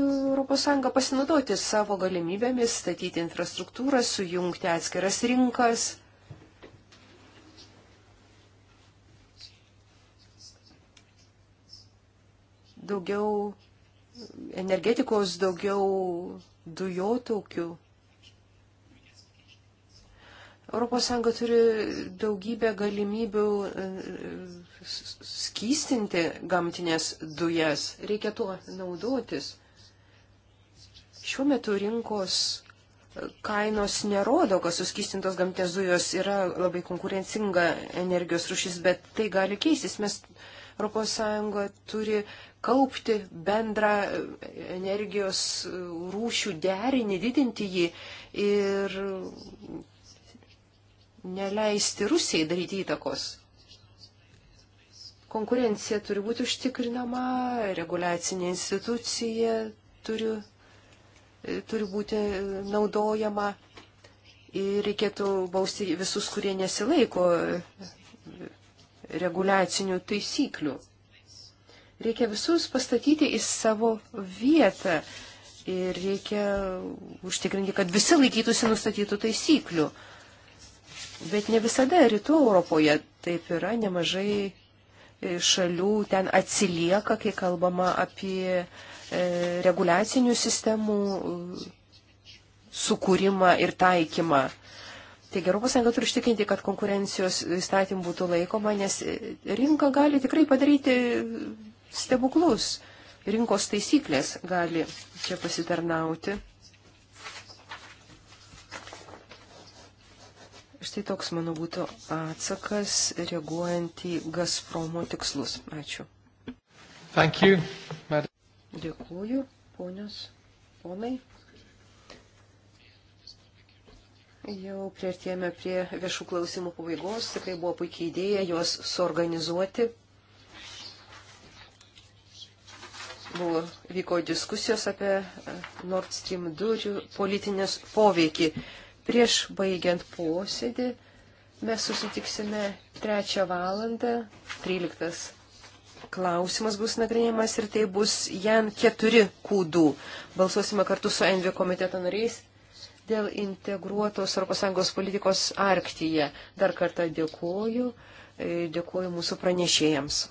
ES pasinaudoti savo galimybėmis statyti infrastruktūrą, sujungti atskiras rinkas. Daugiau energetikos, daugiau dujotaukių. ES turi daugybę galimybių e, skystinti gamtinės dujas. Reikia tuo naudotis. Šiuo metu rinkos e, kainos nerodo, kad suskystintos gamtinės dujos yra labai konkurencinga energijos rušis, bet tai gali keistis. Mes ES turi kaupti bendrą e, energijos rūšių derinį, didinti jį ir neleisti Rusijai daryti įtakos. Konkurencija turi būti užtikrinama, reguliacinė institucija turi, turi būti naudojama ir reikėtų bausti visus, kurie nesilaiko reguliacinių taisyklių. Reikia visus pastatyti į savo vietą ir reikia užtikrinti, kad visi laikytųsi nustatytų taisyklių. Bet ne visada rytų Europoje taip yra, nemažai e, šalių ten atsilieka, kai kalbama apie e, reguliacinių sistemų e, sukūrimą ir taikymą. Taigi Europos Sąjunga turi užtikrinti, kad konkurencijos įstatymų būtų laikoma, nes rinka gali tikrai padaryti stebuklus. Rinkos taisyklės gali čia pasitarnauti. Štai toks mano būtų atsakas reaguojant į Gazpromo tikslus. Ačiū. Thank you, madam. Dėkuoju, ponios, ponai. Jau prieartėjame prie viešų klausimų pabaigos. Tikrai buvo puikiai idėja juos suorganizuoti. Buvo, vyko diskusijos apie e, Nord Stream 2 politinės poveikį. Prieš baigiant posėdį mes susitiksime 3 valandą, 13 klausimas bus nagrinėjimas ir tai bus Jan 4 kūdų. Balsuosime kartu su NV komiteto nariais dėl integruotos ES politikos Arktyje. Dar kartą dėkuoju, e, dėkuoju mūsų pranešėjams.